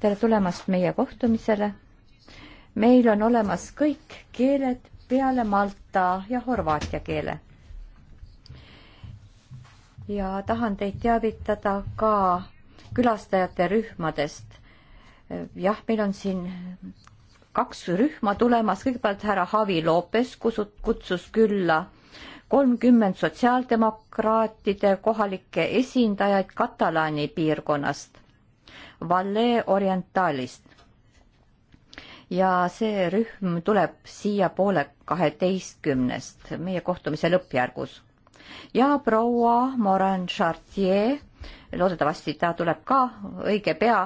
tere tulemast meie kohtumisele. meil on olemas kõik keeled peale malta ja horvaatia keele. ja tahan teid teavitada ka külastajate rühmadest. jah, meil on siin kaks rühma tulemas, kõigepealt härra Javi Lopes kutsus külla kolmkümmend sotsiaaldemokraatide kohalikke esindajaid Katalaani piirkonnast, Valle Orientalist. ja see rühm tuleb siiapoole kaheteistkümnest meie kohtumise lõppjärgus. ja proua Morin Chartier, loodetavasti ta tuleb ka õige pea,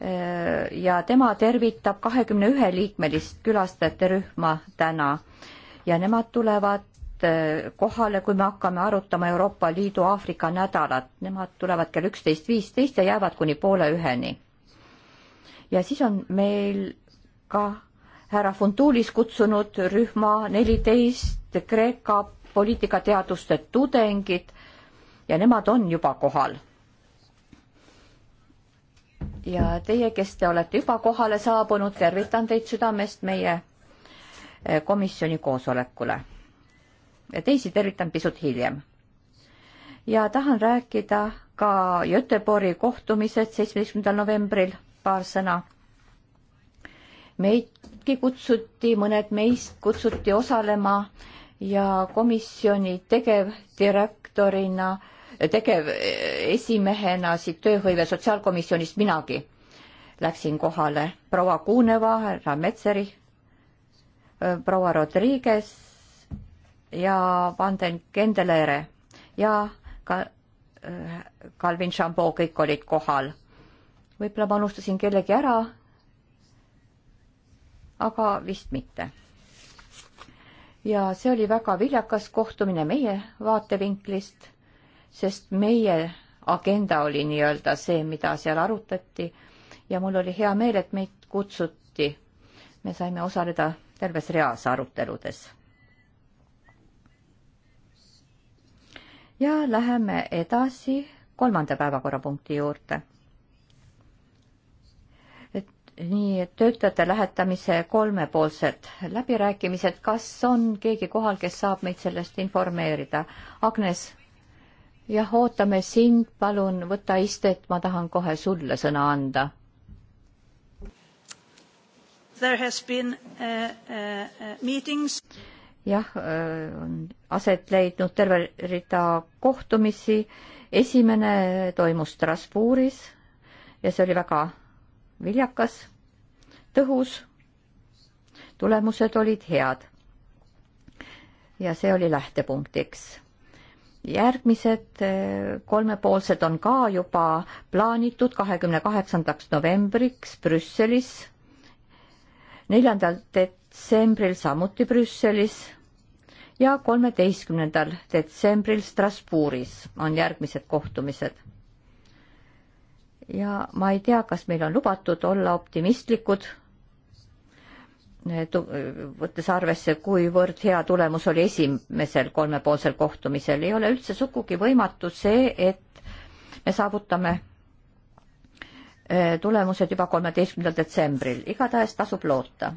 eh, ja tema tervitab kahekümne ühe liikmelist külastajate rühma täna ja nemad tulevad Eh, kohale, kui me hakkame arutama Euroopa Liidu Aafrika nädalat. Nemad tulevad kell üksteist viisteist ja jäävad kuni poole üheni. ja siis on meil ka härra Funtulis kutsunud rühma neliteist Kreeka poliitikateaduste tudengid ja nemad on juba kohal. ja teie, kes te olete juba kohale saabunud, tervitan teid südamest meie eh, komisjoni koosolekule ja teisi tervitan pisut hiljem. ja tahan rääkida ka Göteborgi kohtumised seitsmeteistkümnendal novembril, paar sõna. meidki kutsuti, mõned meist kutsuti osalema ja komisjoni tegevdirektorina, tegevesimehena siit tööhõive sotsiaalkomisjonist minagi läksin kohale. proua Kuuneva, härra Metseri, proua Rodriguez ja Vanden Kendelere ja ka äh, Calvin Chambo, kõik olid kohal. võib-olla ma unustasin kellegi ära, aga vist mitte. ja see oli väga viljakas kohtumine meie vaatevinklist, sest meie agenda oli nii-öelda see, mida seal arutati ja mul oli hea meel, et meid kutsuti. me saime osaleda terves reas aruteludes ja läheme edasi kolmanda päevakorrapunkti juurde. et nii, töötajate lähetamise kolmepoolsed läbirääkimised, kas on keegi kohal, kes saab meid sellest informeerida? Agnes, jah, ootame sind, palun võta istet, ma tahan kohe sulle sõna anda. There has been uh, uh, uh meetings jah, äh, on aset leidnud terve rida kohtumisi. esimene toimus Strasbourgis ja see oli väga viljakas, tõhus. tulemused olid head. ja see oli lähtepunktiks. järgmised äh, kolmepoolsed on ka juba plaanitud kahekümne kaheksandaks novembriks Brüsselis. neljandal det-, detsembril samuti Brüsselis ja kolmeteistkümnendal detsembril Strasbourgis on järgmised kohtumised. ja ma ei tea, kas meil on lubatud olla optimistlikud, võttes arvesse, kuivõrd hea tulemus oli esimesel kolmepoolsel kohtumisel, ei ole üldse sugugi võimatu see, et me saavutame eh, tulemused juba kolmeteistkümnendal detsembril, igatahes tasub loota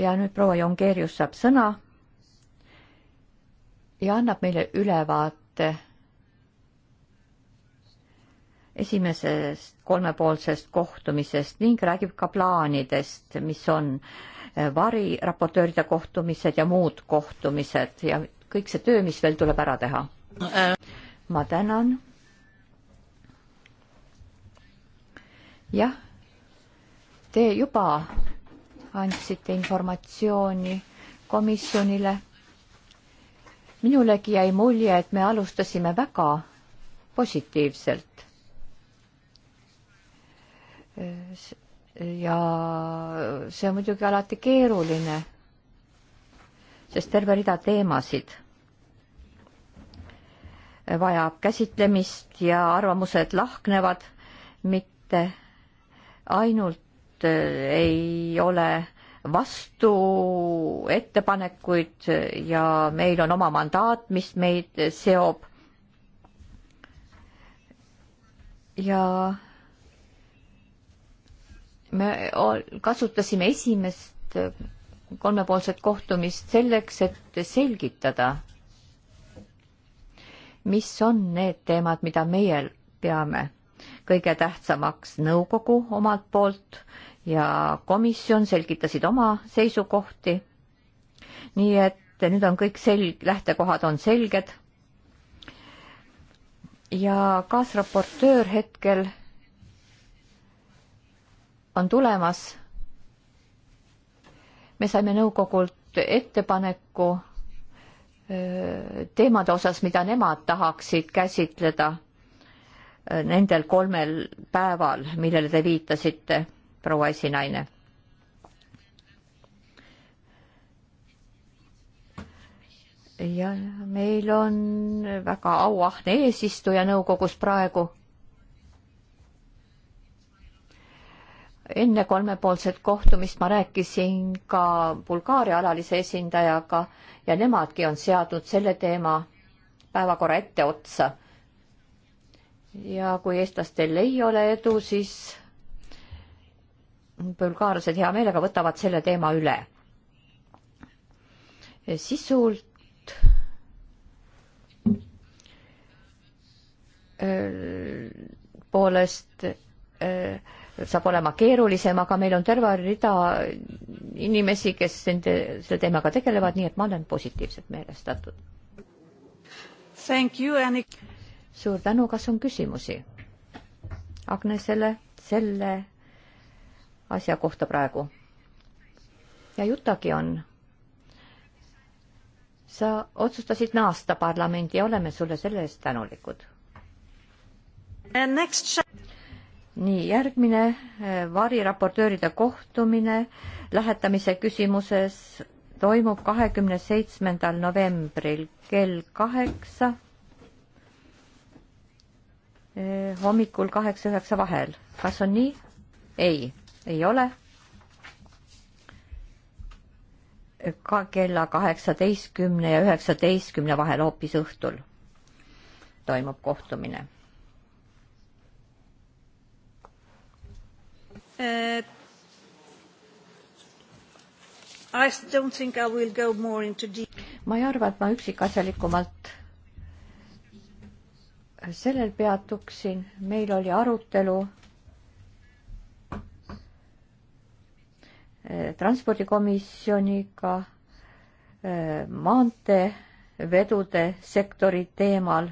ja nüüd proua Jongeerius saab sõna ja annab meile ülevaate esimesest kolmepoolsest kohtumisest ning räägib ka plaanidest, mis on eh, variraportööride kohtumised ja muud kohtumised ja kõik see töö, mis veel tuleb ära teha. ma tänan. jah, te juba andsite informatsiooni komisjonile. minulegi jäi mulje, et me alustasime väga positiivselt. ja see on muidugi alati keeruline, sest terve rida teemasid vajab käsitlemist ja arvamused lahknevad mitte ainult Eh, ei ole vastu ettepanekuid ja meil on oma mandaat, mis meid seob. ja me kasutasime esimest kolmepoolset kohtumist selleks, et selgitada, mis on need teemad, mida meie peame kõige tähtsamaks nõukogu omalt poolt ja komisjon selgitasid oma seisukohti. nii et nüüd on kõik selg, lähtekohad on selged. ja kaasraportöör hetkel on tulemas. me saime nõukogult ettepaneku teemade osas, mida nemad tahaksid käsitleda nendel kolmel päeval, millele te viitasite proua esinaine. ja meil on väga auahne eesistuja nõukogus praegu. enne kolmepoolset kohtumist ma rääkisin ka Bulgaaria alalise esindajaga ja nemadki on seadnud selle teema päevakorra etteotsa ja kui eestlastel ei ole edu, siis bulgaarlased hea meelega võtavad selle teema üle. sisult äh, poolest äh, saab olema keerulisem, aga meil on terve rida inimesi, kes nende, selle teemaga tegelevad, nii et ma olen positiivselt meelestatud. suur tänu, kas on küsimusi Agnesele selle asja kohta praegu. ja jutagi on. sa otsustasid naasta parlamendi ja oleme sulle selle eest tänulikud. nii, järgmine eh, variraportööride kohtumine lähetamise küsimuses toimub kahekümne seitsmendal novembril kell kaheksa eh, hommikul kaheksa-üheksa vahel. kas on nii? ei ei ole. ka kella kaheksateistkümne ja üheksateistkümne vahel hoopis õhtul toimub kohtumine uh,. I don't think I will go more into deep. ma ei arva, et ma üksikasjalikumalt sellel peatuksin, meil oli arutelu Eh, transpordikomisjoniga eh, maanteevedude sektori teemal.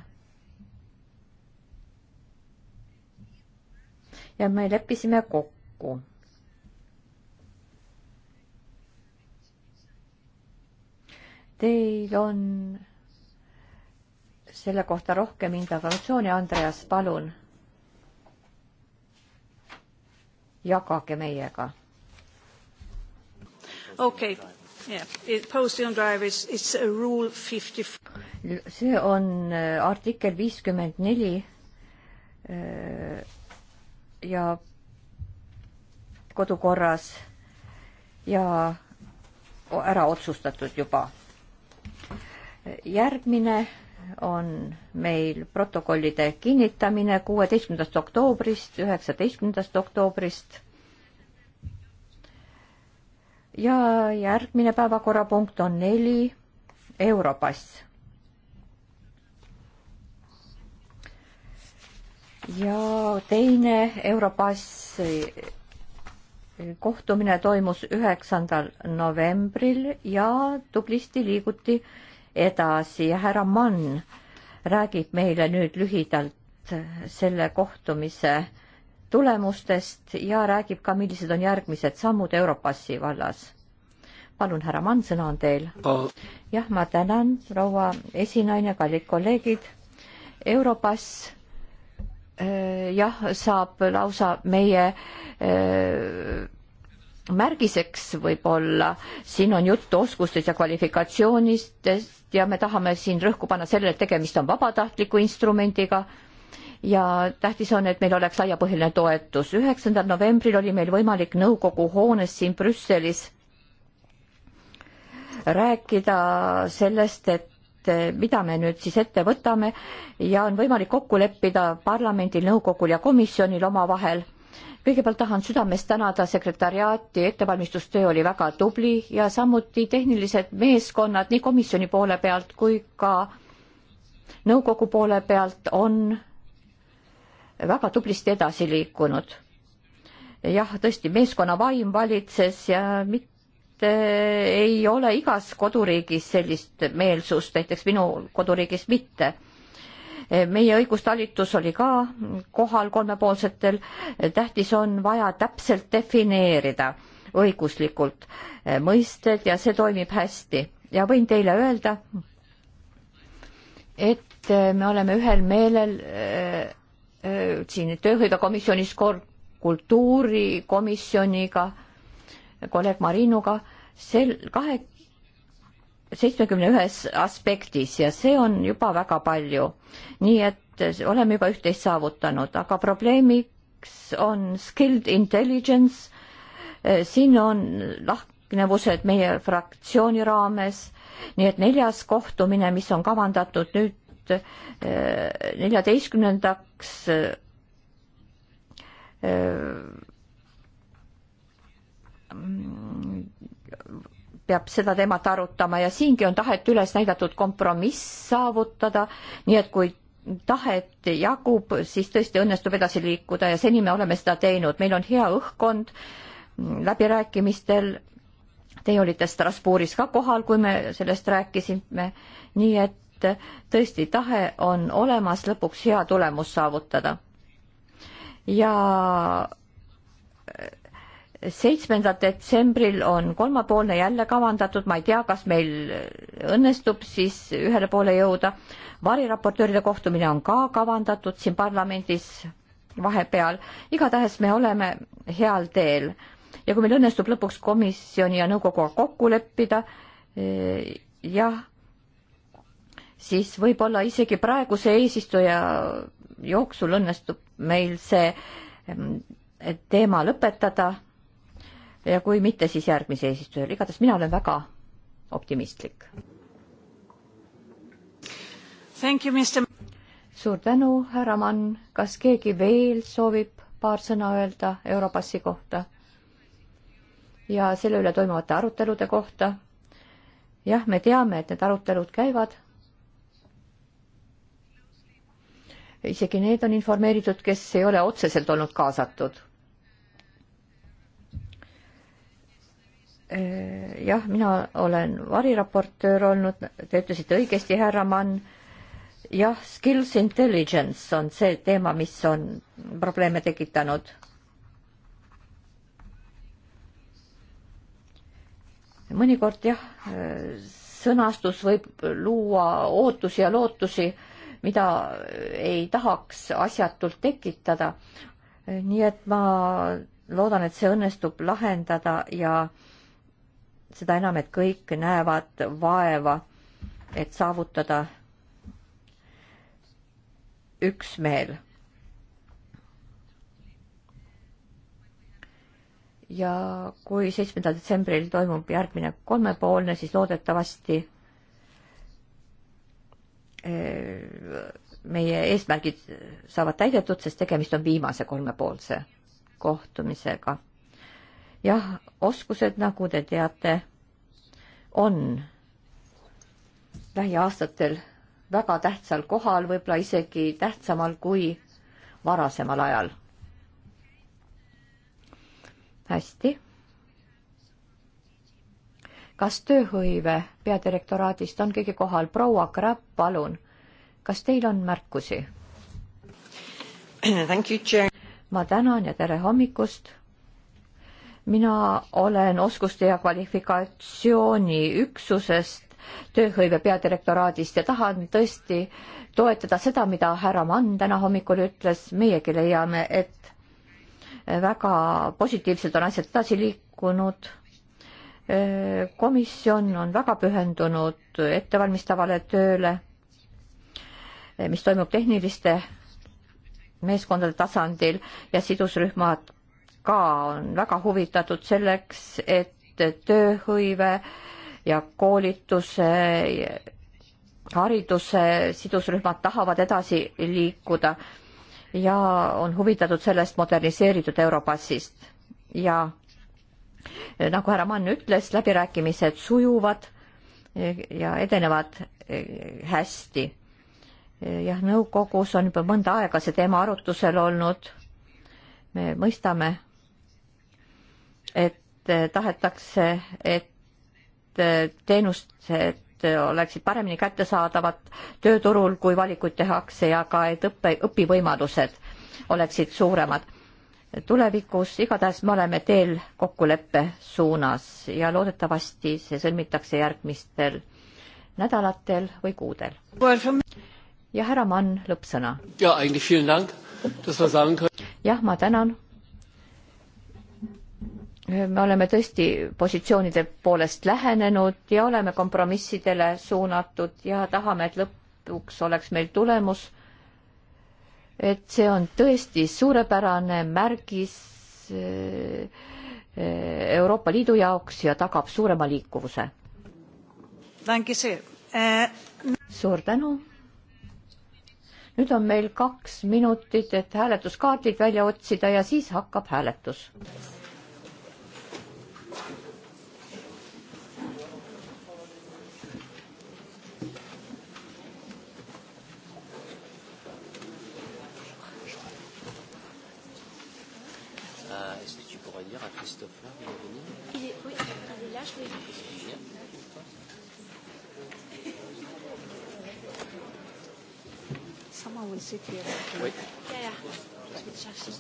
ja me leppisime kokku. Teil on selle kohta rohkem informatsiooni, Andreas, palun jagage meiega okei okay.. Yeah. Is, is see on äh, artikkel viiskümmend neli äh, ja kodukorras ja ära otsustatud juba. järgmine on meil protokollide kinnitamine kuueteistkümnendast oktoobrist, üheksateistkümnendast oktoobrist ja järgmine päevakorrapunkt on neli, Europass. ja teine Europass kohtumine toimus üheksandal novembril ja tublisti liiguti edasi ja härra Mann räägib meile nüüd lühidalt selle kohtumise tulemustest ja räägib ka, millised on järgmised sammud Europassi vallas. palun, härra Mann, sõna on teil. jah, ma tänan, proua esinaine, kallid kolleegid. Europass äh, jah, saab lausa meie öö, äh, märgiseks võib-olla, siin on juttu oskustest ja kvalifikatsioonistest ja me tahame siin rõhku panna sellele, et tegemist on vabatahtliku instrumendiga ja tähtis on, et meil oleks laiapõhjaline toetus. üheksandal novembril oli meil võimalik nõukogu hoones siin Brüsselis rääkida sellest, et eh, mida me nüüd siis ette võtame ja on võimalik kokku leppida parlamendil, nõukogul ja komisjonil omavahel. kõigepealt tahan südamest tänada sekretariaati, ettevalmistustöö oli väga tubli ja samuti tehnilised meeskonnad nii komisjoni poole pealt kui ka nõukogu poole pealt on väga tublisti edasi liikunud. jah, tõesti, meeskonna vaim valitses ja mitte ei ole igas koduriigis sellist meelsust, näiteks minu koduriigis mitte meie õigustalitus oli ka kohal kolmepoolsetel. tähtis on vaja täpselt defineerida õiguslikult mõisted ja see toimib hästi ja võin teile öelda, et me oleme ühel meelel siin tööhõivekomisjonis kord kultuurikomisjoniga, kolleeg Marinuga, sel kahe, seitsmekümne ühes aspektis ja see on juba väga palju. nii et oleme juba üht-teist saavutanud, aga probleemiks on skilled intelligence, äh, siin on lahknevused meie fraktsiooni raames, nii et neljas kohtumine, mis on kavandatud nüüd neljateistkümnendaks äh, peab seda teemat arutama ja siingi on tahet üles näidatud kompromiss saavutada, nii et kui tahet jagub, siis tõesti õnnestub edasi liikuda ja seni me oleme seda teinud, meil on hea õhkkond läbirääkimistel. Teie olite Strasbourgis ka kohal, kui me sellest rääkisime, nii et et tõesti tahe on olemas lõpuks hea tulemus saavutada. ja seitsmendal detsembril on kolmapoolne jälle kavandatud, ma ei tea, kas meil õnnestub siis ühele poole jõuda. variraportööride kohtumine on ka kavandatud siin parlamendis vahepeal, igatahes me oleme heal teel ja kui meil õnnestub lõpuks komisjoni ja nõukoguga kokku leppida, eh, jah, siis võib-olla isegi praeguse eesistuja jooksul õnnestub meil see teema lõpetada ja kui mitte, siis järgmise eesistujal. igatahes mina olen väga optimistlik. suur tänu, härra Mann. kas keegi veel soovib paar sõna öelda Europassi kohta ja selle üle toimuvate arutelude kohta? jah, me teame, et need arutelud käivad isegi need on informeeritud, kes ei ole otseselt olnud kaasatud. Äh, jah, mina olen variraportöör olnud, te ütlesite õigesti, härra Mann. jah, skills intelligence on see teema, mis on probleeme tekitanud. mõnikord jah, äh, sõnastus võib luua ootusi ja lootusi mida ei tahaks asjatult tekitada. nii et ma loodan, et see õnnestub lahendada ja seda enam, et kõik näevad vaeva, et saavutada üksmeel. ja kui seitsmendal detsembril toimub järgmine kolmepoolne, siis loodetavasti meie eesmärgid saavad täidetud, sest tegemist on viimase kolmepoolse kohtumisega. jah, oskused, nagu te teate, on lähiaastatel väga tähtsal kohal, võib-olla isegi tähtsamal kui varasemal ajal. hästi kas tööhõive peadirektoraadist on keegi kohal? proua Krapp, palun, kas teil on märkusi? ma tänan ja tere hommikust. mina olen oskuste ja kvalifikatsiooni üksusest tööhõive peadirektoraadist ja tahan tõesti toetada seda, mida härra Mann täna hommikul ütles, meiegi leiame, et väga positiivselt on asjad edasi liikunud komisjon on väga pühendunud ettevalmistavale tööle, mis toimub tehniliste meeskondade tasandil ja sidusrühmad ka on väga huvitatud selleks, et tööhõive ja koolituse, hariduse sidusrühmad tahavad edasi liikuda ja on huvitatud sellest moderniseeritud Europassist ja nagu härra Mann ütles, läbirääkimised sujuvad ja edenevad hästi. jah, nõukogus on juba mõnda aega see teema arutusel olnud. me mõistame, et tahetakse, et teenused oleksid paremini kättesaadavad tööturul, kui valikuid tehakse ja ka, et õppe, õpivõimalused oleksid suuremad tulevikus, igatahes me oleme teel kokkuleppe suunas ja loodetavasti see sõlmitakse järgmistel nädalatel või kuudel. ja härra Mann, lõppsõna. jah, ma tänan. me oleme tõesti positsioonide poolest lähenenud ja oleme kompromissidele suunatud ja tahame, et lõpuks oleks meil tulemus et see on tõesti suurepärane märgis eh, eh, Euroopa Liidu jaoks ja tagab suurema liikuvuse. Eh, suur tänu. nüüd on meil kaks minutit, et hääletuskaardid välja otsida ja siis hakkab hääletus. Christopher il va venir il est, Oui, il est là, je vais. Bien. Someone will sit here. Oui. Yeah, yeah. Je vais chercher.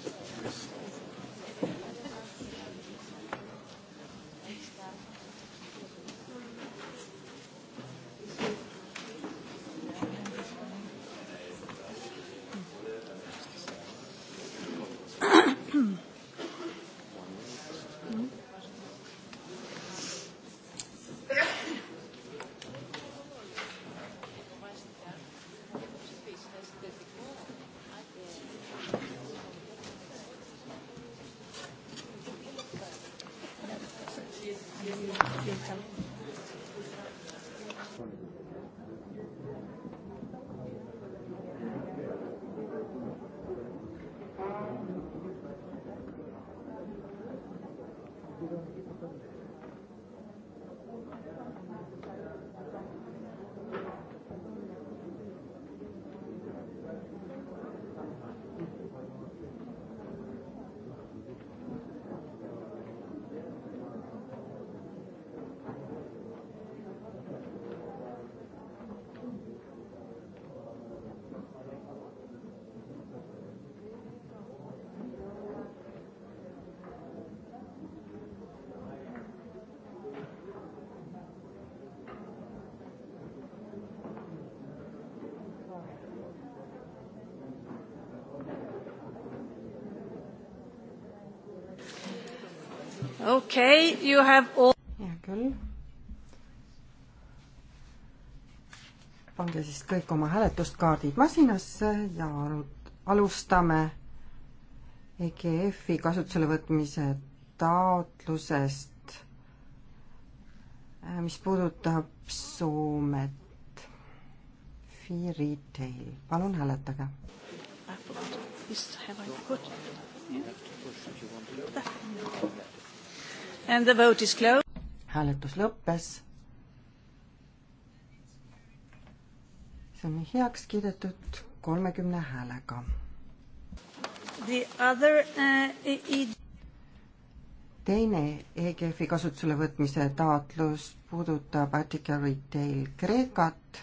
okei okay,, you have all. hea küll. pange siis kõik oma hääletuskaardid masinasse ja alustame EGF-i kasutusele võtmise taotlusest, äh, mis puudutab Soomet. Fee Retail, palun hääletage. Have I put? Yeah. And the vote is closed. hääletus lõppes. see on heaks kiidetud kolmekümne häälega. The other uh, e e teine EGF-i kasutusele võtmise taotlus puudutab Attica Retail Kreekat.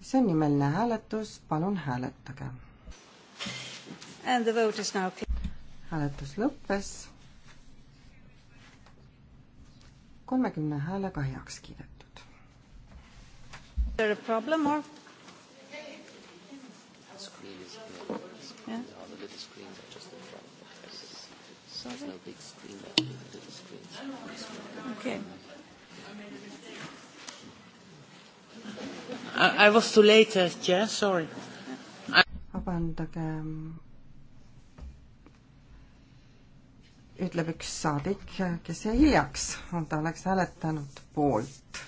see on nimeline hääletus, palun hääletage. hääletus lõppes kolmekümne häälega heaks kiidetud. Yeah. Sorry? No big screen, little screens. Okay. I, I was too late, Jess, uh, sorry. vabandage, um, ütleb üks saadik, kes jäi hiljaks, ta oleks hääletanud poolt.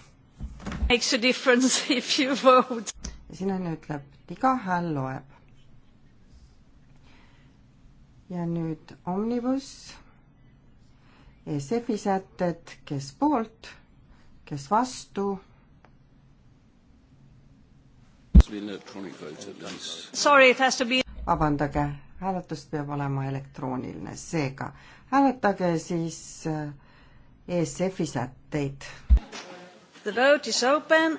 Makes a difference if you vote. esinejana ütleb, iga hääl loeb. ja nüüd Omnibus, ESF-i sätted, kes poolt, kes vastu. vabandage, hääletus peab olema elektrooniline, seega hääletage siis äh, ESF-i sätteid. The vote is open.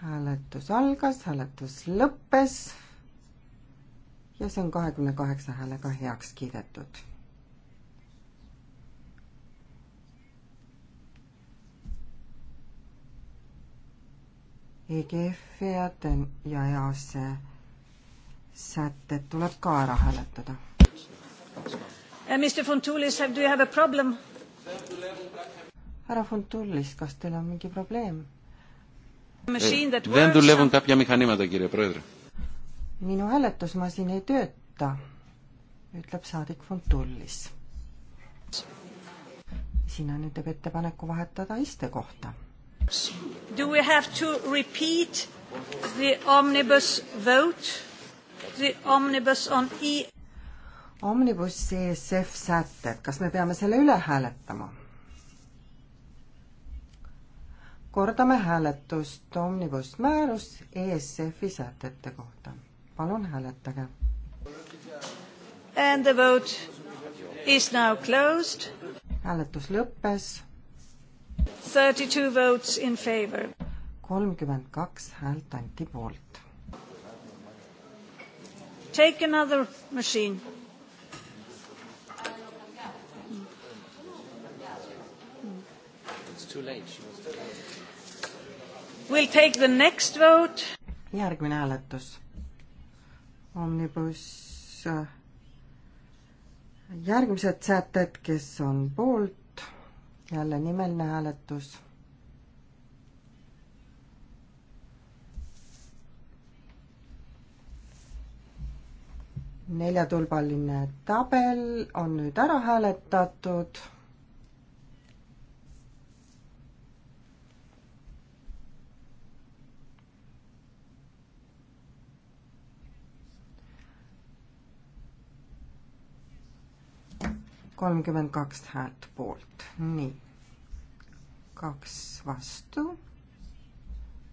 hääletus algas, hääletus lõppes ja see on kahekümne kaheksa häälega heaks kiidetud EGF ja EAS e sätted tuleb ka ära hääletada And eh, Mr Fontoulis, do you have a problem? härra Fontoulis, kas teil on mingi probleem? Δεν δουλεύουν κάποια μηχανήματα, κύριε Πρόεδρε. Minu hääletusmasin ei tööta, ütleb saadik Fontullis. Sina nüüd teeb ettepaneku vahetada istekohta. Do we have to repeat the omnibus vote? The omnibus on e Omnibus ESF sätted, kas me peame selle üle hääletama? kordame hääletust Omnibus määrus ESF-i sätete kohta. palun hääletage. And the vote is now closed. hääletus lõppes. Thirty two votes in favor. kolmkümmend kaks häält anti poolt. Take another machine too late. She was we'll take the next vote. järgmine hääletus. Omnibus. Äh, järgmised sätted, kes on poolt, jälle nimeline hääletus. neljatulbaline tabel on nüüd ära hääletatud kolmkümmend kaks häält poolt, nii. kaks vastu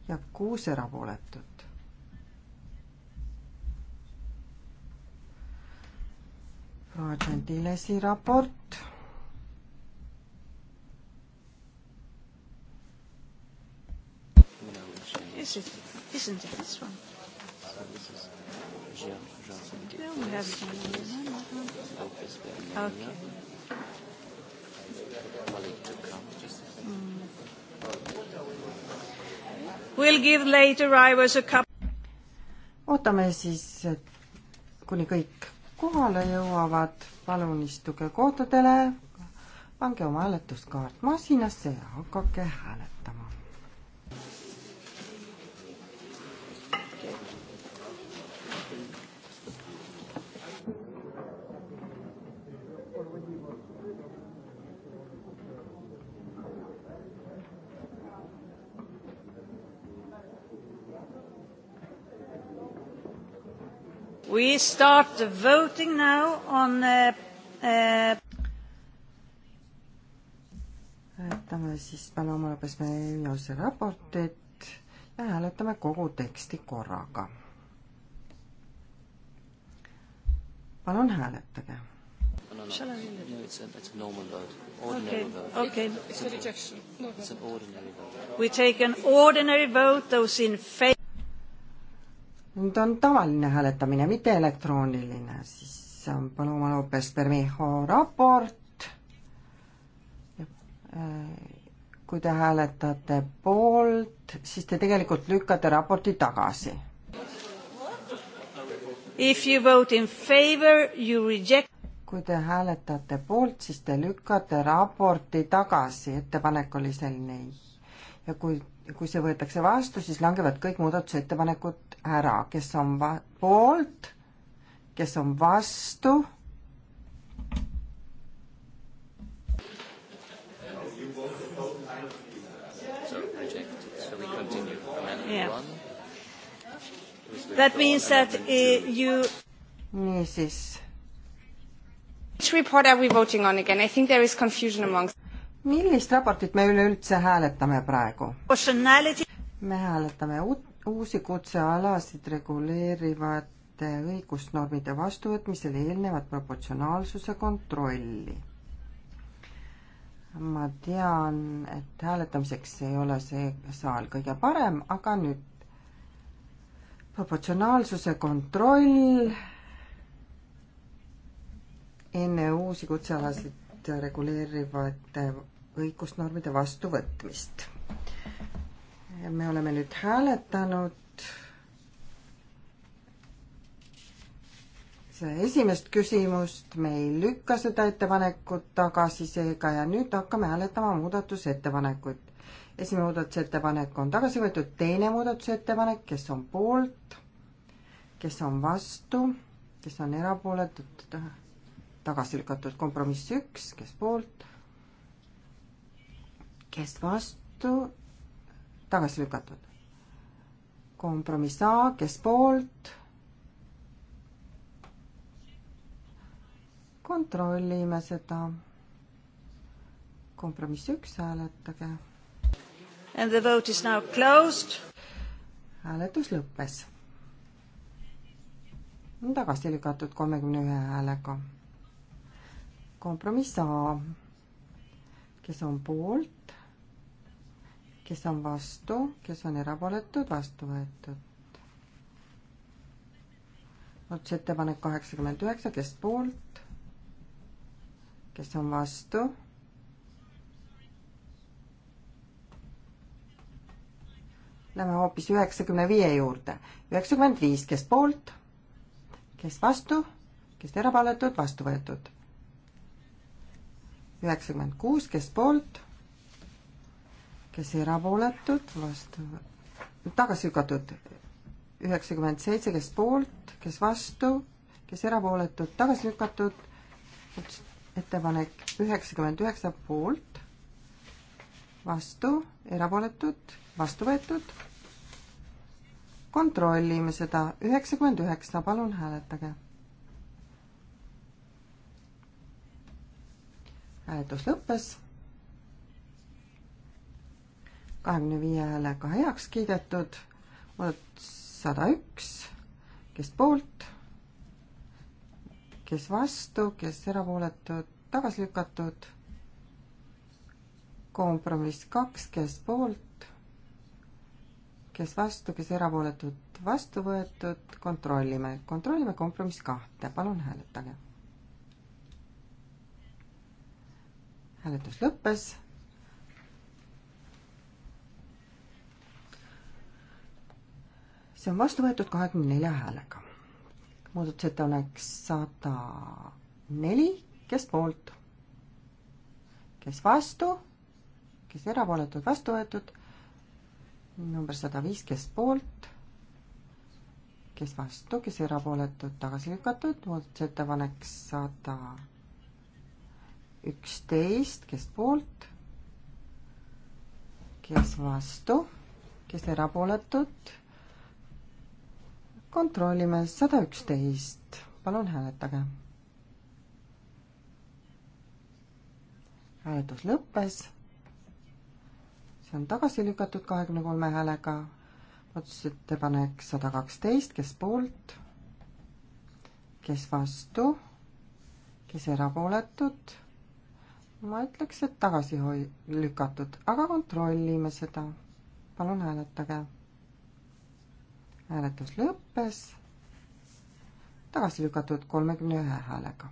ja kuus erapooletut. proua Gentilesi raport is it? Isn't it this one? There we have some. Okay. Mm. We'll give late arrivals a couple. ootame siis, kuni kõik kohale jõuavad, palun istuge kohtadele, pange oma hääletuskaart masinasse ja hakake hääletama. We start the voting now on uh, uh... hääletame siis Paloma Lopes-Meose raportit ja hääletame kogu teksti korraga. palun hääletage. Shall I read it? No, it's a, it's a normal vote. Ordinary okay. vote. Okay. It's a rejection. It's an ordinary vote. We take an ordinary vote, those in favor ta on tavaline hääletamine, mitte elektrooniline, siis on Paloma Lopez Bermejo raport. Äh, kui te hääletate poolt, siis te tegelikult lükkate raporti tagasi. If you vote in favor, you reject kui te hääletate poolt, siis te lükkate raporti tagasi, ettepanek oli selline ja kui, kui see võetakse vastu, siis langevad kõik muudatusettepanekud ära, kes on va-, poolt, kes on vastu. Yeah. That means that uh, you niisiis. Which report are we voting on again? I think there is confusion amongst millist raportit me üleüldse hääletame praegu? me hääletame uusi kutsealasid reguleerivate õigusnormide vastuvõtmisele eelnevat proportsionaalsuse kontrolli. ma tean, et hääletamiseks ei ole see saal kõige parem, aga nüüd proportsionaalsuse kontroll enne uusi kutsealasid reguleerivate õigusnormide vastuvõtmist. me oleme nüüd hääletanud see esimest küsimust, me ei lükka seda ettepanekut tagasi seega ja nüüd hakkame hääletama muudatusettepanekuid. esimene muudatusettepanek on tagasi võetud, teine muudatusettepanek, kes on poolt, kes on vastu, kes on erapooletud, tagasi lükatud kompromiss üks, kes poolt kes vastu, tagasi lükatud. kompromiss A, kes poolt. kontrollime seda. kompromiss üks, hääletage. And the vote is now closed. hääletus lõppes. tagasi lükatud kolmekümne ühe häälega. kompromiss A, kes on poolt, kes on vastu, kes on erapooletud, vastu võetud. muudatusettepanek kaheksakümmend üheksa, kes poolt, kes on vastu lähme hoopis üheksakümne viie juurde. üheksakümmend viis, kes poolt, kes vastu, kes erapooletud, vastu võetud. üheksakümmend kuus, kes poolt, kes erapooletud, vastu, tagasi lükatud üheksakümmend seitse, kes poolt, kes vastu, kes erapooletud, tagasi lükatud, ettepanek üheksakümmend üheksa poolt, vastu, erapooletud, vastu võetud. kontrollime seda, üheksakümmend üheksa, palun hääletage hääletus lõppes kahekümne viie häälega heaks kiidetud, muudatus sada üks, kes poolt, kes vastu, kes erapooletud, tagasi lükatud, kompromiss kaks, kes poolt, kes vastu, kes erapooletud, vastu võetud, kontrollime, kontrollime kompromiss kahte, palun hääletage. hääletus lõppes see on vastu võetud kahekümne nelja häälega. muudatusettepanek sada neli, kes poolt? kes vastu? kes erapooletud, vastu võetud? number sada viis, kes poolt? kes vastu, kes erapooletud, tagasi lükatud, muudatusettepanek sada üksteist, kes poolt? kes vastu? kes erapooletud? kontrollime sada üksteist, palun hääletage. hääletus lõppes. see on tagasi lükatud kahekümne kolme häälega. otsusettepanek sada kaksteist, kes poolt, kes vastu, kes erapooletud ma ütleks, et tagasi hoi-, lükatud, aga kontrollime seda. palun hääletage hääletus lõppes, tagasi lükatud kolmekümne ühe häälega.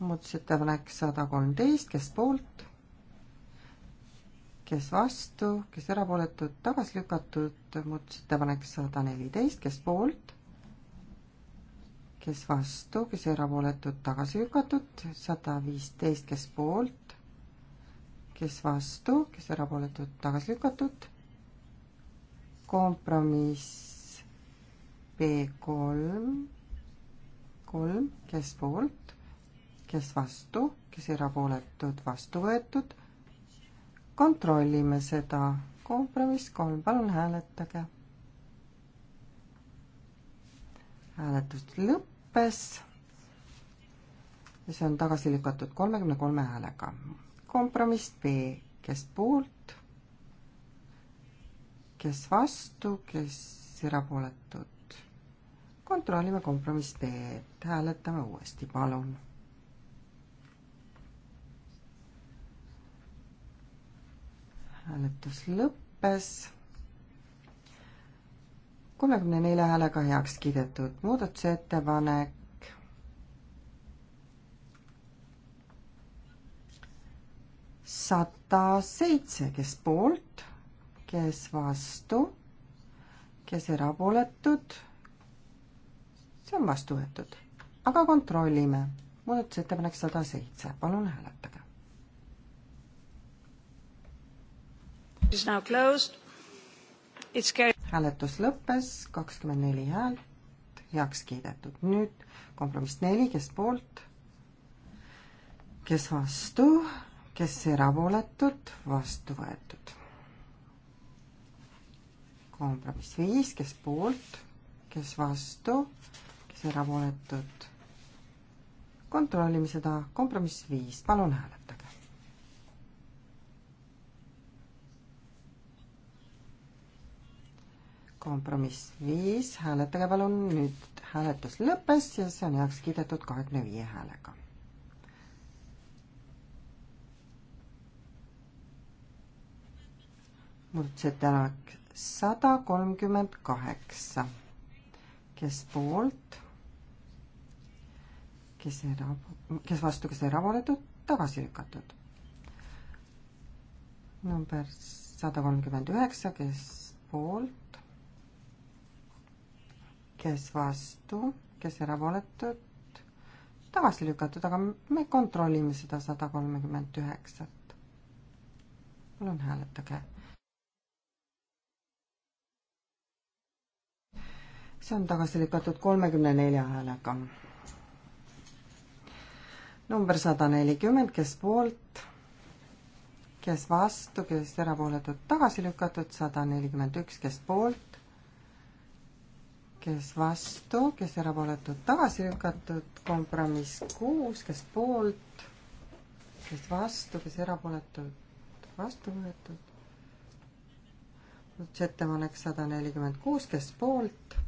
muudatusettepanek sada kolmteist, kes poolt, kes vastu, kes erapooletud, tagasi lükatud, muudatusettepanek sada neliteist, kes poolt, kes vastu, kes erapooletud, tagasi lükatud, sada viisteist, kes poolt, kes vastu, kes erapooletud, tagasi lükatud kompromiss B kolm, kolm, kes poolt, kes vastu, kes erapooletud, vastu võetud. kontrollime seda, kompromiss kolm, palun hääletage. hääletus lõppes ja see on tagasi lükatud kolmekümne kolme häälega. kompromiss B, kes poolt, kes vastu, kes erapooletud. kontrollime kompromiss B-d, hääletame uuesti, palun. hääletus lõppes. kolmekümne nelja häälega heaks kiidetud muudatusettepanek sada seitse, kes poolt kes vastu, kes erapooletud, see on vastu võetud. aga kontrollime. muudatusettepanek sada seitse, palun hääletage. hääletus lõppes, kakskümmend neli häält heaks kiidetud. nüüd kompromiss neli, kes poolt, kes vastu, kes erapooletud, vastu võetud kompromiss viis, kes poolt, kes vastu, kes erapooletud. kontrollime seda, kompromiss viis, palun hääletage. kompromiss viis, hääletage palun, nüüd hääletus lõppes ja see on heaks kiidetud kahekümne viie häälega muudatusettepanek sada kolmkümmend kaheksa. kes poolt? kes era-, kes vastu, kes erapooletud, tagasi lükatud. number sada kolmkümmend üheksa, kes poolt? kes vastu, kes erapooletud, tagasi lükatud, aga me kontrollime seda sada kolmekümmet üheksat. palun hääletage see on tagasi lükatud kolmekümne nelja häälega. number sada nelikümmend, kes poolt, kes vastu, kes erapooletud, tagasi lükatud, sada nelikümmend üks, kes poolt, kes vastu, kes erapooletud, tagasi lükatud, kompromiss kuus, kes poolt, kes vastu, kes erapooletud, vastu võetud. muudatusettepanek sada nelikümmend kuus, kes poolt,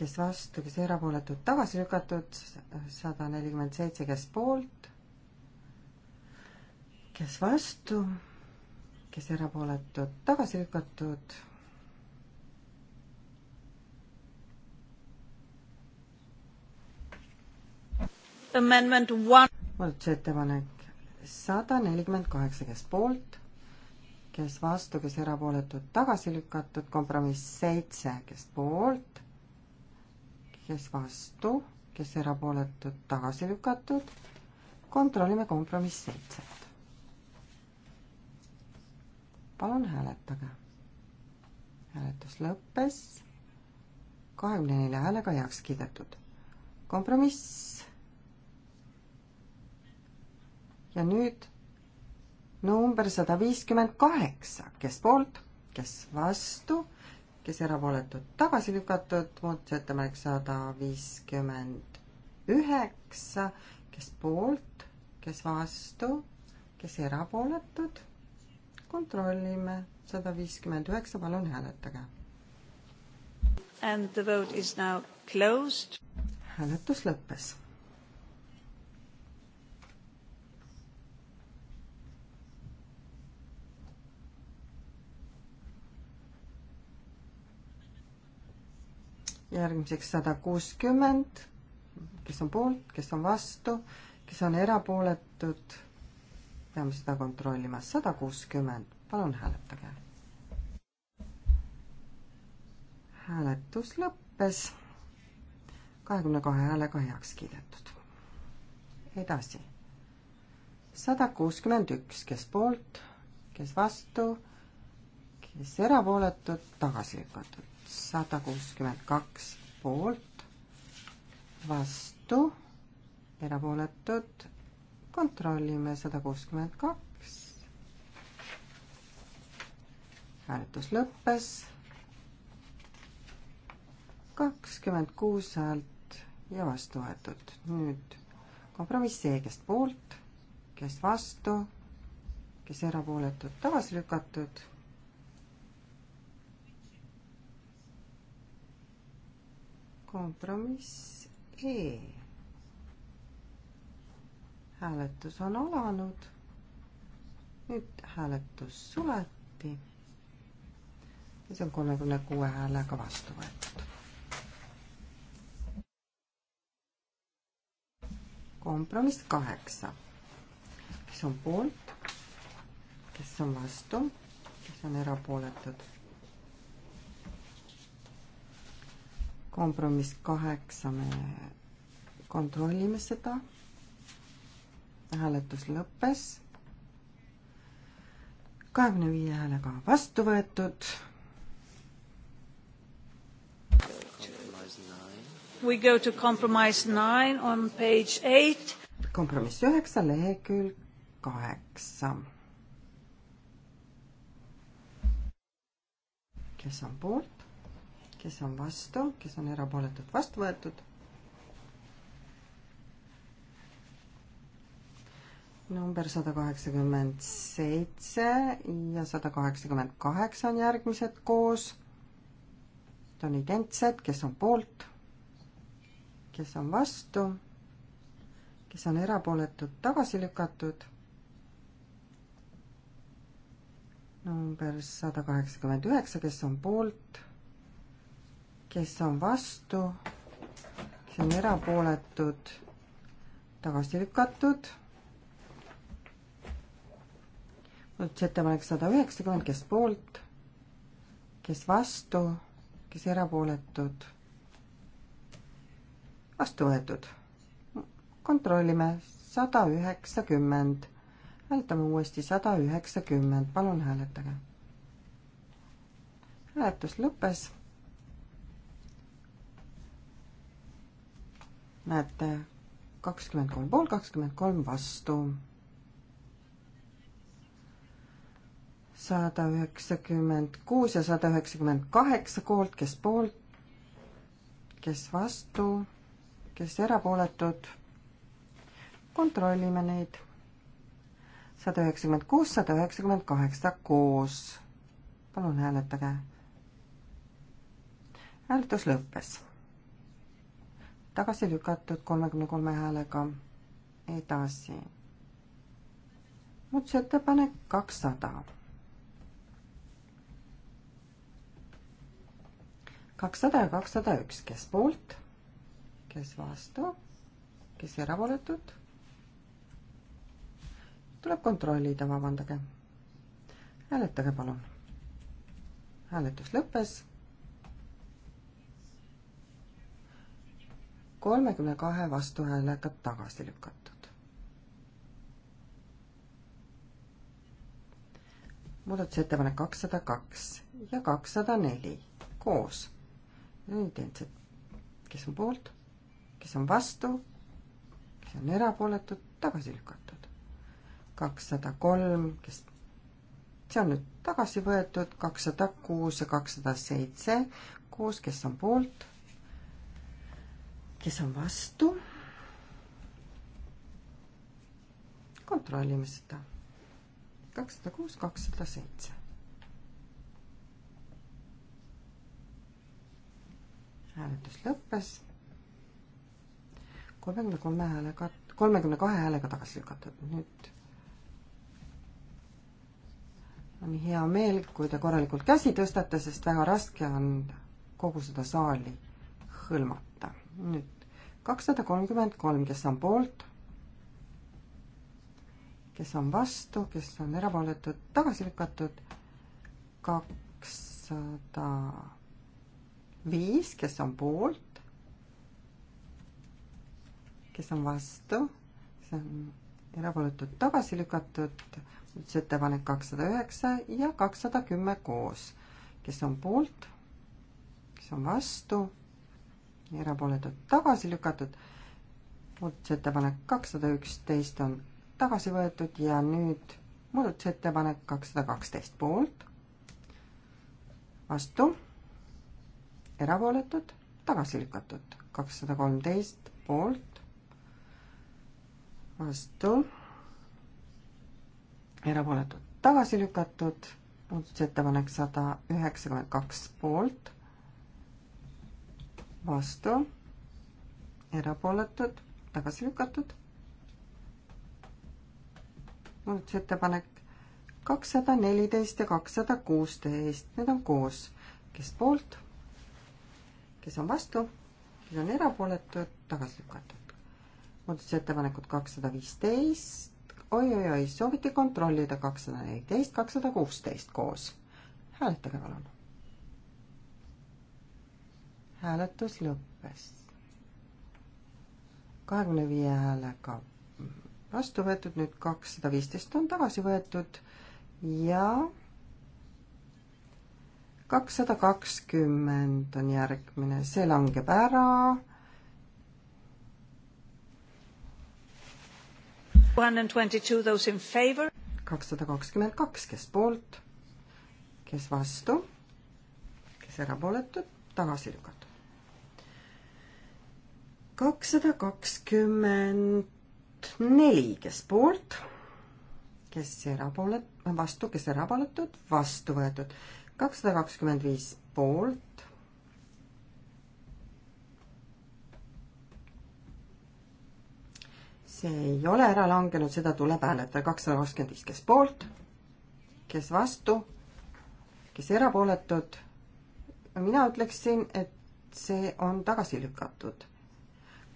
kes vastu, kes erapooletud, tagasi lükatud, sada nelikümmend seitse, kes poolt, kes vastu, kes erapooletud, tagasi lükatud amendment one. muudatusettepanek sada nelikümmend kaheksa, kes poolt, kes vastu, kes erapooletud, tagasi lükatud, kompromiss seitse, kes poolt, kes vastu, kes erapooletud, tagasi lükatud. kontrollime kompromiss seitset. palun hääletage. hääletus lõppes kahekümne nelja häälega heaks kiidetud. kompromiss. ja nüüd number sada viiskümmend kaheksa, kes poolt, kes vastu kes erapooletud, tagasi lükatud, muudatusettepanek sada viiskümmend üheksa, kes poolt, kes vastu, kes erapooletud. kontrollime, sada viiskümmend üheksa, palun hääletage. And the vote is now closed. hääletus lõppes järgmiseks sada kuuskümmend, kes on poolt, kes on vastu, kes on erapooletud, peame seda kontrollima, sada kuuskümmend, palun hääletage. hääletus lõppes kahekümne kahe häälega heaks kiidetud. edasi, sada kuuskümmend üks, kes poolt, kes vastu, kes erapooletud, tagasi lükatud sada kuuskümmend kaks poolt, vastu, erapooletud, kontrollime sada kuuskümmend kaks. hääletus lõppes. kakskümmend kuus häält ja vastu võetud. nüüd kompromiss see, kes poolt, kes vastu, kes erapooletud, tagasi lükatud kompromiss E. hääletus on alanud. nüüd hääletus suleti. ja see on kolmekümne kuue häälega vastu võetud. kompromiss kaheksa. kes on poolt, kes on vastu, kes on erapooletud kompromiss kaheksa, me kontrollime seda. hääletus lõppes. kahekümne viie häälega vastu võetud. We go to compromise nine on page eight. kompromiss üheksa, lehekülg kaheksa. kes on poolt? kes on vastu, kes on erapooletult vastu võetud. number sada kaheksakümmend seitse ja sada kaheksakümmend kaheksa on järgmised koos. Need on identsed, kes on poolt, kes on vastu, kes on erapooletult tagasi lükatud number sada kaheksakümmend üheksa, kes on poolt, kes on vastu, kes on erapooletud, tagasi lükatud. muudatusettepanek sada üheksakümmend, kes poolt, kes vastu, kes erapooletud, vastu võetud. kontrollime sada üheksakümmend hääletame uuesti sada üheksakümmend, palun hääletage. hääletus lõppes näete, kakskümmend kolm poolt, kakskümmend kolm vastu. sada üheksakümmend kuus ja sada üheksakümmend kaheksa poolt, kes poolt, kes vastu, kes erapooletud. kontrollime neid. sada üheksakümmend kuus, sada üheksakümmend kaheksa koos. palun hääletage. hääletus lõppes tagasi lükatud kolmekümne kolme häälega. edasi. muudatusettepanek kakssada. kakssada ja kakssada üks, kes poolt, kes vastu, kes erapooletud. tuleb kontrollida, vabandage. hääletage palun. hääletus lõppes kolmekümne kahe vastuhäälega tagasi lükatud. muudatusettepanek kakssada kaks ja kakssada neli koos. identsed, kes on poolt, kes on vastu, kes on erapooletud, tagasi lükatud. kakssada kolm, kes, see on nüüd tagasi võetud, kakssada kuus ja kakssada seitse koos, kes on poolt kes on vastu? kontrollime seda. kakssada kuus, kakssada seitse. hääletus lõppes. kolmekümne kolme häälega, kolmekümne kahe häälega tagasi lükatud. nüüd on hea meel, kui te korralikult käsi tõstate, sest väga raske on kogu seda saali hõlmata nüüd kakssada kolmkümmend kolm, kes on poolt, kes on vastu, kes on erapooletud, tagasi lükatud, kakssada viis, kes on poolt, kes on vastu, kes on erapooletud, tagasi lükatud, muudatusettepanek kakssada üheksa ja kakssada kümme koos, kes on poolt, kes on vastu erapooletud tagasi lükatud. muudatusettepanek kakssada üksteist on tagasi võetud ja nüüd muudatusettepanek kakssada kaksteist poolt, vastu, erapooletud, tagasi lükatud, kakssada kolmteist poolt, vastu, erapooletud, tagasi lükatud, muudatusettepanek sada üheksakümmend kaks poolt vastu, erapooletud, tagasi lükatud. muudatusettepanek kakssada neliteist ja kakssada kuusteist, need on koos, kes poolt, kes on vastu, kes on erapooletud, tagasi lükatud. muudatusettepanekud kakssada viisteist, oi-oi-oi, sooviti kontrollida kakssada neliteist, kakssada kuusteist koos. hääletage palun hääletus lõppes. kahekümne viie häälega vastu võetud, nüüd kakssada viisteist on tagasi võetud ja kakssada kakskümmend on järgmine, see langeb ära. kakssada kakskümmend kaks, kes poolt, kes vastu, kes erapooletud, tagasi lükatud kakssada kakskümmend neli, kes poolt, kes erapoolet-, vastu, kes erapooletud, vastu võetud. kakssada kakskümmend viis poolt see ei ole ära langenud, seda tuleb hääletada. kakssada kakskümmend viis, kes poolt, kes vastu, kes erapooletud. mina ütleksin, et see on tagasi lükatud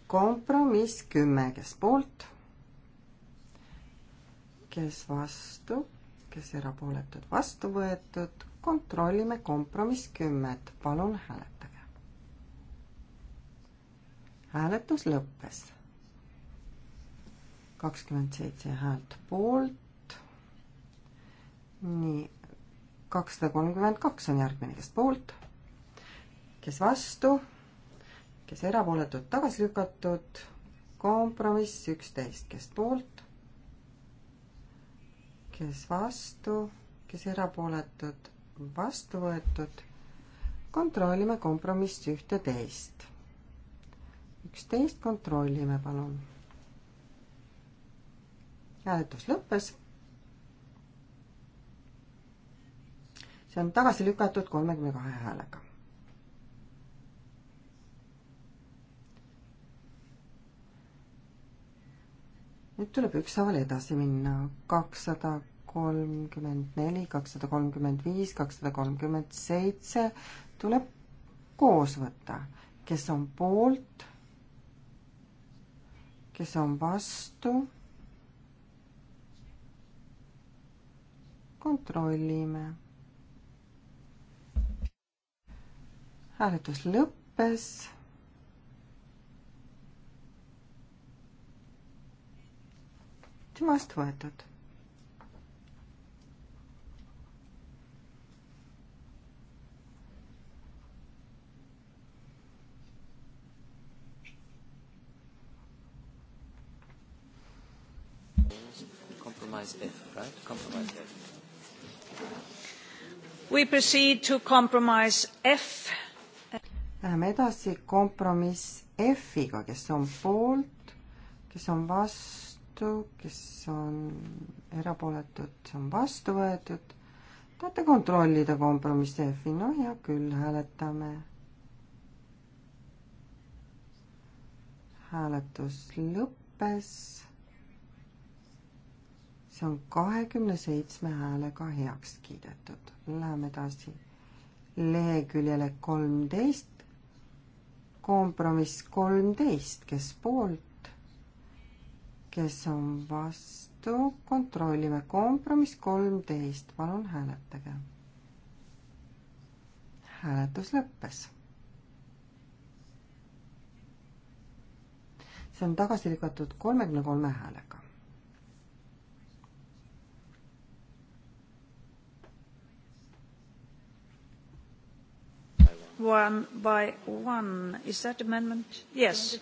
kompromiss kümme, kes poolt, kes vastu, kes erapooletud, vastu võetud, kontrollime kompromiss kümmet, palun hääletage. hääletus lõppes. kakskümmend seitse häält poolt. nii, kakssada kolmkümmend kaks on järgmine, kes poolt, kes vastu kes erapooletud, tagasi lükatud, kompromiss üksteist, kes poolt, kes vastu, kes erapooletud, vastu võetud. kontrollime kompromiss ühteteist. üksteist kontrollime, palun. hääletus lõppes see on tagasi lükatud kolmekümne kahe häälega. nüüd tuleb ükshaaval edasi minna. kakssada kolmkümmend neli, kakssada kolmkümmend viis, kakssada kolmkümmend seitse tuleb koos võtta. kes on poolt, kes on vastu, kontrollime. hääletus lõppes tema eest võetud. Compromise F, right? Compromise F. We proceed to compromise F. Läheme edasi kompromiss F-iga, kes on poolt, kes on vastu vastu, kes on erapooletud, see on vastu võetud. tahate kontrollida kompromissi F-i, no hea küll, hääletame. hääletus lõppes. see on kahekümne seitsme häälega heaks kiidetud. Läheme edasi leheküljele kolmteist, kompromiss kolmteist, kes poolt? kes on vastu, kontrollime kompromiss kolmteist, palun hääletage. hääletus lõppes. see on tagasi lükatud kolmekümne kolme häälega. one by one. Is that amendment? Yes.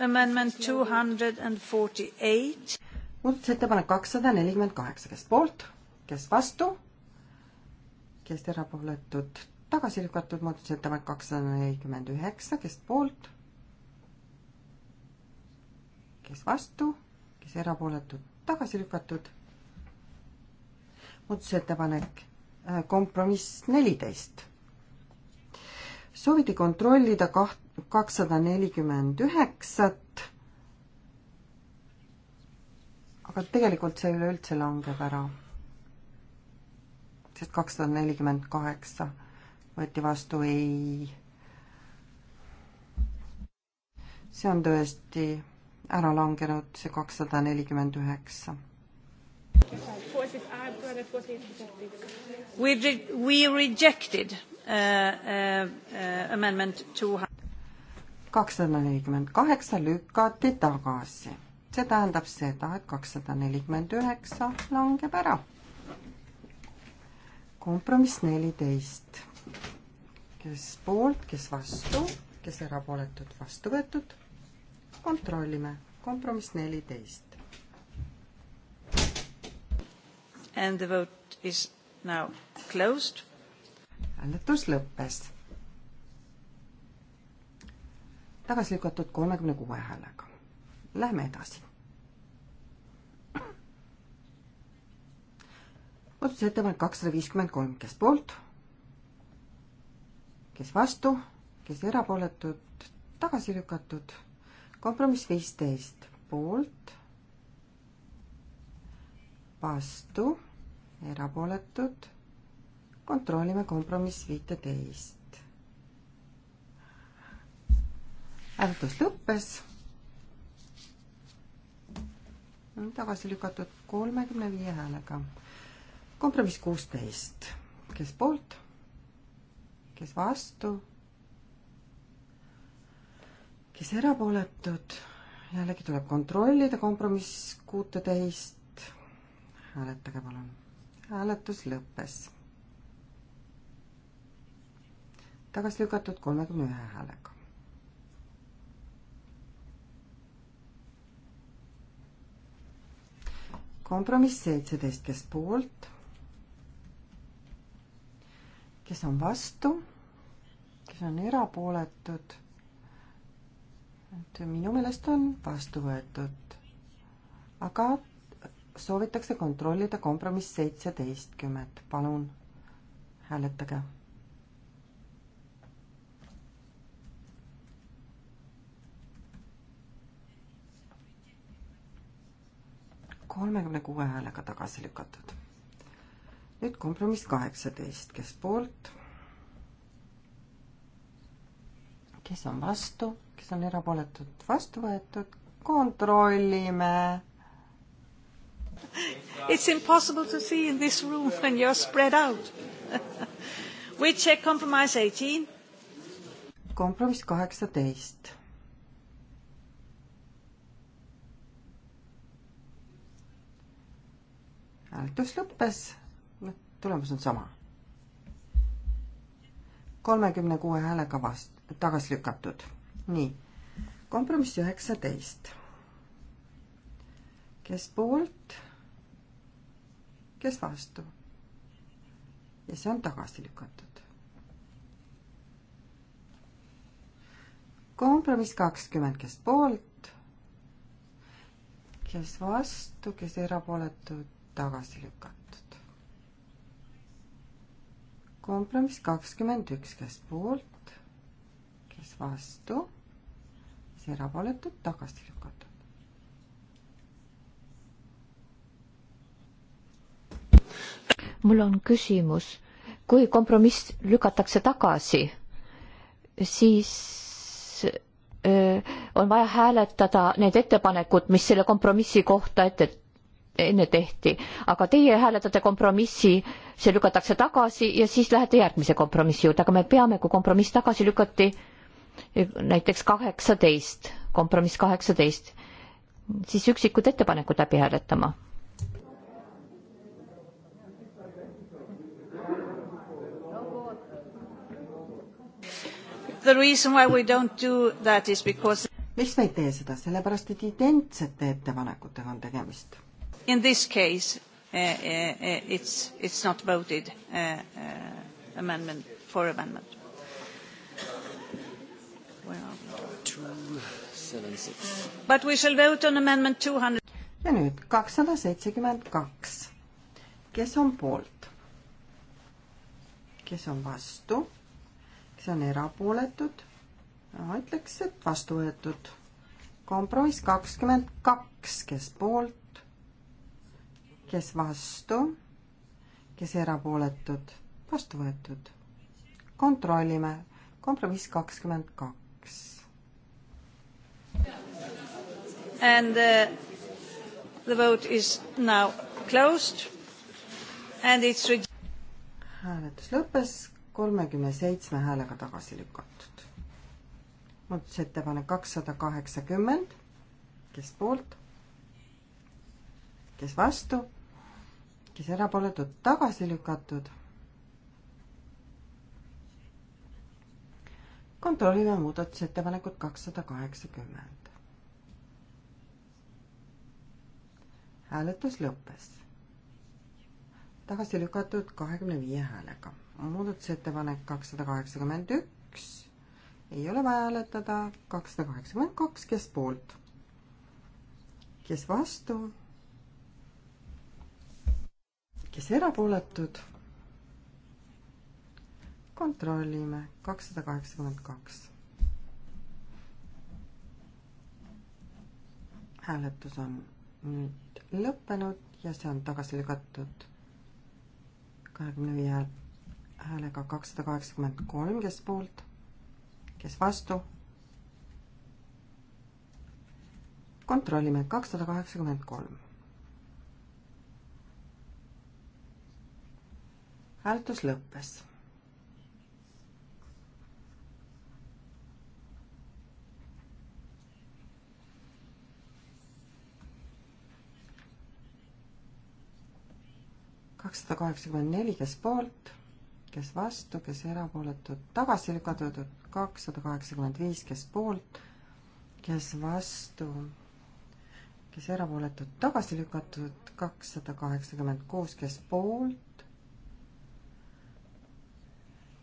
Amendment 248. muudatusettepanek kakssada nelikümmend kaheksa, kes poolt, kes vastu, kes erapooletud, tagasi lükatud muudatusettepanek kakssada nelikümmend üheksa, kes poolt, kes vastu, kes erapooletud, tagasi lükatud. muudatusettepanek äh, kompromiss neliteist sooviti kontrollida kaht, kakssada nelikümmend üheksat, aga tegelikult see üleüldse langeb ära. sest kakssada nelikümmend kaheksa võeti vastu ei. see on tõesti ära langenud, see kakssada nelikümmend üheksa. We, we rejected Eh, eh, kakssada nelikümmend kaheksa lükati tagasi. see tähendab seda, et kakssada nelikümmend üheksa langeb ära. kompromiss neliteist. kes poolt, kes vastu, kes erapooletud, vastu võetud. kontrollime, kompromiss neliteist. And the vote is now closed hääletus lõppes. tagasi lükatud kolmekümne kuue häälega. Lähme edasi. otsusettepanek kakssada viiskümmend kolm, kes poolt, kes vastu, kes erapooletud, tagasi lükatud. kompromiss viisteist, poolt, vastu, erapooletud kontrollime kompromiss viiteteist. hääletus lõppes. tagasi lükatud kolmekümne viie häälega. kompromiss kuusteist, kes poolt, kes vastu, kes erapooletud, jällegi tuleb kontrollida kompromiss kuuteteist. hääletage palun. hääletus lõppes tagasi lükatud kolmekümne ühe häälega. kompromiss seitseteist, kes poolt, kes on vastu, kes on erapooletud. et minu meelest on vastu võetud, aga soovitakse kontrollida kompromiss seitseteistkümmet, palun hääletage kolmekümne kuue häälega tagasi lükatud. nüüd kompromiss kaheksateist, kes poolt, kes on vastu, kes on erapooletult vastu võetud, kontrollime. It's impossible to see in this room when you are spread out We check compromise eighteen. kompromiss kaheksateist hääletus lõppes, tulemus on sama. kolmekümne kuue häälega vast-, tagasi lükatud. nii, kompromiss üheksateist. kes poolt, kes vastu? ja see on tagasi lükatud. kompromiss kakskümmend, kes poolt, kes vastu, kes erapooletud, tagasi lükatud. kompromiss kakskümmend üks, kes poolt, kes vastu, kes erapooletud, tagasi lükatud. mul on küsimus, kui kompromiss lükatakse tagasi, siis öö, äh, on vaja hääletada need ettepanekud, mis selle kompromissi kohta ette enne tehti, aga teie hääletate kompromissi, see lükatakse tagasi ja siis lähete järgmise kompromissi juurde, aga me peame, kui kompromiss tagasi lükati, näiteks kaheksateist, kompromiss kaheksateist, siis üksikud ettepanekud läbi hääletama. The reason why we don't do that is because miks me ei tee seda, sellepärast et identsete ettepanekutega on tegemist in this case, uh, uh, uh, it's, it's not voted uh, uh, amendment for amendment. Where are we? 276. But we shall vote on amendment 200. ja nüüd kakssada seitsekümmend kaks. kes on poolt? kes on vastu? kes on erapooletud? ma ütleks, et vastu võetud. kompromiss kakskümmend kaks, kes poolt? kes vastu, kes erapooletud, vastu võetud. kontrollime, kompromiss kakskümmend kaks. And uh, the vote is now closed and it's hääletus lõppes kolmekümne seitsme häälega tagasi lükatud. muudatusettepanek kakssada kaheksakümmend, kes poolt, kes vastu kes erapooletud, tagasi lükatud. kontrollime muudatusettepanekut kakssada kaheksakümmend. hääletus lõppes. tagasi lükatud kahekümne viie häälega. muudatusettepanek kakssada kaheksakümmend üks, ei ole vaja hääletada, kakssada kaheksakümmend kaks, kes poolt, kes vastu kes erapooletud. kontrollime, kakssada kaheksakümmend kaks. hääletus on nüüd lõppenud ja see on tagasi lükatud kahekümne viie häälega kakssada kaheksakümmend kolm, kes poolt, kes vastu. kontrollime, kakssada kaheksakümmend kolm hääletus lõppes. kakssada kaheksakümmend neli, kes poolt, kes vastu, kes erapooletud, tagasi lükatud, kakssada kaheksakümmend viis, kes poolt, kes vastu kes erapooletud tagasi lükatud, kakssada kaheksakümmend kuus, kes poolt,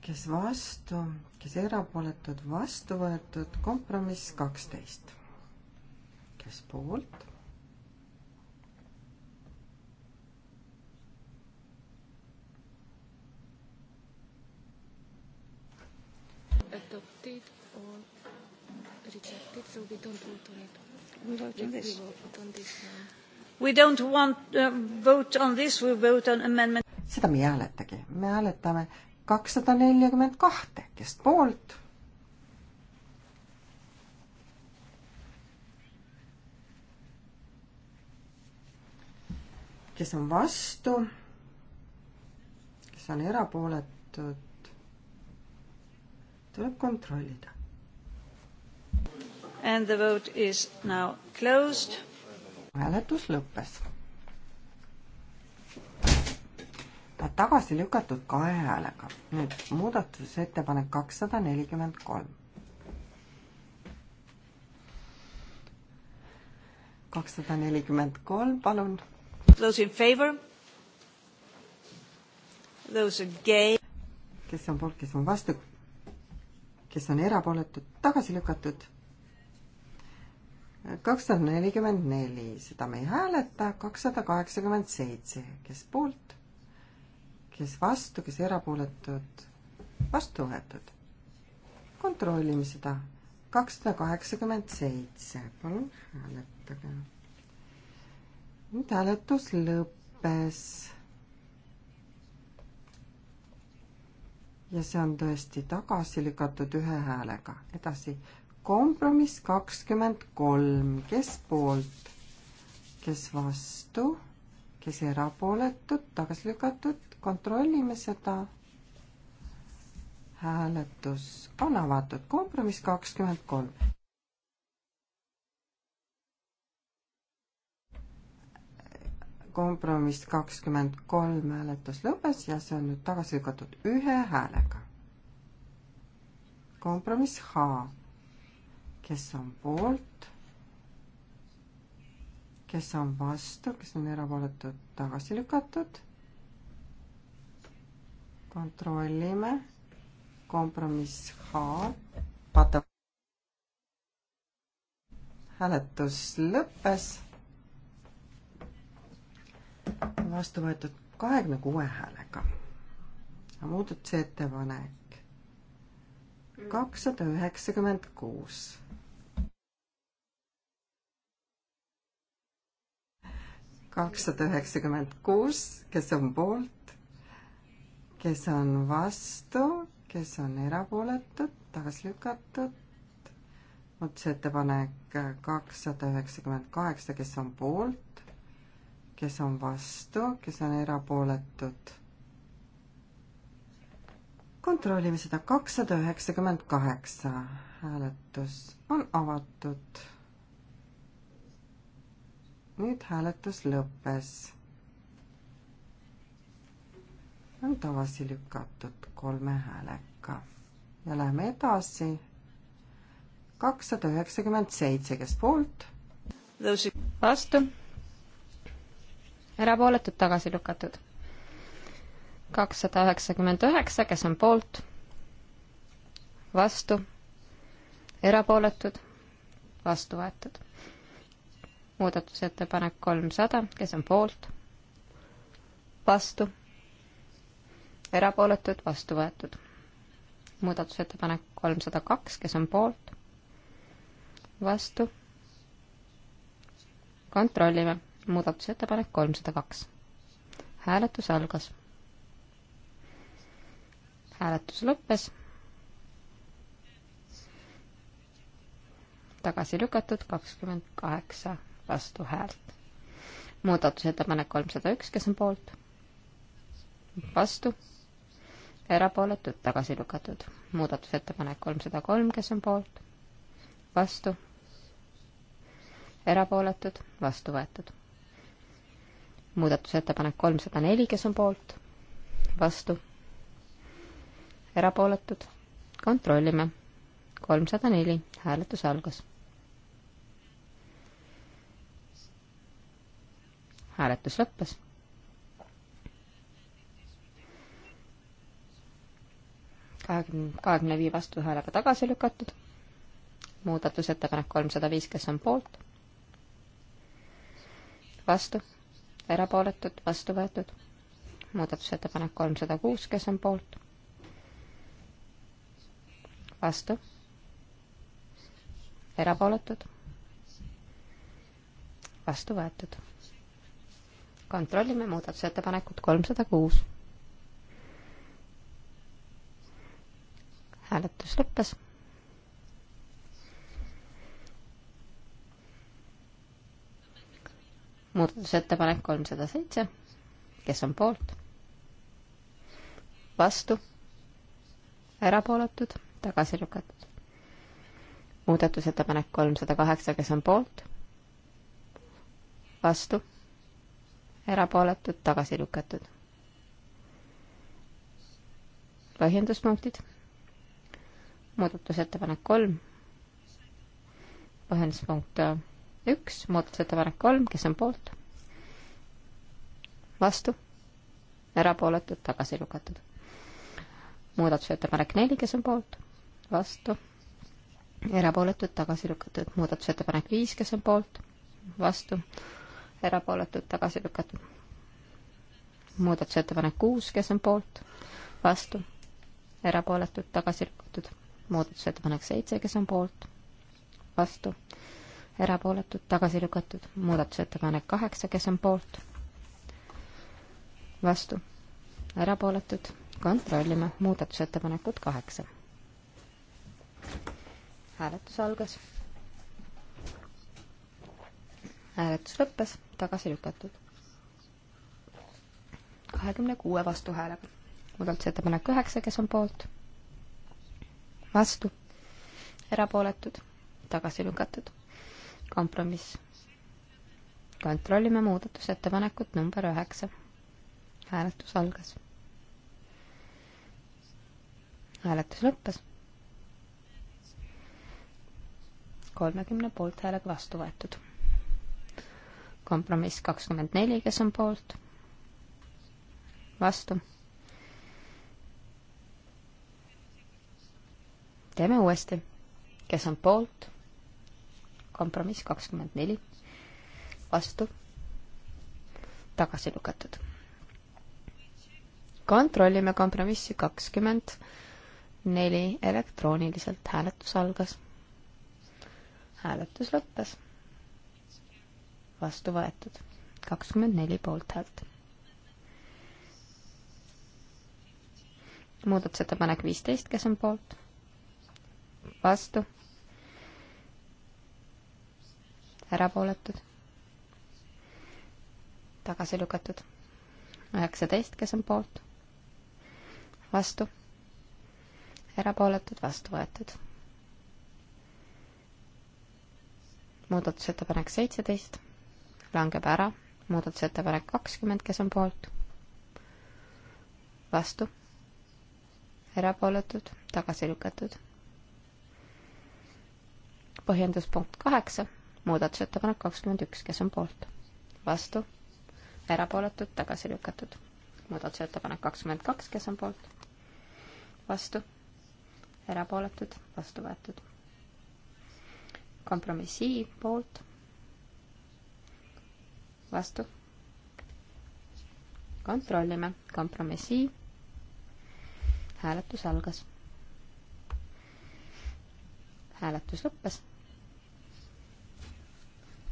kes vastu, kes erapooletud, vastu võetud, kompromiss kaksteist. kes poolt? Adopted or rejected, so we don't vote on it. We vote on this. We vote on this one. We don't want uh, vote on this, we vote on amendment. seda me ei hääletagi, me hääletame kakssada nelikümmend kahte, kes poolt? kes on vastu? kes on erapooletud? tuleb kontrollida. And the vote is now closed. hääletus lõppes nad tagasi lükatud kahe häälega. nüüd muudatusettepanek kakssada nelikümmend kolm. kakssada nelikümmend kolm, palun. Those in favor? Those again? kes on poolt, kes on vastu? kes on erapooletud, tagasi lükatud? kakssada nelikümmend neli, seda me ei hääleta, kakssada kaheksakümmend seitse, kes poolt? kes vastu, kes erapooletud, vastu võetud. kontrollime seda. kakssada kaheksakümmend seitse, palun hääletage. nüüd hääletus lõppes. ja see on tõesti tagasi lükatud ühe häälega. edasi, kompromiss kakskümmend kolm, kes poolt, kes vastu, kes erapooletud, tagasi lükatud, kontrollime seda. hääletus on avatud, kompromiss kakskümmend kolm. kompromiss kakskümmend kolm hääletus lõppes ja see on nüüd tagasi lükatud ühe häälega. kompromiss H, kes on poolt, kes on vastu, kes on erapooletud, tagasi lükatud kontrollime, kompromiss H, vaata. hääletus lõppes. vastu võetud kahekümne kuue häälega. muudatusettepanek kakssada üheksakümmend kuus kakssada üheksakümmend kuus, kes on poolt, kes on vastu, kes on erapooletud, tagasi lükatud. muudatusettepanek kakssada üheksakümmend kaheksa, kes on poolt, kes on vastu, kes on erapooletud. kontrollime seda, kakssada üheksakümmend kaheksa hääletus on avatud. nüüd hääletus lõppes on tagasi lükatud kolme häälega. ja läheme edasi. kakssada üheksakümmend seitse, kes poolt? vastu. erapooletud tagasi lükatud. kakssada üheksakümmend üheksa, kes on poolt? vastu. erapooletud, vastu võetud. muudatusettepanek kolmsada, kes on poolt? vastu erapooletud, vastu võetud. muudatusettepanek kolmsada kaks, kes on poolt, vastu, kontrollime, muudatusettepanek kolmsada kaks. hääletus algas. hääletus lõppes. tagasi lükatud kakskümmend kaheksa vastuhäält. muudatusettepanek kolmsada üks, kes on poolt? vastu, erapooletud, tagasi lükatud. muudatusettepanek kolmsada kolm, kes on poolt, vastu, erapooletud, vastu võetud. muudatusettepanek kolmsada neli, kes on poolt, vastu, erapooletud, kontrollime. kolmsada neli, hääletus algas. hääletus lõppes kahekümne, kahekümne viie vastuhäälega tagasi lükatud. muudatusettepanek kolmsada viis, kes on poolt? vastu, erapooletud, vastu võetud. muudatusettepanek kolmsada kuus, kes on poolt? vastu, erapooletud, vastu võetud. kontrollime muudatusettepanekut kolmsada kuus hääletus lõppes. muudatusettepanek kolmsada seitse, kes on poolt? vastu? erapooletud? tagasi lükatud? muudatusettepanek kolmsada kaheksa, kes on poolt? vastu? erapooletud, tagasi lükatud. põhjenduspunktid muudatusettepanek kolm, põhjenduspunkt üks, muudatusettepanek kolm, kes on poolt? vastu? erapooletud, tagasi lükatud. muudatusettepanek neli, kes on poolt? vastu? erapooletud, tagasi lükatud. muudatusettepanek viis, kes on poolt? vastu? erapooletud, tagasi lükatud. muudatusettepanek kuus, kes on poolt? vastu? erapooletud, tagasi lükatud muudatusettepanek seitse, kes on poolt, vastu, erapooletud, tagasi lükatud, muudatusettepanek kaheksa, kes on poolt, vastu, erapooletud, kontrollime muudatusettepanekut kaheksa. hääletus algas. hääletus lõppes, tagasi lükatud. kahekümne kuue vastuhäälega. muudatusettepanek üheksa, kes on poolt vastu, erapooletud, tagasi lükatud. kompromiss. kontrollime muudatusettepanekut number üheksa. hääletus algas. hääletus lõppes. kolmekümne poolthäälega vastu võetud. kompromiss kakskümmend neli, kes on poolt, vastu teeme uuesti, kes on poolt, kompromiss kakskümmend neli, vastu, tagasi lükatud. kontrollime kompromissi kakskümmend neli elektrooniliselt, hääletus algas. hääletus lõppes. vastu võetud, kakskümmend neli poolthäält muudatusettepanek viisteist, kes on poolt? vastu, erapooletud, tagasi lükatud. üheksateist, kes on poolt, vastu, erapooletud, vastu võetud. muudatusettepanek seitseteist langeb ära, muudatusettepanek kakskümmend, kes on poolt, vastu, erapooletud, tagasi lükatud põhjendus punkt kaheksa, muudatusettepanek kakskümmend üks, kes on poolt? vastu? erapooletud, tagasi lükatud. muudatusettepanek kakskümmend kaks, kes on poolt? vastu? erapooletud, vastu võetud. kompromissi poolt? vastu? kontrollime, kompromissi. hääletus algas hääletus lõppes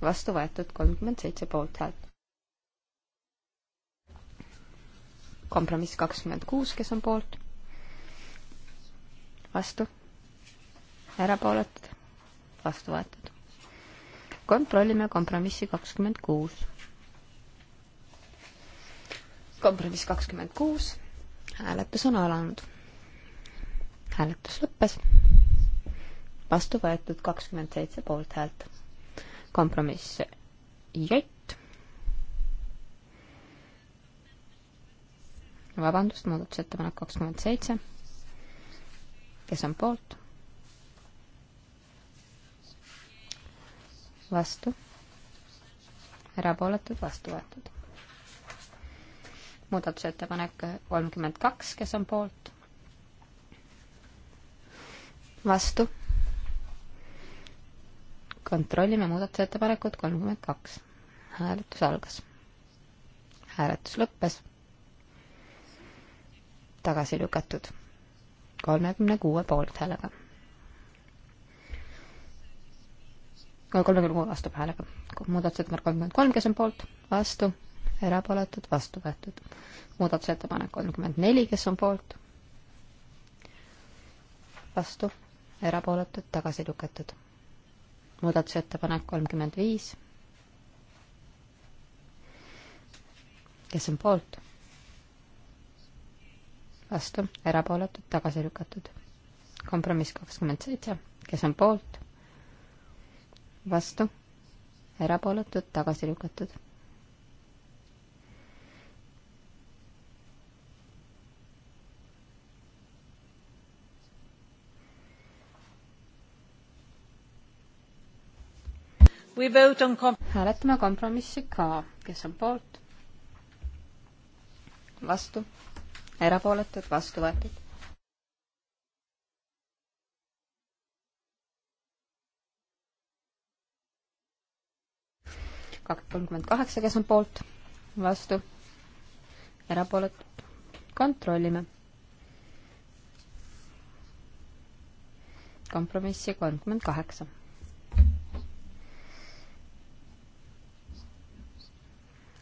vastu võetud kolmkümmend seitse poolthäält. kompromiss kakskümmend kuus, kes on poolt, vastu, erapooletud, vastu võetud. kontrollime kompromissi kakskümmend kuus. kompromiss kakskümmend kuus, hääletus on alanud. hääletus lõppes, vastu võetud kakskümmend seitse poolthäält kompromiss J. vabandust, muudatusettepanek kakskümmend seitse. kes on poolt? vastu? erapooletud, vastu võetud. muudatusettepanek kolmkümmend kaks, kes on poolt? vastu kontrollime muudatusettepanekut kolmkümmend kaks. hääletus algas. hääletus lõppes. tagasi lükatud kolmekümne kuue poolthäälega. kolmekümne kuue vastuhäälega. muudatusettepanek kolmkümmend kolm, kes on poolt, vastu, erapooletud, vastu võetud. muudatusettepanek kolmkümmend neli, kes on poolt, vastu, erapooletud, tagasi lükatud muudatusettepanek kolmkümmend viis. kes on poolt? vastu, erapooletud, tagasi lükatud. kompromiss kakskümmend seitse, kes on poolt? vastu, erapooletud, tagasi lükatud On... hääletame kompromissi ka, kes on poolt? vastu? erapooletud, vastu võetud? kolmkümmend kaheksa, kes on poolt, vastu, erapooletud, kontrollime. kompromissi kolmkümmend kaheksa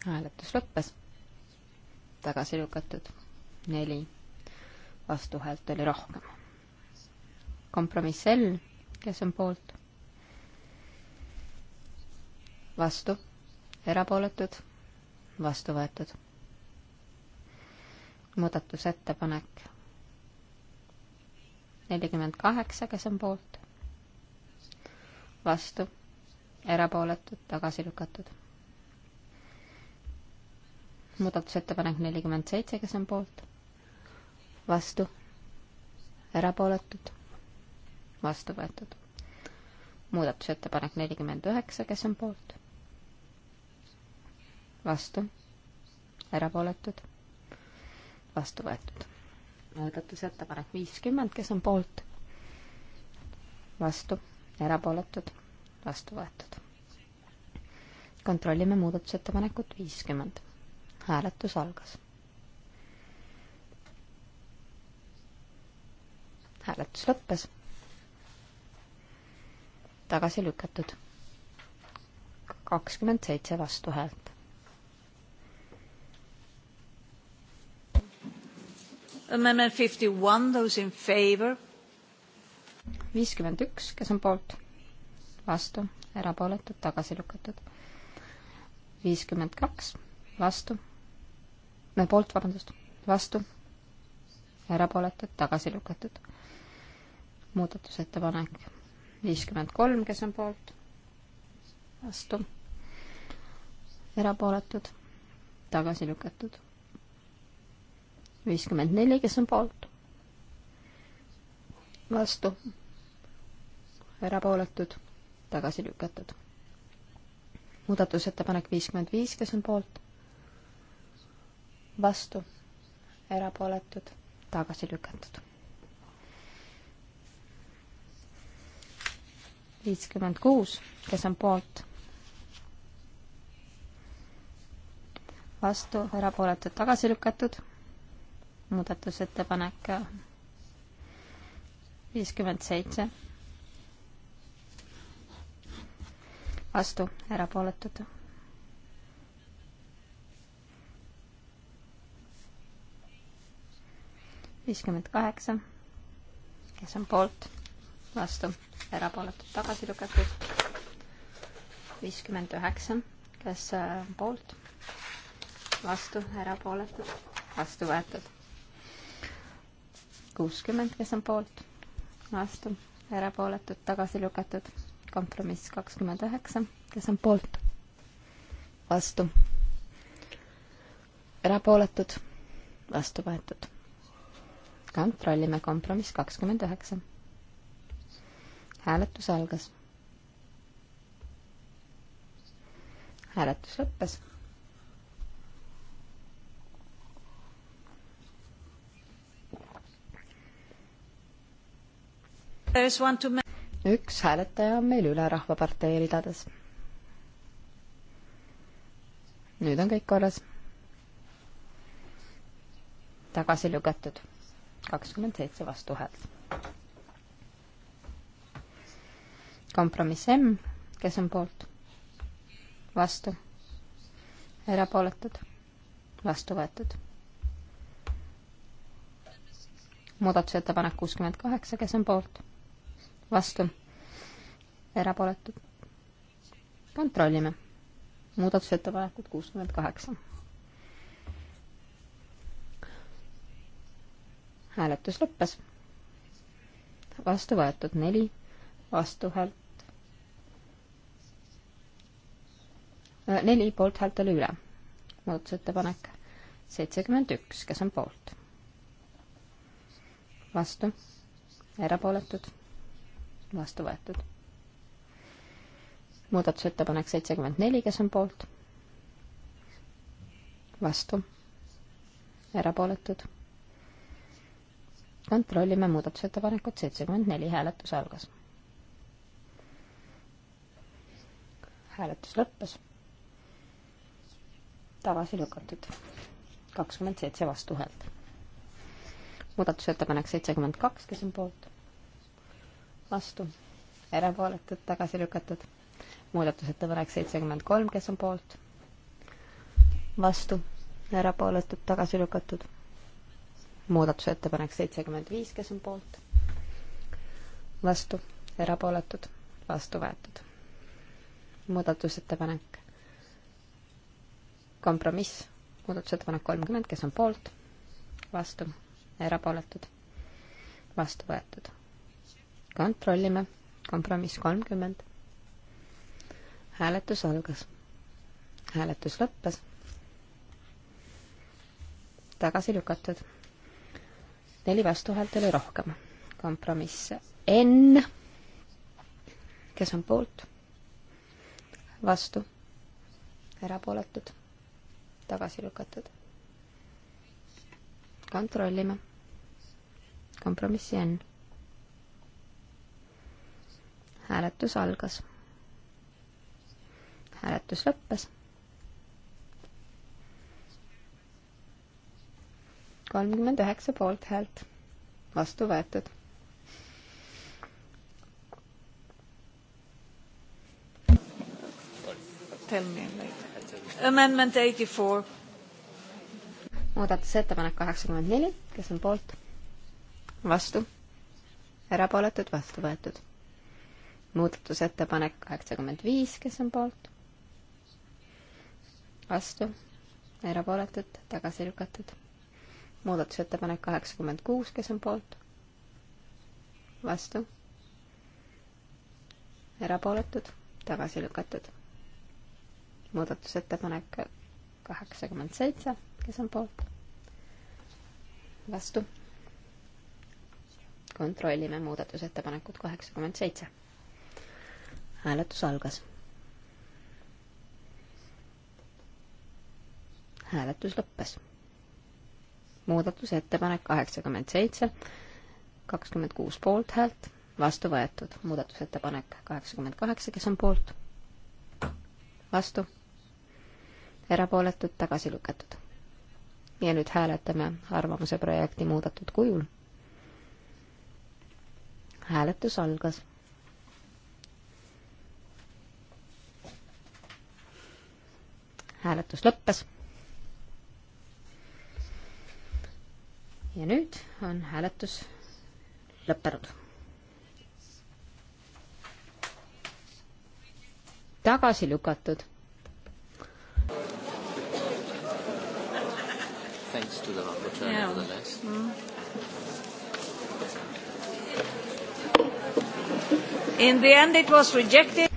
hääletus lõppes. tagasi lükatud neli, vastuhäält oli rohkem. kompromiss L, kes on poolt? vastu, erapooletud, vastu võetud. muudatusettepanek nelikümmend kaheksa, kes on poolt, vastu, erapooletud, tagasi lükatud muudatusettepanek nelikümmend seitse, kes on poolt, vastu, erapooletud, vastu võetud. muudatusettepanek nelikümmend üheksa, kes on poolt, vastu, erapooletud, vastu võetud. muudatusettepanek viiskümmend, kes on poolt, vastu, erapooletud, vastu võetud. kontrollime muudatusettepanekut viiskümmend hääletus algas. hääletus lõppes. tagasi lükatud. kakskümmend seitse vastuhäält. Amendment fifty one, those in favor. viiskümmend üks, kes on poolt? vastu, erapooletud, tagasi lükatud. viiskümmend kaks, vastu poolt, vabandust, vastu, erapooletud, tagasi lükatud. muudatusettepanek viiskümmend kolm, kes on poolt, vastu, erapooletud, tagasi lükatud. viiskümmend neli, kes on poolt, vastu, erapooletud, tagasi lükatud. muudatusettepanek viiskümmend viis, kes on poolt vastu, erapooletud, tagasi lükatud. viiskümmend kuus, kes on poolt, vastu, erapooletud, tagasi lükatud, muudatusettepanek viiskümmend seitse, vastu, erapooletud viiskümmend kaheksa, kes on poolt, vastu, erapooletud, tagasi lükatud. viiskümmend üheksa, kes on äh, poolt, vastu, erapooletud, vastu võetud. kuuskümmend, kes on poolt, vastu, erapooletud, tagasi lükatud. kompromiss kakskümmend üheksa, kes on poolt, vastu, erapooletud, vastu võetud kontrollime kompromiss kakskümmend üheksa. hääletus algas. hääletus lõppes. üks hääletaja on meil üle Rahvapartei ridades. nüüd on kõik korras. tagasi lükatud kakskümmend seitse vastuhäält. kompromiss M, kes on poolt? vastu. erapooletud? vastu võetud. muudatusettepanek kuuskümmend kaheksa, kes on poolt? vastu. erapooletud? kontrollime. muudatusettepanekud kuuskümmend kaheksa hääletus lõppes. vastu võetud neli vastuhäält. Äh, neli poolthäält oli üle. muudatusettepanek seitsekümmend üks, kes on poolt? vastu, erapooletud, vastu võetud. muudatusettepanek seitsekümmend neli, kes on poolt? vastu, erapooletud kontrollime muudatusettepanekut seitsekümmend neli, hääletus algas. hääletus lõppes. tagasi lükatud. kakskümmend seitse vastuhäält. muudatusettepanek seitsekümmend kaks, kes on poolt? vastu. erapooletud, tagasi lükatud. muudatusettepanek seitsekümmend kolm, kes on poolt? vastu. erapooletud, tagasi lükatud muudatusettepanek seitsekümmend viis, kes on poolt, vastu, erapooletud, vastu võetud. muudatusettepanek, kompromiss, muudatusettepanek kolmkümmend, kes on poolt, vastu, erapooletud, vastu võetud. kontrollime, kompromiss kolmkümmend. hääletus algas hääletus lõppes. tagasi lükatud neli vastuhäält oli rohkem. kompromiss N, kes on poolt, vastu, erapooletud, tagasi lükatud. kontrollime. kompromissi N. hääletus algas. hääletus lõppes kolmkümmend üheksa poolthäält, vastu võetud. Amendment eighty four. muudatusettepanek kaheksakümmend neli, kes on poolt? vastu? erapooletud, vastu võetud. muudatusettepanek kaheksakümmend viis, kes on poolt? vastu? erapooletud, tagasi lükatud muudatusettepanek kaheksakümmend kuus, kes on poolt? vastu? erapooletud? tagasi lükatud? muudatusettepanek kaheksakümmend seitse, kes on poolt? vastu? kontrollime muudatusettepanekut kaheksakümmend seitse. hääletus algas. hääletus lõppes muudatusettepanek kaheksakümmend seitse, kakskümmend kuus poolthäält, vastu võetud. muudatusettepanek kaheksakümmend kaheksa, kes on poolt? vastu? erapooletud, tagasi lükatud. ja nüüd hääletame arvamuse projekti muudetud kujul. hääletus algas. hääletus lõppes ja nüüd on hääletus lõppenud. tagasi lükatud. Thanks to the rapporteur yeah. nevertheless mm.. In the end it was rejected.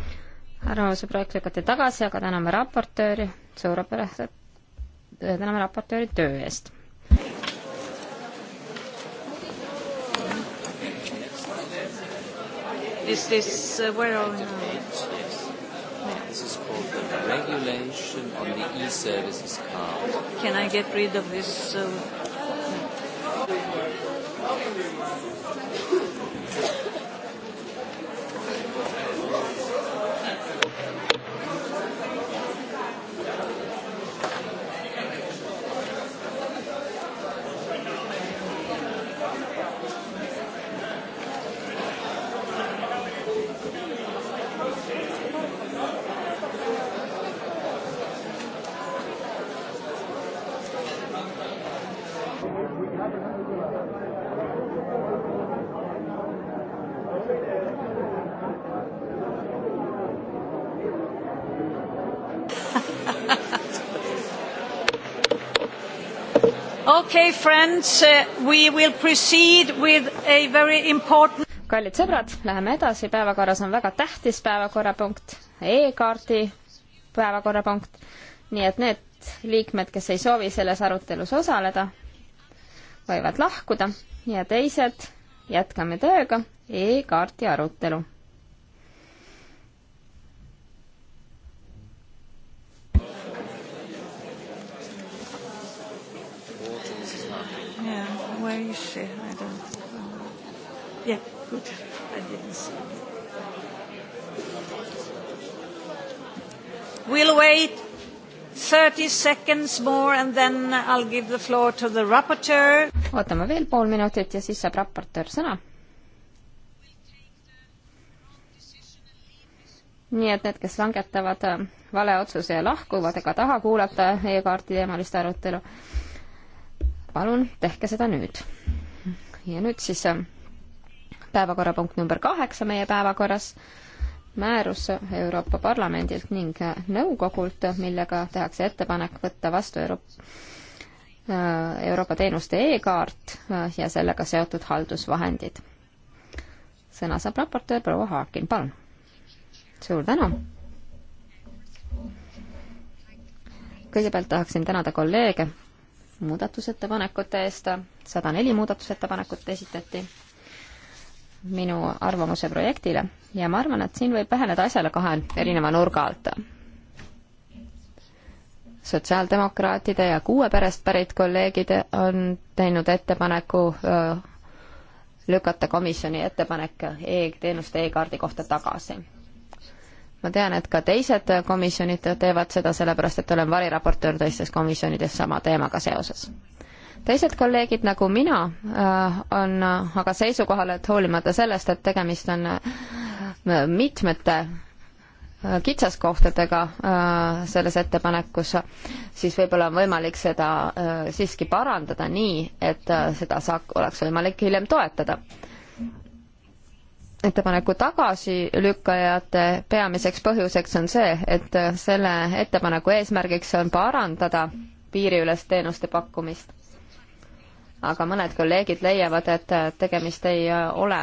arvamuse projekt lükati tagasi, aga täname raportööri, suurepärase, täname raportööri töö eest This is uh, where are we now? Yes. Yeah. This is called the regulation on the e-services card. Can I get rid of this? Uh, no. Okay, friends, uh, we will proceed with a very important kallid sõbrad, läheme edasi, päevakorras on väga tähtis päevakorrapunkt e, e-kaardi päevakorrapunkt, nii et need liikmed, kes ei soovi selles arutelus osaleda, võivad lahkuda ja teised jätkame tööga e, e-kaardi arutelu Fische. I don't yeah, good. I didn't see. We'll wait 30 seconds more and then I'll give the floor to the rapporteur. ootame veel pool minutit ja siis saab raportöör sõna. nii et need, kes langetavad äh, vale otsuse ja lahkuvad ega taha kuulata e-kaardi teemalist arutelu, palun tehke seda nüüd. ja nüüd siis äh, päevakorrapunkt number kaheksa meie päevakorras, määrus Euroopa Parlamendilt ning äh, nõukogult, millega tehakse ettepanek võtta vastu Euroopa äh, Euroopa teenuste e-kaart ja sellega seotud haldusvahendid. sõna saab raportöör proua Haakin, palun. suur tänu. kõigepealt tahaksin tänada kolleege muudatusettepanekute eest, sada neli muudatusettepanekut esitati minu arvamuse projektile ja ma arvan, et siin võib läheneda asjale kahe erineva nurga alt. sotsiaaldemokraatide ja kuue perest pärit kolleegid on teinud ettepaneku öö, lükata komisjoni ettepanek e-teenuste e-kaardi kohta tagasi ma tean, et ka teised komisjonid teevad seda, sellepärast et olen variraportöör teistes komisjonides sama teemaga seoses. teised kolleegid nagu mina äh, on aga seisukohal, et hoolimata sellest, et tegemist on äh, mitmete äh, kitsaskohtadega selles ettepanekus, siis võib-olla on võimalik seda siiski parandada nii, et seda saak-, oleks võimalik hiljem toetada ettepaneku tagasilükkajate peamiseks põhjuseks on see, et selle ettepaneku eesmärgiks on parandada piiriülest teenuste pakkumist. aga mõned kolleegid leiavad, et tegemist ei ole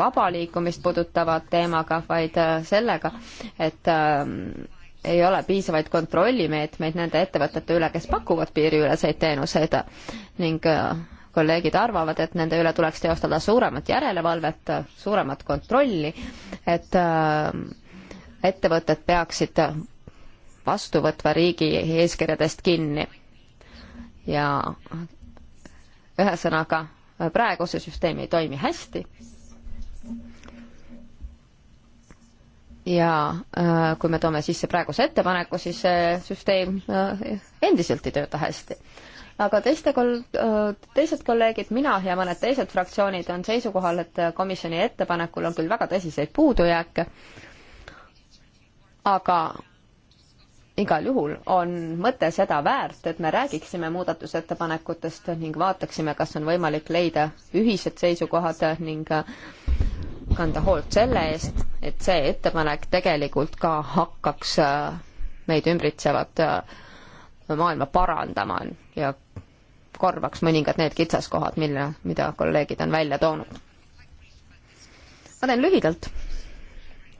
vaba liikumist puudutava teemaga, vaid sellega, et ähm, ei ole piisavaid kontrollimeetmeid nende ettevõtete üle, kes pakuvad piiriüleseid teenuseid ning äh, kolleegid arvavad, et nende üle tuleks teostada suuremat järelevalvet, suuremat kontrolli, et äh, ettevõtted peaksid vastuvõtva riigi eeskirjadest kinni. ja ühesõnaga, praegu see süsteem ei toimi hästi. ja äh, kui me toome sisse praeguse ettepaneku, siis see süsteem äh, endiselt ei tööta hästi aga teiste kol-, äh, teised kolleegid, mina ja mõned teised fraktsioonid on seisukohal, et komisjoni ettepanekul on küll väga tõsiseid puudujääke, aga igal juhul on mõte seda väärt, et me räägiksime muudatusettepanekutest ning vaataksime, kas on võimalik leida ühised seisukohad ning kanda hoolt selle eest, et see ettepanek tegelikult ka hakkaks meid ümbritsevat äh, maailma parandama ja korvaks mõningad need kitsaskohad, mille, mida kolleegid on välja toonud. ma teen lühidalt,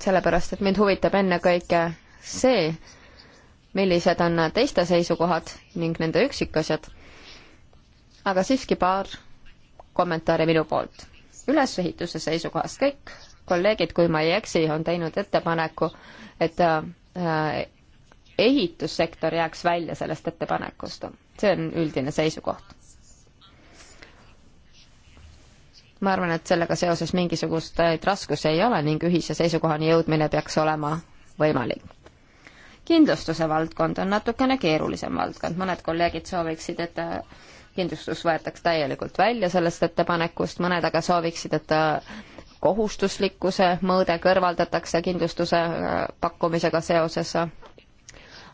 sellepärast et mind huvitab ennekõike see, millised on teiste seisukohad ning nende üksikasjad, aga siiski paar kommentaari minu poolt. ülesehituse seisukohast kõik kolleegid, kui ma ei eksi, on teinud ettepaneku, et äh, ehitussektor jääks välja sellest ettepanekust. see on üldine seisukoht. ma arvan, et sellega seoses mingisuguseid raskusi ei ole ning ühise seisukohani jõudmine peaks olema võimalik. kindlustuse valdkond on natukene keerulisem valdkond, mõned kolleegid sooviksid, et kindlustus võetaks täielikult välja sellest ettepanekust, mõned aga sooviksid, et kohustuslikkuse mõõde kõrvaldatakse kindlustuse pakkumisega seoses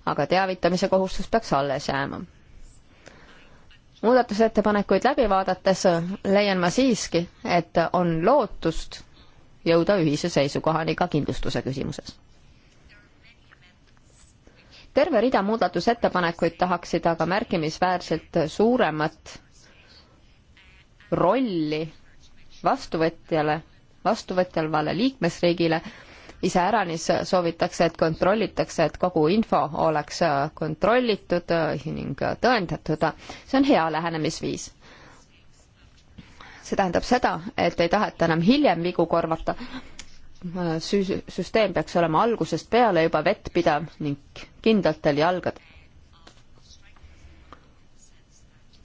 aga teavitamise kohustus peaks alles jääma. muudatusettepanekuid läbi vaadates leian ma siiski, et on lootust jõuda ühise seisukohani ka kindlustuse küsimuses. terve rida muudatusettepanekuid tahaksid aga märkimisväärselt suuremat rolli vastuvõtjale, vastuvõtjavale liikmesriigile iseäranis soovitakse, et kontrollitakse, et kogu info oleks äh, kontrollitud äh, ning äh, tõendatud. see on hea lähenemisviis see tähendab seda, et ei taheta enam hiljem vigu korvata. Sü-, süsteem peaks olema algusest peale juba vettpidav ning kindlatel jalgadel.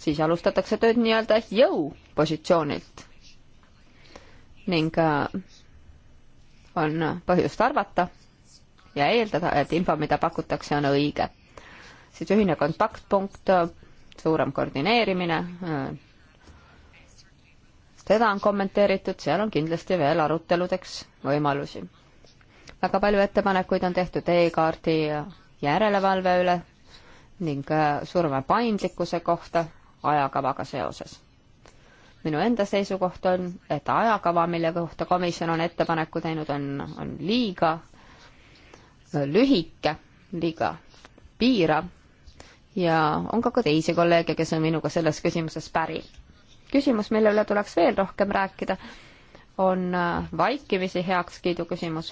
siis alustatakse tööd nii-öelda jõupositsioonilt. ning äh, on põhjust arvata ja eeldada, et info, mida pakutakse, on õige. siis ühine kontaktpunkt, suurem koordineerimine, seda on kommenteeritud, seal on kindlasti veel aruteludeks võimalusi. väga palju ettepanekuid on tehtud e-kaardi järelevalve üle ning suurema paindlikkuse kohta ajakavaga seoses minu enda seisukoht on, et ajakava, mille kohta komisjon on ettepaneku teinud, on, on liiga lühike, liiga piirav ja on ka ka teisi kolleege, kes on minuga selles küsimuses päri. küsimus, mille üle tuleks veel rohkem rääkida, on äh, vaikimisi heakskiidu küsimus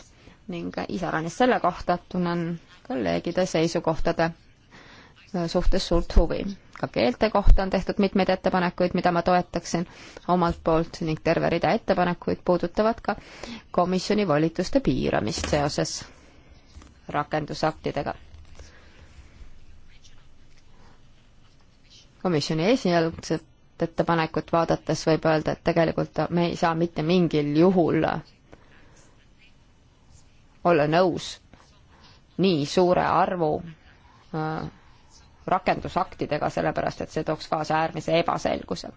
ning iseäranis selle kohta tunnen kolleegide seisukohtade äh, suhtes suurt huvi ka keelte kohta on tehtud mitmeid ettepanekuid, mida ma toetaksin omalt poolt ning terve rida ettepanekuid puudutavad ka komisjoni volituste piiramist seoses rakendusaktidega komisjoni esialgset ettepanekut vaadates võib öelda, et tegelikult me ei saa mitte mingil juhul olla nõus nii suure arvu äh, rakendusaktidega, sellepärast et see tooks kaasa äärmise ebaselguse.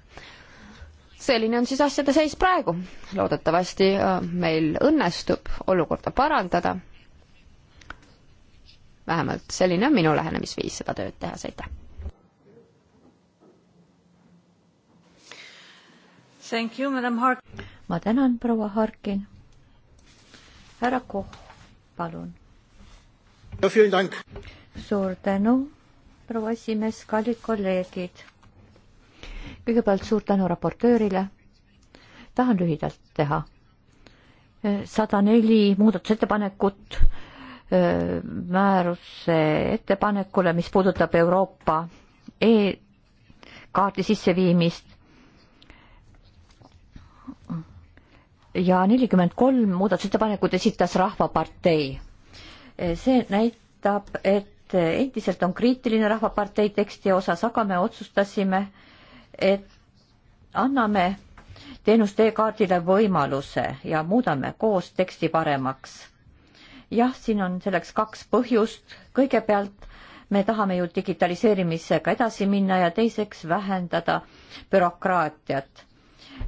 selline on siis asjade seis praegu. loodetavasti äh, meil õnnestub olukorda parandada. vähemalt selline on minu lähenemisviis seda tööd tehas, aitäh. ma tänan, proua Harkin. härra Koh, palun. suur tänu proua esimees, kallid kolleegid. kõigepealt suur tänu raportöörile. tahan lühidalt teha. Eh, sada neli muudatusettepanekut eh, määruse ettepanekule, mis puudutab Euroopa e-kaardi sisseviimist. ja nelikümmend kolm muudatusettepanekut esitas Rahvapartei. Eh, see näitab, et endiselt on kriitiline Rahvapartei teksti osas, aga me otsustasime, et anname teenuste e-kaardile võimaluse ja muudame koos teksti paremaks. jah, siin on selleks kaks põhjust. kõigepealt me tahame ju digitaliseerimisega edasi minna ja teiseks vähendada bürokraatiat.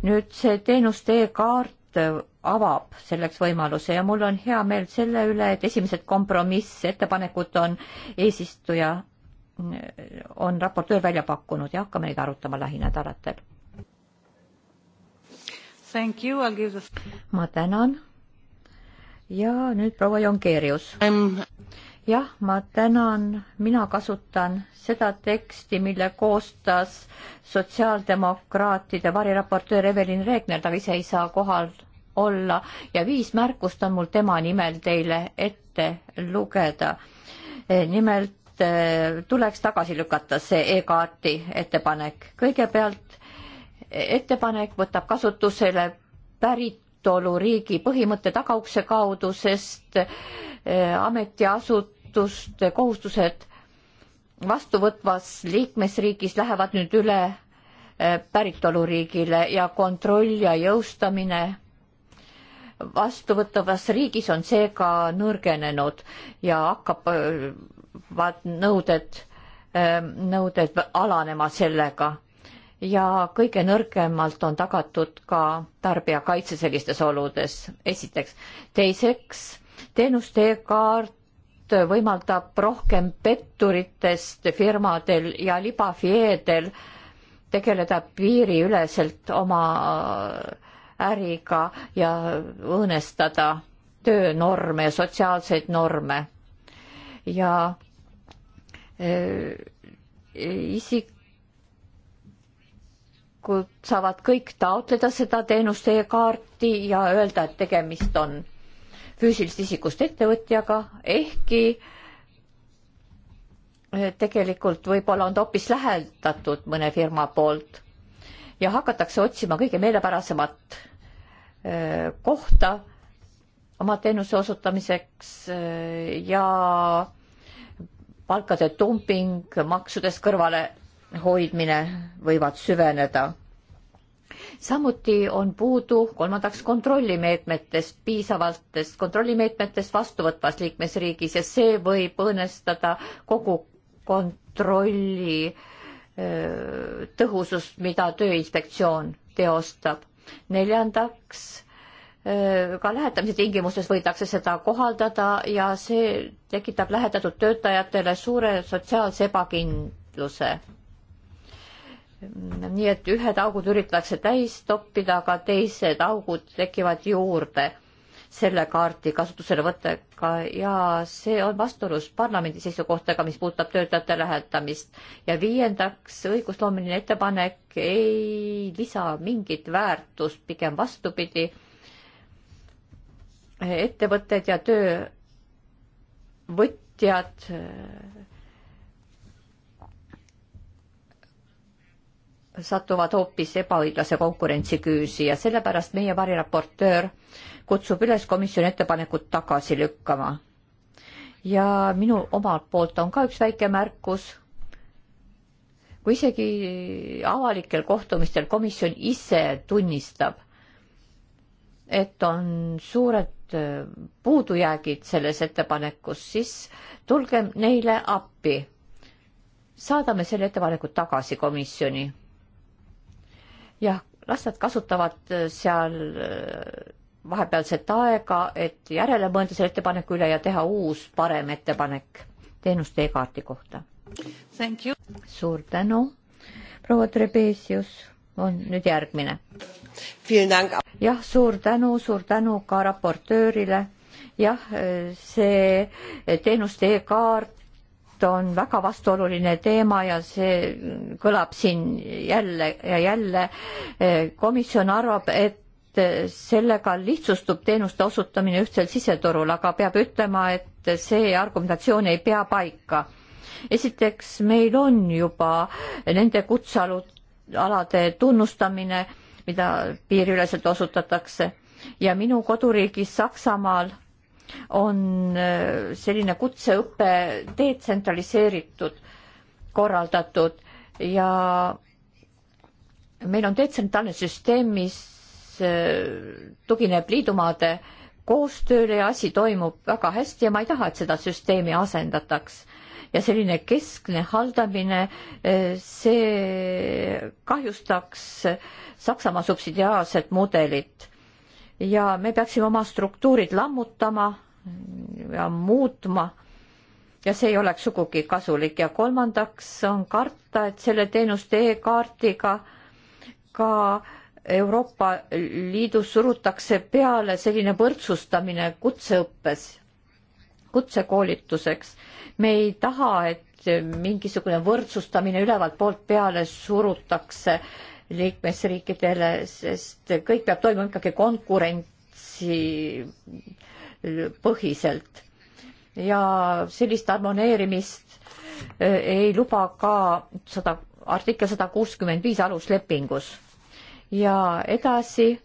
nüüd see teenuste e-kaart raport äh, avab selleks võimaluse ja mul on hea meel selle üle, et esimesed kompromissettepanekud on eesistuja, äh, on raportöör välja pakkunud ja hakkame neid arutama lähinädalatel. The... ma tänan. ja nüüd proua Jongeerius um jah, ma tänan, mina kasutan seda teksti, mille koostas sotsiaaldemokraatide variraportöör Evelin Regner, ta ise ei saa kohal olla ja viis märkust on mul tema nimel teile ette lugeda. Eh, nimelt eh, tuleks tagasi lükata see e-kaarti ettepanek. kõigepealt eh, ettepanek võtab kasutusele päritoluriigi põhimõtte tagaukse kaudu, sest ametiasutuste kohustused vastuvõtvas liikmesriigis lähevad nüüd üle päritoluriigile ja kontroll ja jõustamine vastuvõtavas riigis on seega nõrgenenud ja hakkavad äh, nõuded, ähm, nõuded alanema sellega. ja kõige nõrgemalt on tagatud ka tarbijakaitse sellistes oludes, esiteks. teiseks, teenuste e-kaart võimaldab rohkem petturitest firmadel ja libafieedel tegeleda piiriüleselt oma äriga ja õõnestada töönorme ja sotsiaalseid norme. ja äh, isikud saavad kõik taotleda seda teenust e-kaarti ja öelda, et tegemist on füüsilisest isikust ettevõtjaga, ehkki e, tegelikult võib-olla on ta hoopis läheldatud mõne firma poolt ja hakatakse otsima kõige meelepärasemat kohta oma teenuse osutamiseks ja palkade dumping, maksudest kõrvalehoidmine võivad süveneda. samuti on puudu kolmandaks kontrollimeetmetest, piisavatest kontrollimeetmetest vastuvõtvas liikmesriigis ja see võib õõnestada kogu kontrolli äh, tõhusust, mida Tööinspektsioon teostab. neljandaks, äh, ka lähetamise tingimustes võidakse seda kohaldada ja see tekitab lähetatud töötajatele suure sotsiaalse ebakindluse. nii et ühed augud üritatakse täis toppida, aga teised augud tekivad juurde selle kaardi kasutuselevõttega ja see on vastuolus parlamendi seisukohtadega, mis puudutab töötajate lähetamist. ja viiendaks, õigusloomeline ettepanek ei lisa mingit väärtust, pigem vastupidi. ettevõtted ja töövõtjad satuvad hoopis ebaõiglase konkurentsi küüsi ja sellepärast meie variraportöör kutsub üles komisjoni ettepanekut tagasi lükkama. ja minu omalt poolt on ka üks väike märkus. kui isegi avalikel kohtumistel komisjon ise tunnistab, et on suured äh, puudujäägid selles ettepanekus, siis tulgem neile appi. saadame selle ettepaneku tagasi komisjoni. jah, las nad kasutavad äh, seal äh, vahepealset aega, et järele mõelda selle ettepaneku üle ja teha uus parem ettepanek teenuste e-kaardi kohta. suur tänu, proua Trebesius on nüüd järgmine. jah, suur tänu, suur tänu ka raportöörile. jah, see teenuste e-kaart on väga vastuoluline teema ja see kõlab siin jälle ja jälle. komisjon arvab, et sellega lihtsustub teenuste osutamine ühtsel siseturul, aga peab ütlema, et see argumentatsioon ei pea paika. esiteks, meil on juba nende kutsealade tunnustamine, mida piiriüleselt osutatakse ja minu koduriigis Saksamaal on äh, selline kutseõpe detsentraliseeritud, korraldatud ja meil on detsentraalne süsteem, mis tugineb liidumaade koostööle ja asi toimub väga hästi ja ma ei taha, et seda süsteemi asendataks. ja selline keskne haldamine, see kahjustaks Saksamaa subsidiaarset mudelit. ja me peaksime oma struktuurid lammutama ja muutma ja see ei oleks sugugi kasulik ja kolmandaks on karta, et selle teenuste e-kaardiga ka, ka Euroopa Liidus surutakse peale selline võrdsustamine kutseõppes, kutsekoolituseks. me ei taha, et mingisugune võrdsustamine ülevalt poolt peale surutakse liikmesriikidele, sest kõik peab toimuma ikkagi konkurentsi põhiselt. ja sellist harmoneerimist eh, ei luba ka sada, artikkel sada kuuskümmend viis aluslepingus ja edasi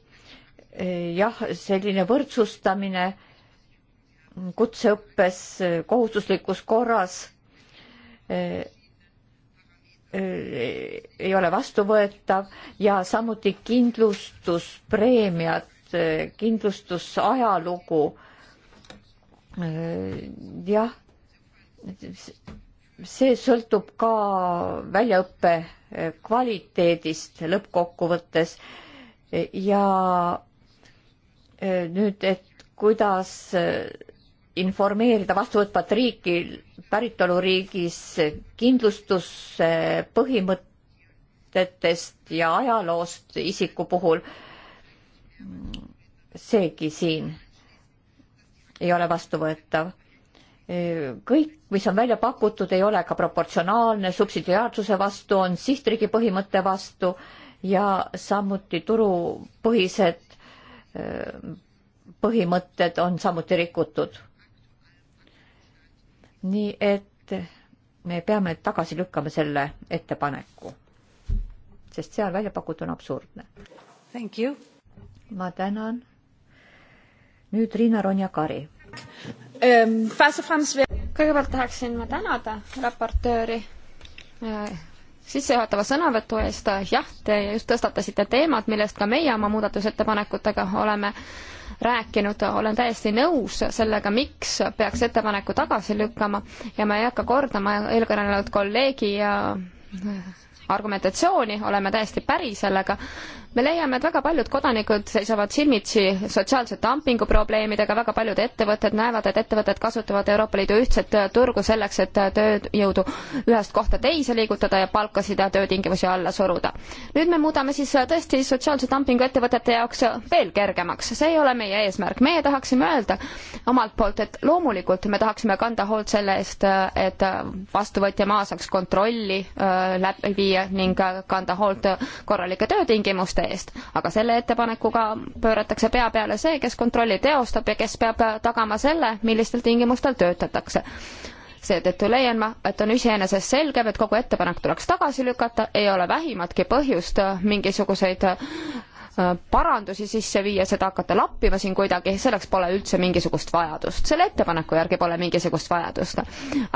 eh, jah, selline võrdsustamine kutseõppes eh, kohustuslikus korras eh, ei ole vastuvõetav ja samuti kindlustuspreemiad, kindlustusajalugu. jah, see sõltub ka väljaõppe eh, kvaliteedist lõppkokkuvõttes ja eh, nüüd, et kuidas eh, informeerida vastuvõtvat riiki päritoluriigis kindlustuse põhimõtetest ja ajaloost isiku puhul, seegi siin ei ole vastuvõetav kõik, mis on välja pakutud, ei ole ka proportsionaalne, subsidiaarsuse vastu on sihtriigi põhimõtte vastu ja samuti turupõhised äh, põhimõtted on samuti rikutud. nii et me peame tagasi lükkama selle ettepaneku, sest seal välja pakutud on absurdne. ma tänan. nüüd Riina Ronja-Kari. Ehm, kõigepealt tahaksin ma tänada raportööri äh, sissejuhatava sõnavõtu eest, jah, te just tõstatasite teemad, millest ka meie oma muudatusettepanekutega oleme rääkinud, olen täiesti nõus sellega, miks peaks ettepaneku tagasi lükkama ja ma ei hakka kordama eelkõnelenud kolleegi ja äh, argumentatsiooni, oleme täiesti päri sellega me leiame, et väga paljud kodanikud seisavad silmitsi sotsiaalse dumpingu probleemidega, väga paljud ettevõtted näevad, et ettevõtted kasutavad Euroopa Liidu ühtset turgu selleks, et tööjõudu ühest kohta teise liigutada ja palkasid ja töötingimusi alla suruda. nüüd me muudame siis tõesti sotsiaalse dumpingu ettevõtete jaoks veel kergemaks, see ei ole meie eesmärk, meie tahaksime öelda omalt poolt, et loomulikult me tahaksime kanda hoolt selle eest, et vastuvõtja maa saaks kontrolli äh, läbi viia ning kanda hoolt korralike töötingimuste tegevuse eest. aga selle ettepanekuga pööratakse pea peale see, kes kontrolli teostab ja kes peab tagama selle, millistel tingimustel töötatakse seetõttu leian ma, et on iseenesest selgem, et kogu ettepanek tuleks tagasi lükata, ei ole vähimatki põhjust mingisuguseid Äh, parandusi sisse viia, seda hakata lappima siin kuidagi, selleks pole üldse mingisugust vajadust. selle ettepaneku järgi pole mingisugust vajadust.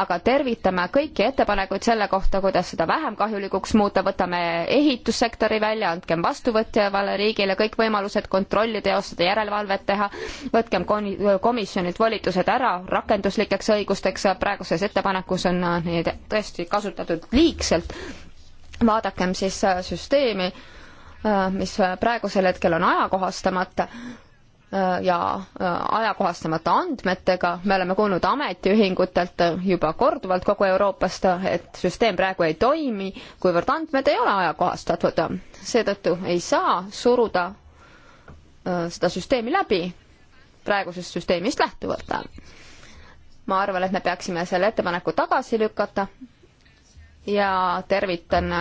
aga tervitame kõiki ettepanekuid selle kohta, kuidas seda vähem kahjulikuks muuta, võtame ehitussektori välja, andkem vastuvõtjale riigile kõik võimalused kontrolli teostada, järelevalvet teha, võtkem komisjonilt volitused ära rakenduslikeks õigusteks, praeguses ettepanekus on neid tõesti kasutatud liigselt, vaadakem siis äh, süsteemi Äh, mis praegusel hetkel on ajakohastamata äh, ja äh, ajakohastamata andmetega, me oleme kuulnud ametiühingutelt juba korduvalt kogu Euroopast, et süsteem praegu ei toimi, kuivõrd andmed ei ole ajakohastatud. seetõttu ei saa suruda seda süsteemi läbi praegusest süsteemist lähtuvalt. ma arvan, et me peaksime selle ettepaneku tagasi lükata ja tervitan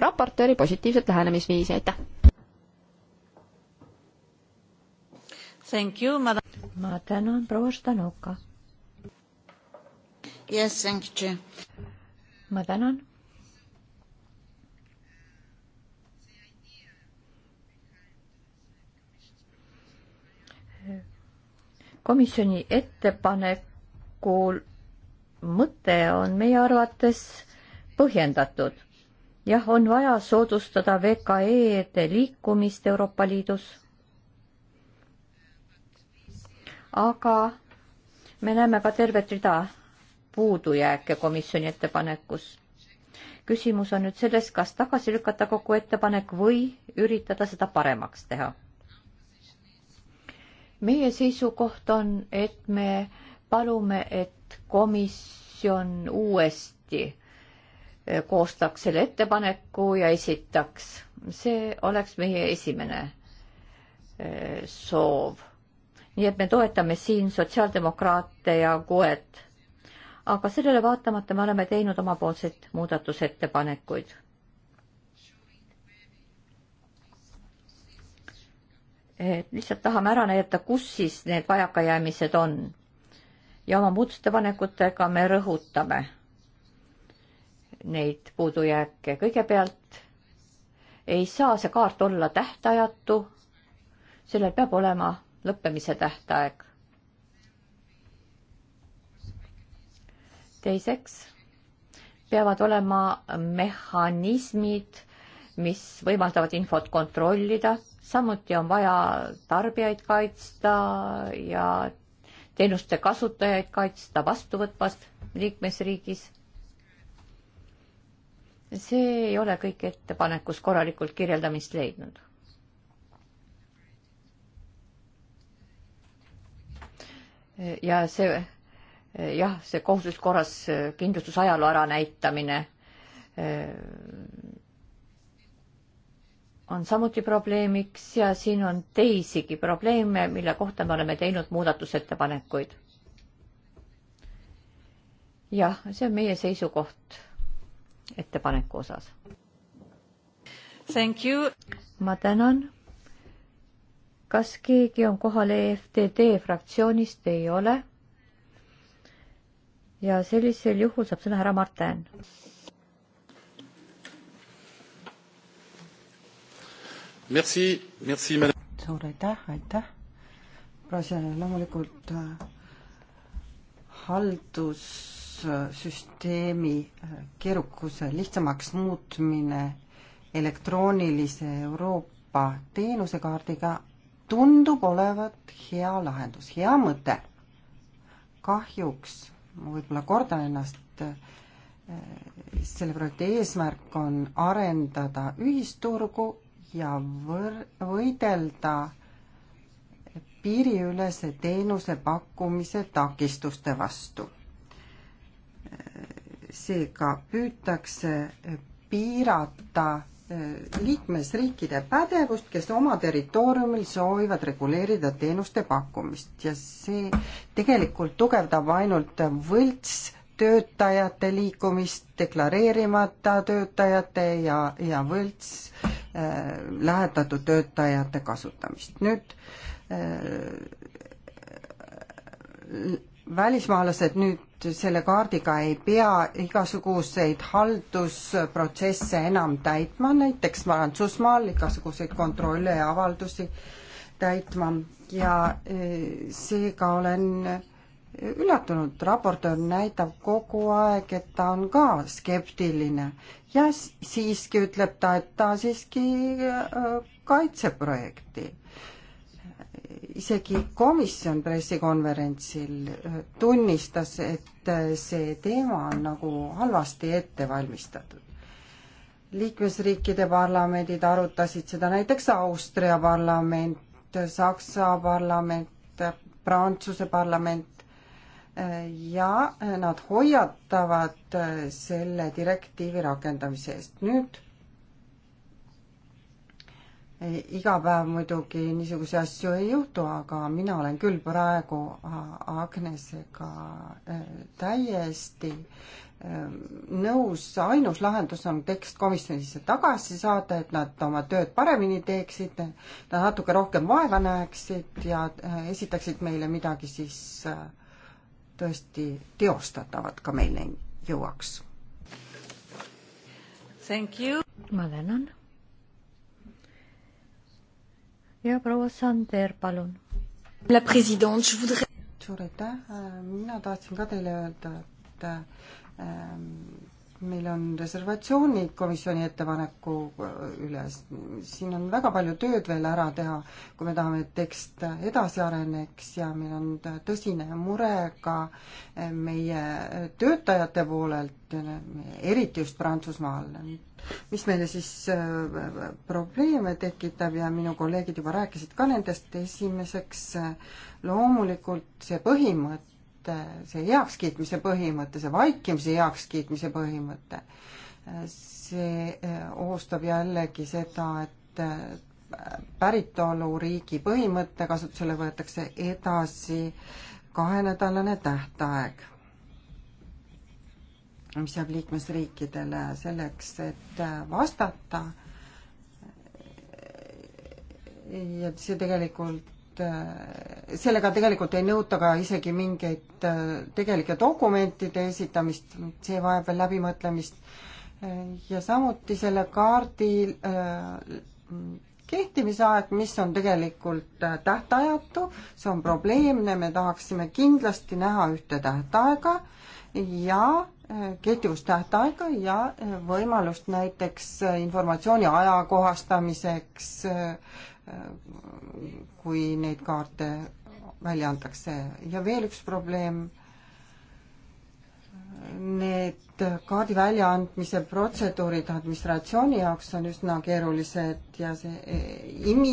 raportööri positiivset lähenemisviisi, aitäh! Thank you, madam. ma tänan, proua Štanuka. Yes, thank you. ma tänan. komisjoni ettepanekul mõte on meie arvates põhjendatud jah, on vaja soodustada VKE-de liikumist Euroopa Liidus. aga me näeme ka tervet rida puudujääke komisjoni ettepanekus. küsimus on nüüd selles, kas tagasi lükata kogu ettepanek või üritada seda paremaks teha. meie seisukoht on, et me palume, et komisjon uuesti koostaks selle ettepaneku ja esitaks. see oleks meie esimene eh, soov. nii et me toetame siin sotsiaaldemokraate ja kuet. aga sellele vaatamata me oleme teinud omapoolseid muudatusettepanekuid. et eh, lihtsalt tahame ära näidata, kus siis need vajakajäämised on. ja oma muudatusettepanekutega me rõhutame neid puudujääke. kõigepealt ei saa see kaart olla tähtajatu. sellel peab olema lõppemise tähtaeg. teiseks peavad olema mehhanismid, mis võimaldavad infot kontrollida, samuti on vaja tarbijaid kaitsta ja teenuste kasutajaid kaitsta vastuvõtvas liikmesriigis see ei ole kõik ettepanekus korralikult kirjeldamist leidnud. ja see jah, see kohustuskorras kindlustusajaloo äranäitamine eh, on samuti probleemiks ja siin on teisigi probleeme, mille kohta me oleme teinud muudatusettepanekuid. jah, see on meie seisukoht ettepaneku osas. ma tänan. kas keegi on kohal EFTD fraktsioonist? ei ole. ja sellisel juhul saab sõna härra Marten. Merci, merci, madame. suur aitäh, aitäh. Brasiilia loomulikult äh, haldus haldussüsteemi äh, keerukuse lihtsamaks muutmine elektroonilise Euroopa teenusekaardiga tundub olevat hea lahendus, hea mõte. kahjuks ma võib-olla kordan ennast, äh, selle projekti eesmärk on arendada ühisturgu ja võr-, võidelda piiriülese teenuse pakkumise takistuste vastu seega püütakse eh, piirata eh, liikmesriikide pädevust, kes oma territooriumil soovivad reguleerida teenuste pakkumist ja see tegelikult tugevdab ainult võlts töötajate liikumist, deklareerimata töötajate ja, ja võlts äh, lähetatud töötajate kasutamist. nüüd äh, välismaalased nüüd et selle kaardiga ei pea igasuguseid haldusprotsesse enam täitma, näiteks Prantsusmaal igasuguseid kontrolle ja avaldusi täitma ja eh, seega olen üllatunud, raportöör näitab kogu aeg, et ta on ka skeptiline ja siiski ütleb ta, et ta siiski eh, kaitseb projekti isegi komisjon pressikonverentsil äh, tunnistas, et äh, see teema on nagu halvasti ette valmistatud. liikmesriikide parlamendid arutasid seda, näiteks Austria parlament, Saksa parlament, Prantsuse parlament äh, ja nad hoiatavad selle direktiivi rakendamise eest. nüüd iga päev muidugi niisuguseid asju ei juhtu, aga mina olen küll praegu äh, Agnesega äh, täiesti ähm, nõus, ainus lahendus on tekst komisjonisse tagasi saada, et nad oma tööd paremini teeksid, nad natuke rohkem vaeva näeksid ja äh, esitaksid meile midagi siis tõesti teostatavat ka meile jõuaks. ma tänan ja proua Sander, palun. suur aitäh, äh, mina tahtsin ka teile öelda, et ähm, meil on reservatsioonid komisjoni ettepaneku äh, üles. siin on väga palju tööd veel ära teha, kui me tahame, et tekst edasi areneks ja meil on tõsine mure ka äh, meie töötajate poolelt, eriti just Prantsusmaal mis meile siis äh, probleeme tekitab ja minu kolleegid juba rääkisid ka nendest, esimeseks äh, loomulikult see põhimõte, see heakskiitmise põhimõte, see vaikimise heakskiitmise põhimõte, äh, see ohustab jällegi seda, et päritoluriigi põhimõte kasutusele võetakse edasi kahenädalane tähtaeg mis jääb liikmesriikidele selleks, et äh, vastata. ja see tegelikult, äh, sellega tegelikult ei nõuta ka isegi mingeid äh, tegelike dokumentide esitamist, see vajab veel läbimõtlemist. ja samuti selle kaardi kehtimisaeg, mis on tegelikult tähtajatu, see on probleemne, me tahaksime kindlasti näha ühte tähtaega ja kehtivustähtaega ja äh, võimalust näiteks äh, informatsiooni ajakohastamiseks, äh, kui neid kaarte välja antakse. ja veel üks probleem need kaardi väljaandmise protseduurid administratsiooni jaoks on üsna keerulised ja see eh, IMI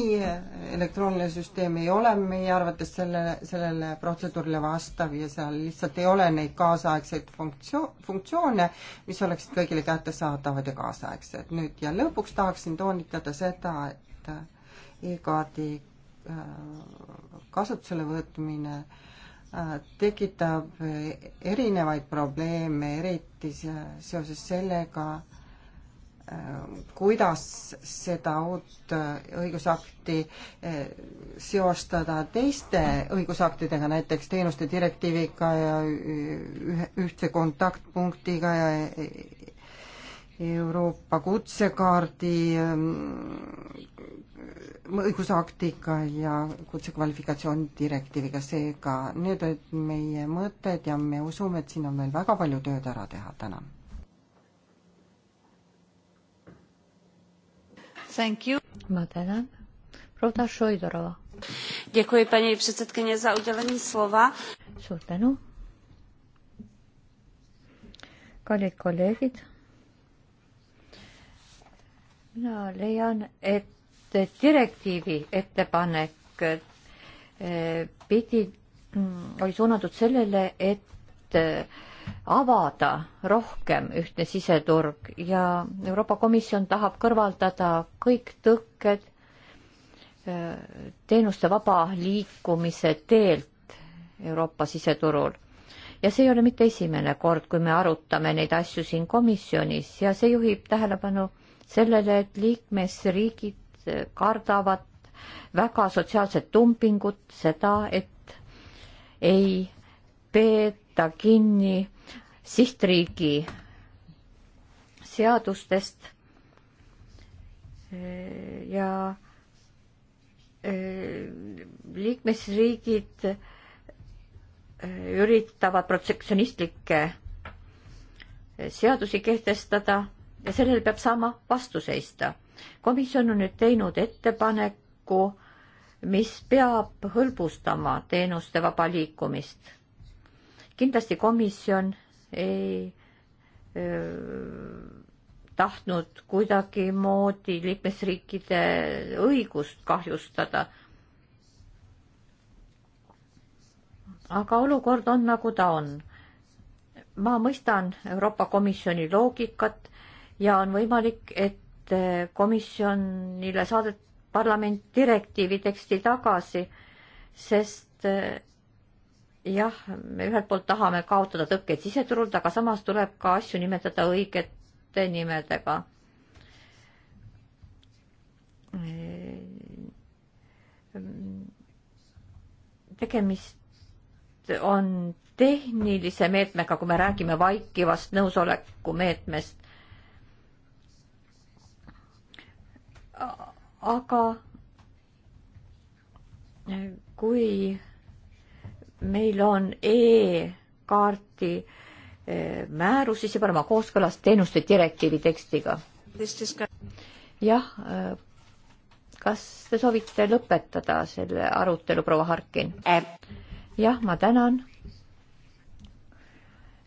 elektrooniline süsteem ei ole meie arvates selle, sellele protseduurile vastav ja seal lihtsalt ei ole neid kaasaegseid funktsioon, funktsioone, mis oleksid kõigile kättesaadavad ja kaasaegsed. nüüd ja lõpuks tahaksin toonitada seda, et e-kaardi äh, kasutusele võtmine äh, tekitab erinevaid probleeme, eriti seoses sellega, kuidas seda uut õigusakti eh, seostada teiste õigusaktidega, näiteks teenuste direktiiviga ja ühtse kontaktpunktiga ja Euroopa kutsekaardi mm, Äh, õigusaktiga ja kutsekvalifikatsiooni direktiiviga, seega need olid meie mõtted ja me usume, et siin on veel väga palju tööd ära teha, tänan. ma tänan. proua Šoidorova. suur tänu. kallid kolleegid mina leian, et direktiivi ettepanek eh, pidi, mm, oli suunatud sellele, et eh, avada rohkem ühtne siseturg ja Euroopa Komisjon tahab kõrvaldada kõik tõkked eh, teenuste vaba liikumise teelt Euroopa siseturul ja see ei ole mitte esimene kord, kui me arutame neid asju siin komisjonis ja see juhib tähelepanu sellele, et liikmesriigid kardavad väga sotsiaalset dumpingut, seda, et ei peeta kinni sihtriigi seadustest ja e, liikmesriigid e, üritavad protsessionistlikke e, seadusi kehtestada ja sellele peab saama vastu seista. komisjon on nüüd teinud ettepaneku, mis peab hõlbustama teenuste vaba liikumist. kindlasti komisjon ei öö, tahtnud kuidagimoodi liikmesriikide õigust kahjustada. aga olukord on, nagu ta on. ma mõistan Euroopa Komisjoni loogikat ja on võimalik, et eh, komisjonile saadet-, parlament direktiivi teksti tagasi, sest eh, jah, me ühelt poolt tahame kaotada tõkkeid siseturult, aga samas tuleb ka asju nimetada õigete nimedega. Eh, tegemist on tehnilise meetmega, kui me räägime vaikivast nõusoleku meetmest aga kui meil on e-kaarti eh, määrus, siis see peab olema kooskõlas teenuste direktiivi tekstiga. jah, eh, kas te soovite lõpetada selle arutelu, proua Harkin? jah, ma tänan.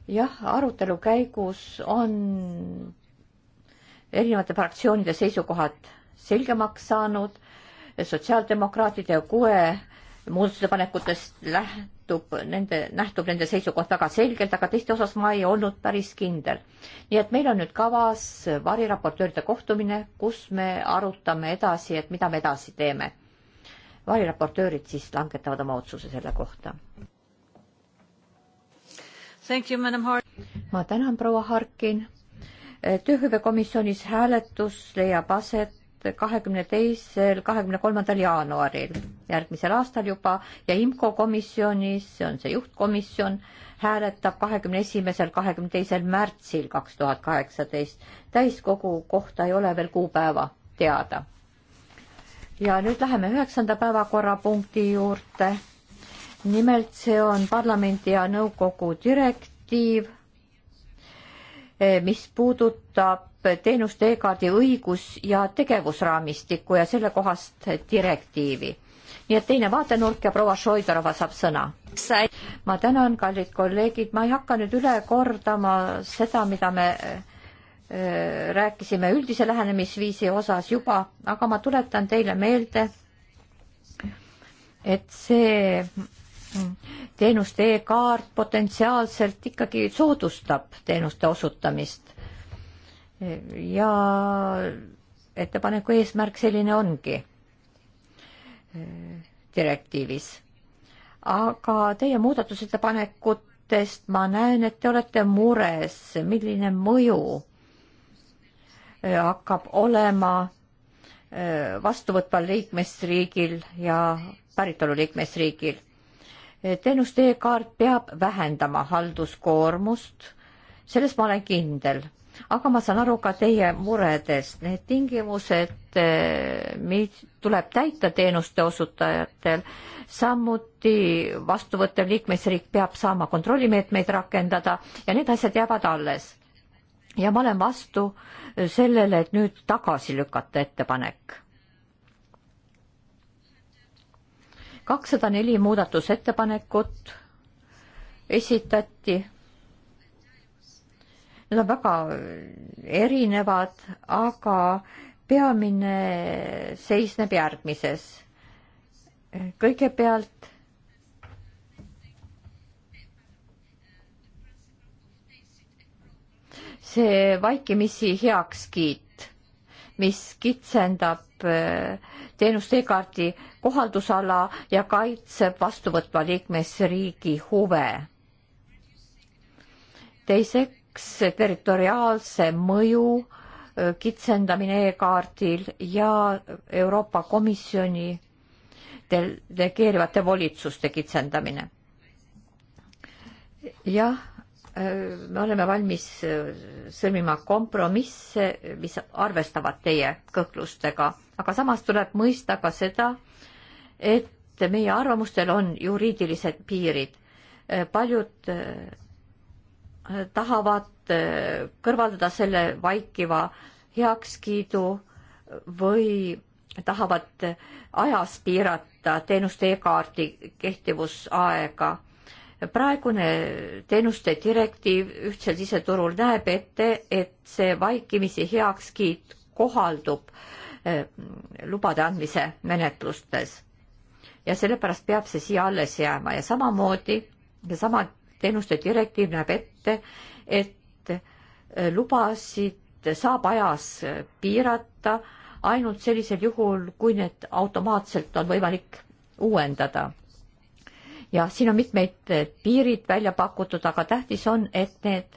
jah, arutelu käigus on erinevate fraktsioonide seisukohad selgemaks saanud. sotsiaaldemokraatide ja kuue muudatusettepanekutest lähtub nende, nähtub nende seisukoht väga selgelt, aga teiste osas ma ei olnud päris kindel. nii et meil on nüüd kavas variraportööride kohtumine, kus me arutame edasi, et mida me edasi teeme. variraportöörid siis langetavad oma otsuse selle kohta. ma tänan, proua Harkin. tööhõivekomisjonis hääletus leiab aset kahekümne teisel, kahekümne kolmandal jaanuaril järgmisel aastal juba ja IMCO komisjonis, see on see juhtkomisjon, hääletab kahekümne esimesel, kahekümne teisel märtsil kaks tuhat kaheksateist. täiskogu kohta ei ole veel kuupäeva teada. ja nüüd läheme üheksanda päevakorrapunkti juurde. nimelt see on parlamendi ja nõukogu direktiiv, eh, mis puudutab teenuste e-kaardi õigus- ja tegevusraamistikku ja sellekohast direktiivi. nii et teine vaatenurk ja proua Šoidorova saab sõna. ma tänan, kallid kolleegid, ma ei hakka nüüd üle kordama seda, mida me öö, äh, rääkisime üldise lähenemisviisi osas juba, aga ma tuletan teile meelde, et see mm, teenuste e-kaart potentsiaalselt ikkagi soodustab teenuste osutamist ja ettepaneku eesmärk selline ongi eh, direktiivis. aga teie muudatusettepanekutest ma näen, et te olete mures, milline mõju eh, hakkab olema eh, vastuvõtval liikmesriigil ja päritolu liikmesriigil. teenuste e-kaart peab vähendama halduskoormust, selles ma olen kindel aga ma saan aru ka teie muredest, need tingimused, eh, mis tuleb täita teenuste osutajatel, samuti vastuvõttev liikmesriik peab saama kontrollimeetmeid rakendada ja need asjad jäävad alles. ja ma olen vastu sellele, et nüüd tagasi lükata ettepanek. kakssada neli muudatusettepanekut esitati Need on väga erinevad, aga peamine seisneb järgmises. kõigepealt see vaikimisi heakskiit, mis kitsendab äh, teenuste e-kaardi kohaldusala ja kaitseb vastuvõtva liikmesriigi huve. teiseks, teiseks territoriaalse mõju kitsendamine e-kaardil ja Euroopa Komisjoni delegeerivate volitsuste kitsendamine. jah, me oleme valmis sõlmima kompromisse, mis arvestavad teie kõhklustega, aga samas tuleb mõista ka seda, et meie arvamustel on juriidilised piirid. paljud tahavad äh, kõrvaldada selle vaikiva heakskiidu või tahavad ajas piirata teenuste e-kaardi kehtivusaega. praegune teenuste direktiiv ühtsel siseturul näeb ette, et see vaikimisi heakskiit kohaldub äh, lubade andmise menetlustes. ja sellepärast peab see siia alles jääma ja samamoodi seesama teenuste direktiiv näeb ette, et äh, lubasid saab ajas äh, piirata ainult sellisel juhul, kui need automaatselt on võimalik uuendada. ja siin on mitmeid äh, piirid välja pakutud, aga tähtis on, et need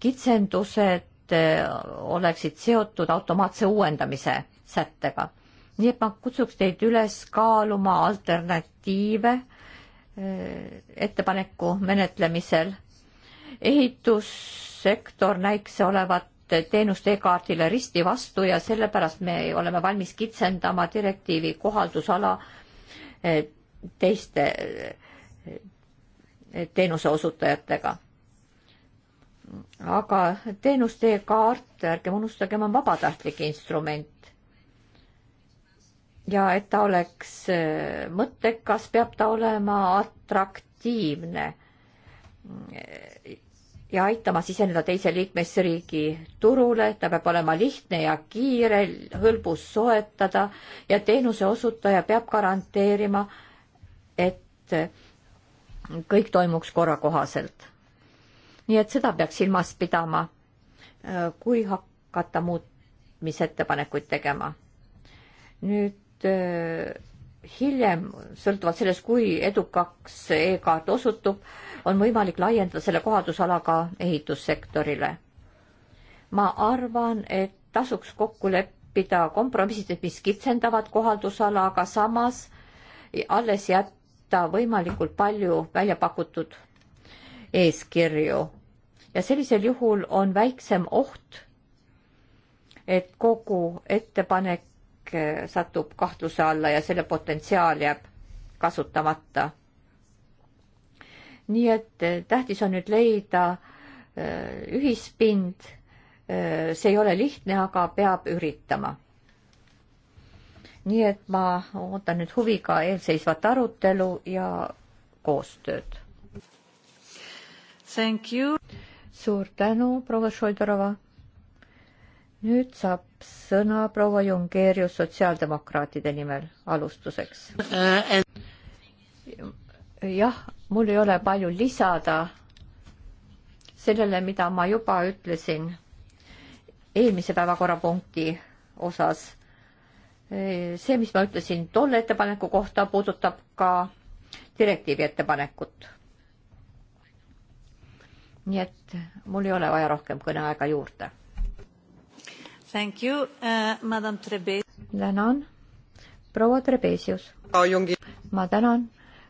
kitsendused oleksid seotud automaatse uuendamise sättega. nii et ma kutsuks teid üles kaaluma alternatiive ettepaneku menetlemisel. ehitussektor näiks olevat teenuste e-kaardile risti vastu ja sellepärast me oleme valmis kitsendama direktiivi kohaldusala eh, teiste eh, teenuseosutajatega. aga teenuste e-kaart, ärgem unustagem, on vabatahtlik instrument ja et ta oleks äh, mõttekas, peab ta olema atraktiivne ja aitama siseneda teise liikmesriigi turule, ta peab olema lihtne ja kiire, hõlbus soetada ja teenuse osutaja peab garanteerima, et äh, kõik toimuks korrakohaselt. nii et seda peaks silmas pidama, äh, kui hakata muutmisettepanekuid tegema. nüüd Äh, hiljem, sõltuvalt sellest, kui edukaks e-kaart osutub, on võimalik laiendada selle kohaldusala ka ehitussektorile. ma arvan, et tasuks kokku leppida kompromissid, mis kitsendavad kohaldusala, aga samas alles jätta võimalikult palju välja pakutud eeskirju. ja sellisel juhul on väiksem oht, et kogu ettepanek Eh, satub kahtluse alla ja selle potentsiaal jääb kasutamata. nii et eh, tähtis on nüüd leida eh, ühispind. see ei ole lihtne, aga peab üritama. nii et ma ootan nüüd huviga eelseisvat arutelu ja koostööd. Thank you. suur tänu, proua Šoidorova nüüd saab sõna proua Jungeerius sotsiaaldemokraatide nimel alustuseks. jah, mul ei ole palju lisada sellele, mida ma juba ütlesin eelmise päevakorrapunkti osas. see, mis ma ütlesin tolle ettepaneku kohta, puudutab ka direktiivi ettepanekut. nii et mul ei ole vaja rohkem kõneaega juurde Thank you uh,, madam Trebesius. tänan, proua Trebesius. ma tänan,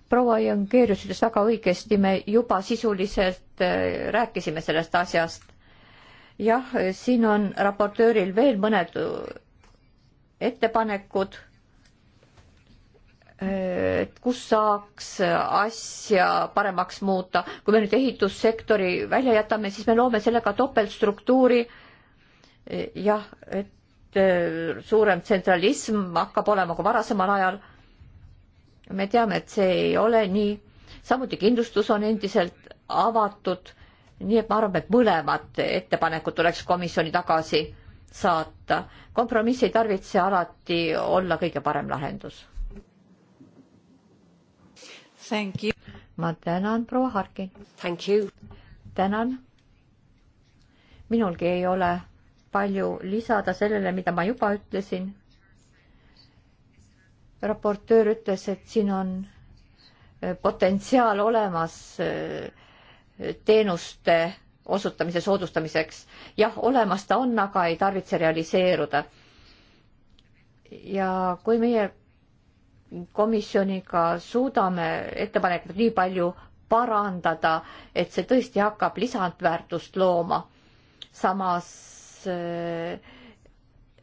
proua Jongeerius ütles väga õigesti, me juba sisuliselt äh, rääkisime sellest asjast. jah, äh, siin on raportööril veel mõned äh, ettepanekud et kus saaks asja paremaks muuta. kui me nüüd ehitussektori välja jätame, siis me loome sellega topeltstruktuuri jah, et äh, suurem tsentralism hakkab olema kui varasemal ajal. me teame, et see ei ole nii. samuti kindlustus on endiselt avatud. nii et ma arvan, et mõlemad ettepanekud tuleks komisjoni tagasi saata. kompromiss ei tarvitse alati olla kõige parem lahendus. ma tänan, proua Harkin. tänan. minulgi ei ole palju lisada sellele, mida ma juba ütlesin. raportöör ütles, et siin on äh, potentsiaal olemas äh, teenuste osutamise soodustamiseks. jah, olemas ta on, aga ei tarvitse realiseeruda. ja kui meie komisjoniga suudame ettepanekut nii palju parandada, et see tõesti hakkab lisandväärtust looma, samas Äh,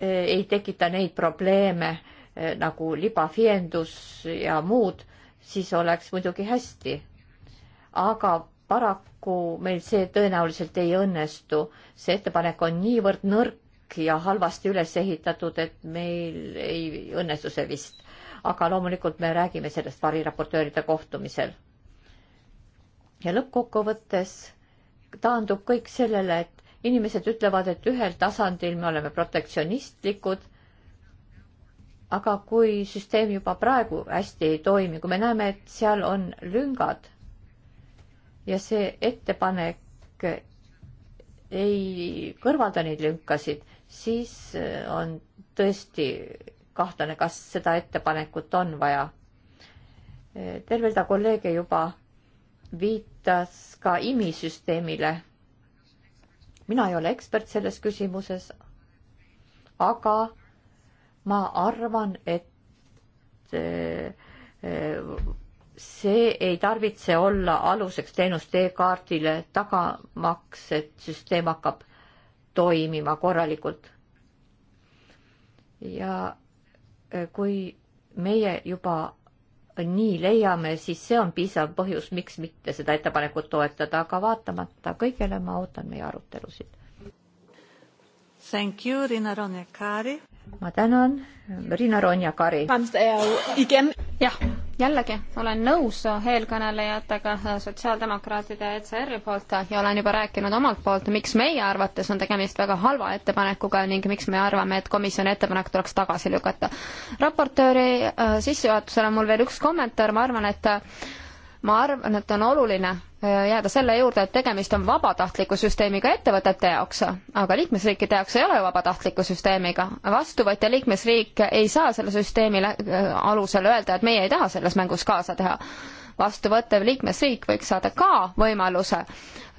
äh, ei tekita neid probleeme äh, nagu libafiendus ja muud, siis oleks muidugi hästi. aga paraku meil see tõenäoliselt ei õnnestu. see ettepanek on niivõrd nõrk ja halvasti üles ehitatud, et meil ei õnnestu see vist. aga loomulikult me räägime sellest variraportööride kohtumisel. ja lõppkokkuvõttes taandub kõik sellele, et inimesed ütlevad, et ühel tasandil me oleme protektsionistlikud, aga kui süsteem juba praegu hästi ei toimi, kui me näeme, et seal on lüngad ja see ettepanek ei kõrvalda neid lünkasid, siis äh, on tõesti kahtlane, kas seda ettepanekut on vaja. Äh, terve rida kolleege juba viitas ka imisüsteemile mina ei ole ekspert selles küsimuses, aga ma arvan, et eh, eh, see ei tarvitse olla aluseks teenusteekaardile, tagamaks, et süsteem hakkab toimima korralikult. ja eh, kui meie juba nii leiame, siis see on piisav põhjus, miks mitte seda ettepanekut toetada, aga vaatamata kõigele ma ootan meie arutelusid. Thank you, Riina Ronja-Kari. ma tänan, Riina Ronja-Kari. Eh, jah jällegi olen nõus eelkõnelejatega sotsiaaldemokraatide ECR-i poolt ja olen juba rääkinud omalt poolt, miks meie arvates on tegemist väga halva ettepanekuga ning miks me arvame, et komisjoni ettepanek tuleks tagasi lükata. raportööri äh, sissejuhatusel on mul veel üks kommentaar, ma arvan, et äh, ma arvan, et on oluline Äh, jääda selle juurde, et tegemist on vabatahtliku süsteemiga ettevõtete jaoks, aga liikmesriikide jaoks ei ole vabatahtliku süsteemiga. vastuvõtja liikmesriik ei saa selle süsteemi äh, alusel öelda, et meie ei taha selles mängus kaasa teha vastuvõttev liikmesriik võiks saada ka võimaluse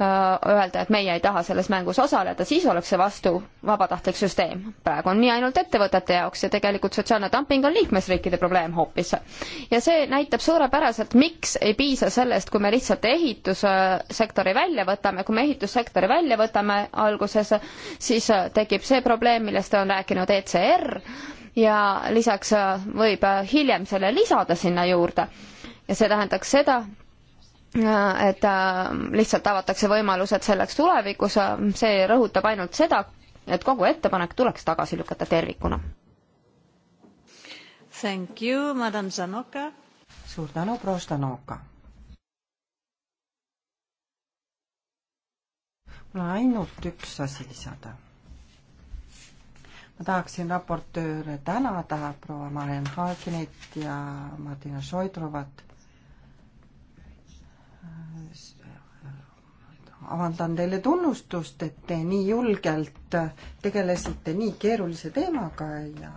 öelda, et meie ei taha selles mängus osaleda, siis oleks see vastu vabatahtlik süsteem. praegu on nii ainult ettevõtete jaoks ja tegelikult sotsiaalne dumping on liikmesriikide probleem hoopis. ja see näitab suurepäraselt, miks ei piisa sellest, kui me lihtsalt ehitussektori välja võtame, kui me ehitussektori välja võtame alguses, siis tekib see probleem, millest on rääkinud ECR ja lisaks võib hiljem selle lisada sinna juurde ja see tähendaks seda, äh, et äh, lihtsalt avatakse võimalused selleks tulevikus, see rõhutab ainult seda, et kogu ettepanek tuleks tagasi lükata tervikuna. Thank you, madam Zanoka. suur tänu, proua Stanoka. mul on ainult üks asi lisada. ma tahaksin raportööre tänada, proua Mariann Haagenit ja Martina Šoidrovat avaldan teile tunnustust, et te nii julgelt tegelesite nii keerulise teemaga ja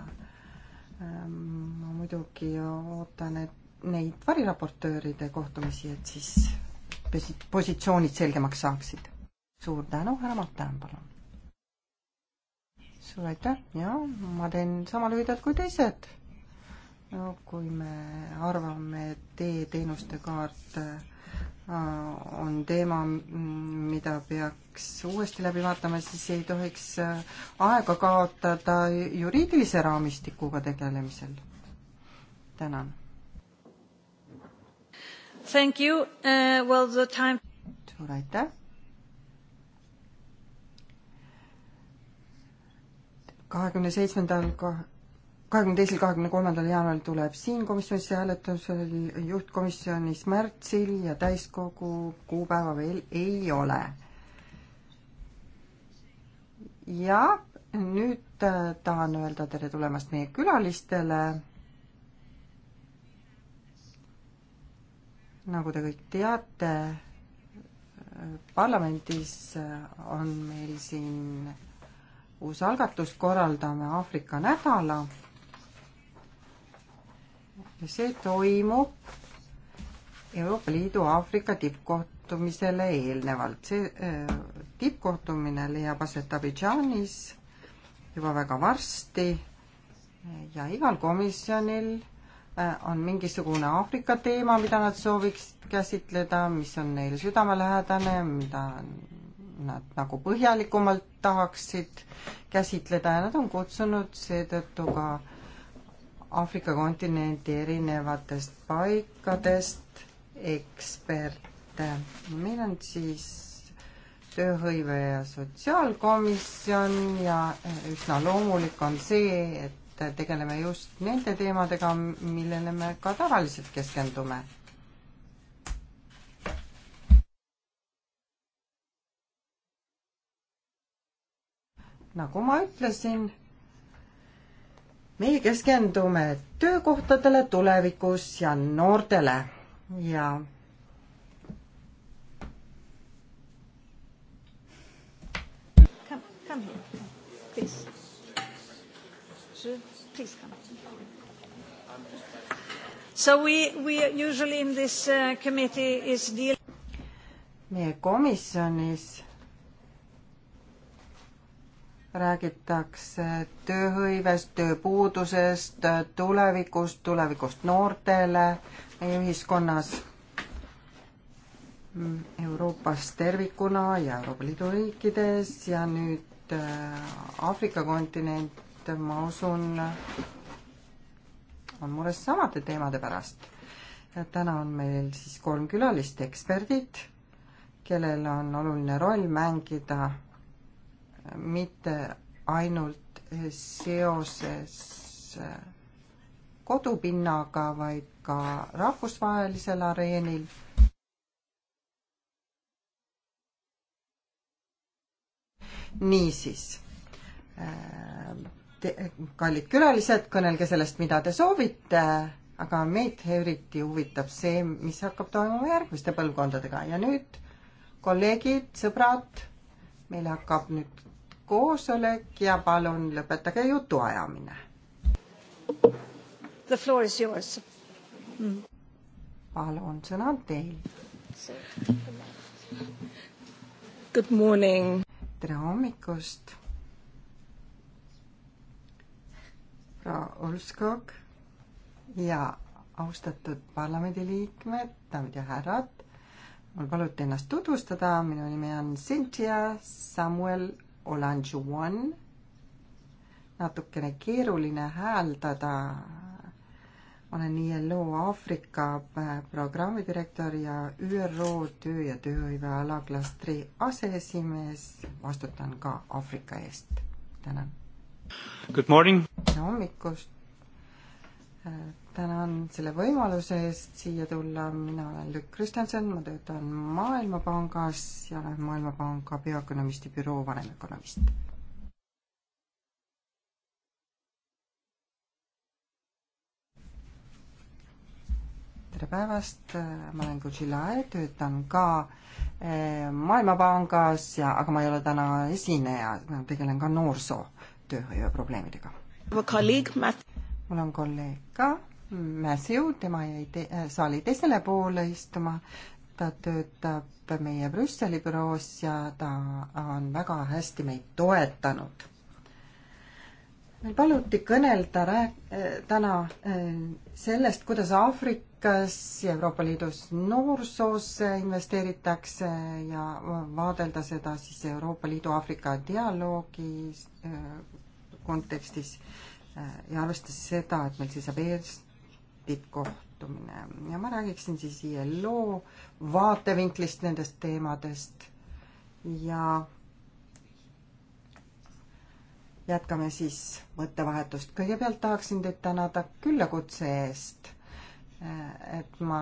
ähm, ma muidugi ootan, et neid variraportööride kohtumisi, et siis positsioonid selgemaks saaksid. suur tänu, härra Mattan, palun. suur aitäh ja ma teen sama lühidalt kui teised. no kui me arvame, et e-teenuste kaart äh, Äh, on teema, mida peaks uuesti läbi vaatama, siis ei tohiks äh, aega kaotada juriidilise raamistikuga tegelemisel. tänan. Thank you uh,, well the time. suur aitäh. kahekümne seitsmendal kahekümne teisel, kahekümne kolmandal jaanuaril tuleb siin komisjonis hääletusel, juhtkomisjonis märtsil ja täiskogu kuupäeva veel ei ole. ja nüüd äh, tahan öelda tere tulemast meie külalistele. nagu te kõik teate, äh, parlamendis äh, on meil siin uus algatus, korraldame Aafrika nädala see toimub Euroopa Liidu Aafrika tippkohtumisele eelnevalt. see äh, tippkohtumine leiab aset Abidžaanis juba väga varsti ja igal komisjonil äh, on mingisugune Aafrika teema, mida nad sooviksid käsitleda, mis on neile südamelähedane, mida nad nagu põhjalikumalt tahaksid käsitleda ja nad on kutsunud seetõttu ka äh, Aafrika kontinendi erinevatest paikadest eksperte. meil on siis tööhõive ja sotsiaalkomisjon ja üsna loomulik on see, et tegeleme just nende teemadega, millele me ka tavaliselt keskendume nagu ma ütlesin, meie keskendume töökohtadele tulevikus ja noortele ja come, come here, please. Please come. So we, we usually in this uh, committee is deal- meie komisjonis räägitakse tööhõivest, tööpuudusest, tulevikust, tulevikust noortele meie ühiskonnas, Euroopas tervikuna ja Euroopa Liidu riikides ja nüüd äh, Aafrika kontinent, ma usun, on mures samade teemade pärast. täna on meil siis kolm külalist, eksperdid, kellel on oluline roll mängida mitte ainult seoses äh, kodupinnaga, vaid ka rahvusvahelisel areenil. niisiis, äh, kallid külalised, kõnelge sellest, mida te soovite, aga meid eriti huvitab see, mis hakkab toimuma järgmiste põlvkondadega ja nüüd kolleegid, sõbrad, meil hakkab nüüd koosolek ja palun lõpetage jutuajamine. The floor is yours mm.. palun, sõna on teil. Good morning. tere hommikust. proua Ulskog ja austatud parlamendiliikmed, daamid ja härrad. mul paluti ennast tutvustada, minu nimi on Cynthia Samuel Olange One. natukene keeruline hääldada. olen ILO Aafrika äh, programmi direktor ja ÜRO töö ja tööhõive alaklastri aseesimees. vastutan ka Aafrika eest. tänan. Good morning. tere hommikust äh, tänan selle võimaluse eest siia tulla, mina olen Lükk Kristjanson, ma töötan Maailmapangas ja olen Maailmapanga peaökonomisti büroo vanemökonomist. tere päevast, ma olen Kutšilae, töötan ka eh, Maailmapangas ja, aga ma ei ole täna esineja, ma tegelen ka noorsoo tööhõive probleemidega. mul on kolleeg ka Mässu, tema jäi te äh, saali teisele poole istuma. ta töötab meie Brüsseli büroos ja ta on väga hästi meid toetanud. meil paluti kõnelda rääk-, äh, täna äh, sellest, kuidas Aafrikas ja Euroopa Liidus noorsoosse investeeritakse ja vaadelda seda siis Euroopa Liidu Aafrika dialoogi kontekstis ja arvestades seda, et meil seisab ees tippkohtumine ja ma räägiksin siis ILO vaatevinklist nendest teemadest ja jätkame siis mõttevahetust. kõigepealt tahaksin teid tänada küllakutse eest, et ma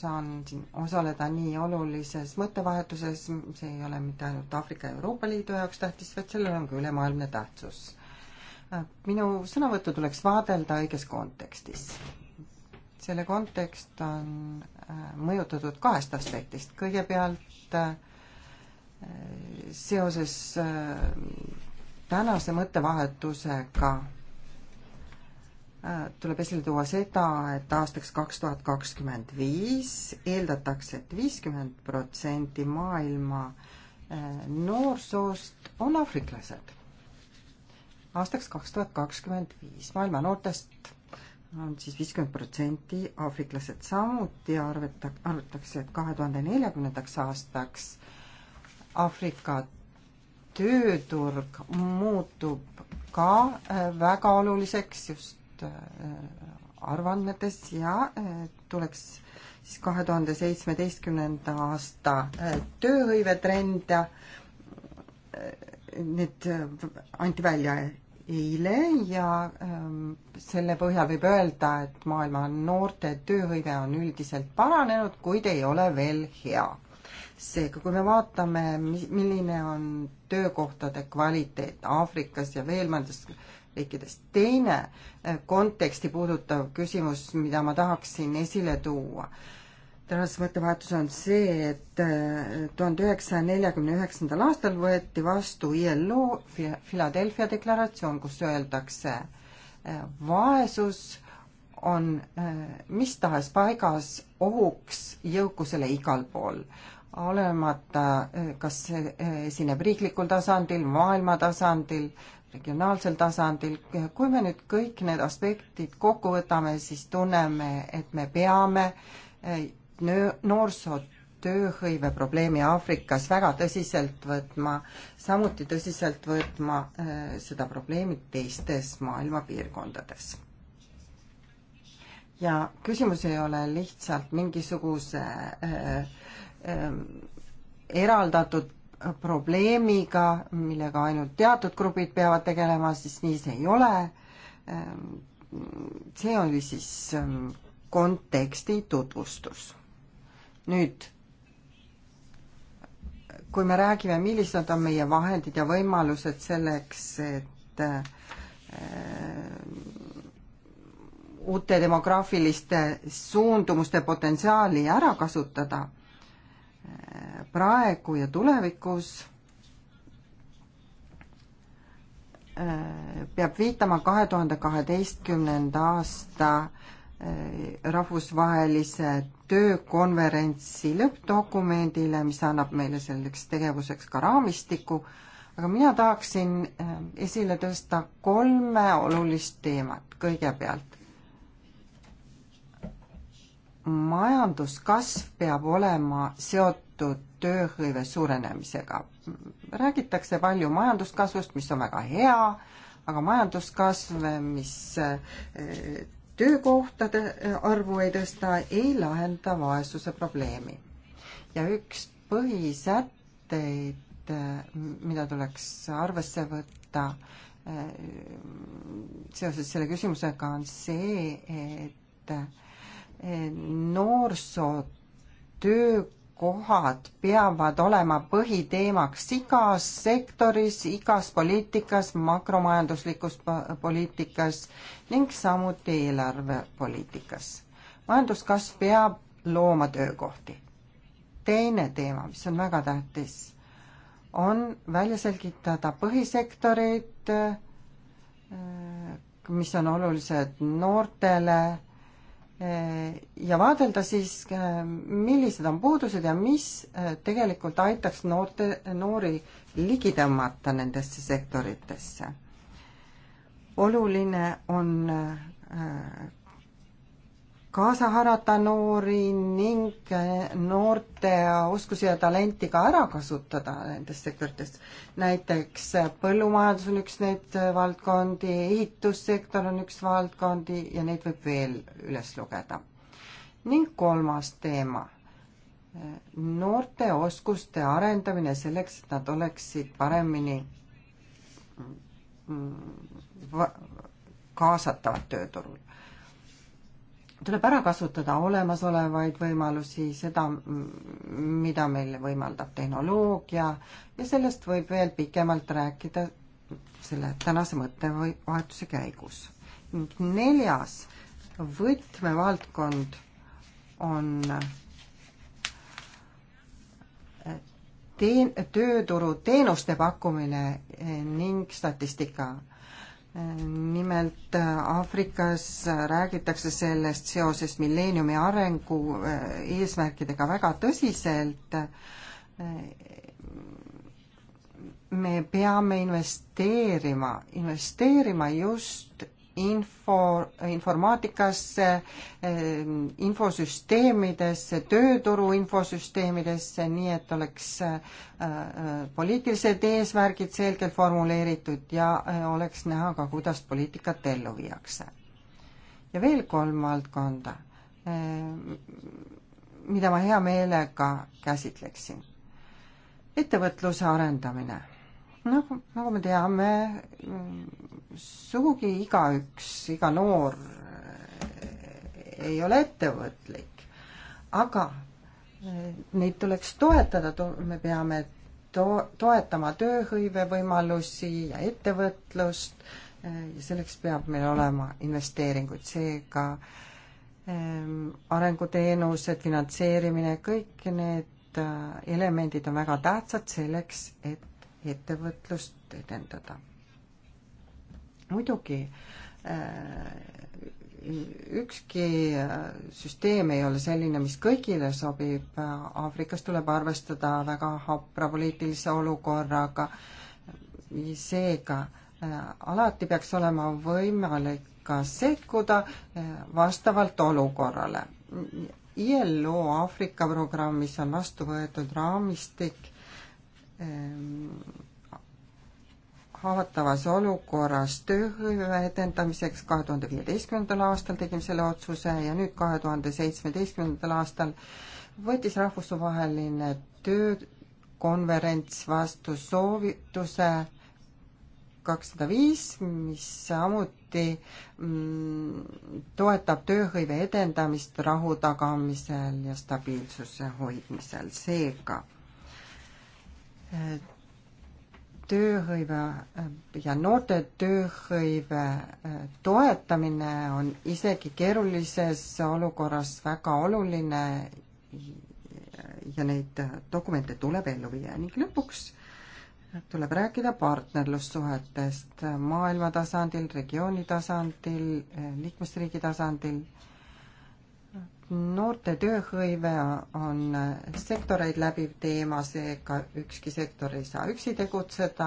saan siin osaleda nii olulises mõttevahetuses, see ei ole mitte ainult Aafrika ja Euroopa Liidu jaoks tähtis, vaid sellel on ka ülemaailmne tähtsus. minu sõnavõttu tuleks vaadelda õiges kontekstis selle kontekst on äh, mõjutatud kahest aspektist. kõigepealt äh, seoses äh, tänase mõttevahetusega tuleb esile tuua seda, et aastaks kaks tuhat kakskümmend viis eeldatakse et, et viiskümmend protsenti maailma noorsoost on aafriklased. aastaks kaks tuhat kakskümmend viis maailma noortest on siis viiskümmend protsenti, aafriklased samuti arveta-, arvatakse, et kahe tuhande neljakümnendaks aastaks Aafrika tööturg muutub ka äh, väga oluliseks just äh, arvandmetes ja äh, tuleks siis kahe tuhande seitsmeteistkümnenda aasta tööhõivetrend ja need anti välja eile ja ähm, selle põhjal võib öelda, et maailma noorte tööhõive on üldiselt paranenud, kuid ei ole veel hea. seega, kui me vaatame, milline on töökohtade kvaliteet Aafrikas ja veel mõnes riikides. teine äh, konteksti puudutav küsimus, mida ma tahaksin esile tuua äh,, tänase mõttevahetus on see, et äh, tuhande üheksasaja neljakümne üheksandal aastal võeti vastu ILO Philadelphia deklaratsioon, kus öeldakse, äh, vaesus on äh, mis tahes paigas ohuks jõukusele igal pool, olemata, kas see esineb riiklikul tasandil, maailma tasandil, regionaalsel tasandil, kui me nüüd kõik need aspektid kokku võtame, siis tunneme, et me peame noorsootööhõive probleemi Aafrikas väga tõsiselt võtma, samuti tõsiselt võtma äh, seda probleemi teistes maailma piirkondades. ja küsimus ei ole lihtsalt mingisuguse äh, äh, eraldatud probleemiga, millega ainult teatud grupid peavad tegelema, siis nii see ei ole äh,. see oli siis ähm, konteksti tutvustus nüüd, kui me räägime, millised on meie vahendid ja võimalused selleks, et äh, uute demograafiliste suundumuste potentsiaali ära kasutada äh, praegu ja tulevikus äh, peab viitama kahe tuhande kaheteistkümnenda aasta rahvusvahelise töökonverentsi lõppdokumendile, mis annab meile selleks tegevuseks ka raamistiku, aga mina tahaksin eh, esile tõsta kolme olulist teemat. kõigepealt, majanduskasv peab olema seotud tööhõive suurenemisega. räägitakse palju majanduskasvust, mis on väga hea, aga majanduskasv, mis eh, töökohtade äh, arvu ei tõsta, ei lahenda vaesuse probleemi. ja üks põhisätteid, äh, mida tuleks arvesse võtta äh, seoses selle küsimusega, on see, et noorsootöö kohad peavad olema põhiteemaks igas sektoris, igas poliitikas, makromajanduslikus poliitikas ning samuti eelarvepoliitikas. majanduskasv peab looma töökohti. teine teema, mis on väga tähtis, on välja selgitada põhisektorid, mis on olulised noortele Eh, ja vaadelda siis, eh, millised on puudused ja mis eh, tegelikult aitaks noorte, noori ligi tõmmata nendesse sektoritesse. oluline on kaasa haarata noori ning eh, noorte oskusi ja talenti ka ära kasutada nendes sektorites. näiteks eh, põllumajandus on üks neid eh, valdkondi, ehitussektor on üks valdkondi ja neid võib veel üles lugeda. ning kolmas teema, noorte oskuste arendamine selleks, et nad oleksid paremini mm, mm, kaasatavad tööturul tuleb ära kasutada olemasolevaid võimalusi, seda, mida meil võimaldab tehnoloogia ja sellest võib veel pikemalt rääkida selle tänase mõttevahetuse käigus. ning neljas võtmevaldkond on eh, teen-, tööturu teenuste pakkumine eh, ning statistika nimelt äh, Aafrikas äh, räägitakse sellest seoses milleeniumi arengu äh, eesmärkidega väga tõsiselt. me peame investeerima, investeerima just info, informaatikasse, eh, infosüsteemidesse, tööturu infosüsteemidesse, nii et oleks eh, eh, poliitilised eesmärgid selgelt formuleeritud ja oleks näha ka, kuidas poliitikat ellu viiakse. ja veel kolm valdkonda, mida ma hea meelega käsitleksin. ettevõtluse arendamine nagu, nagu me teame, sugugi igaüks, iga noor ei ole ettevõtlik, aga neid tuleks toetada, me peame to-, toetama tööhõivevõimalusi ja ettevõtlust ja selleks peab meil olema investeeringuid, seega ehm, arenguteenused, finantseerimine, kõik need äh, elemendid on väga tähtsad selleks, et ettevõtlust edendada. muidugi äh, ükski äh, süsteem ei ole selline, mis kõigile sobib, Aafrikas tuleb arvestada väga hapra poliitilise olukorraga, seega äh, alati peaks olema võimalik ka sekkuda vastavalt olukorrale. ILO Aafrika programmis on vastu võetud raamistik, Ehm, haavatavas olukorras tööhõive edendamiseks kahe tuhande viieteistkümnendal aastal tegime selle otsuse ja nüüd kahe tuhande seitsmeteistkümnendal aastal võttis rahvusvaheline töökonverents vastu soovituse kakssada viis, mis samuti mm, toetab tööhõive edendamist rahu tagamisel ja stabiilsuse hoidmisel, seega tööhõive ja noorte tööhõive äh, toetamine on isegi keerulises olukorras väga oluline ja neid dokumente tuleb ellu viia ning lõpuks tuleb rääkida partnerlussuhetest maailma tasandil, regiooni tasandil, liikmesriigi tasandil noorte tööhõive on sektoreid läbiv teema, seega ükski sektor ei saa üksi tegutseda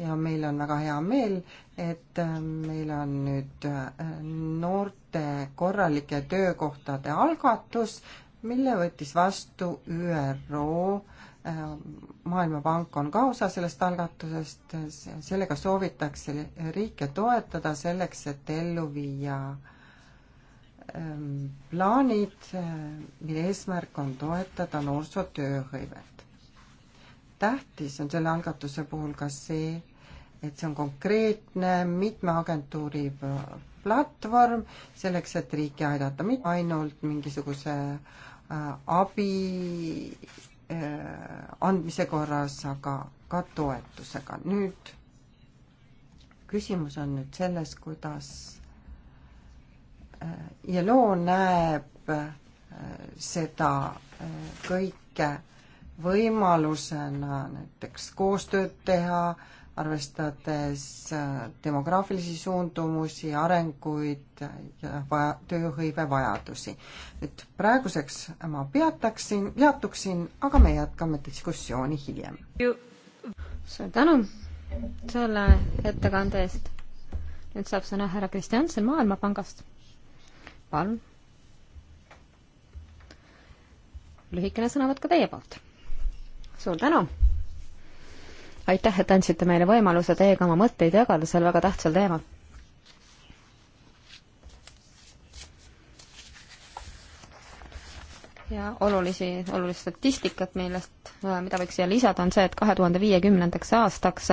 ja meil on väga hea meel, et äh, meil on nüüd äh, noorte korralike töökohtade algatus, mille võttis vastu ÜRO. Äh, maailmapank on ka osa sellest algatusest, sellega soovitakse riike toetada selleks, et ellu viia äh, Ähm, plaanid, äh, mille eesmärk on toetada noorsootööhõivet. tähtis on selle algatuse puhul ka see, et see on konkreetne mitme agentuuri platvorm selleks, et riiki aidata, mitte ainult mingisuguse äh, abi äh, andmise korras, aga ka toetusega. nüüd küsimus on nüüd selles, kuidas ILO äh, näeb äh, seda äh, kõike võimalusena näiteks koostööd teha, arvestades demograafilisi suundumusi, arenguid ja vaja, tööhõive vajadusi. nüüd praeguseks ma peataksin, peatuksin, aga me jätkame diskussiooni hiljem. suur tänu selle ettekande eest. nüüd saab sõna härra Kristjanson Maailmapangast palun. lühikene sõnavõtt ka teie poolt. suur tänu. aitäh, et andsite meile võimaluse teiega oma mõtteid jagada sel väga tähtsal teemal. ja olulisi, olulist statistikat, millest, mida võiks siia lisada, on see, et kahe tuhande viiekümnendaks aastaks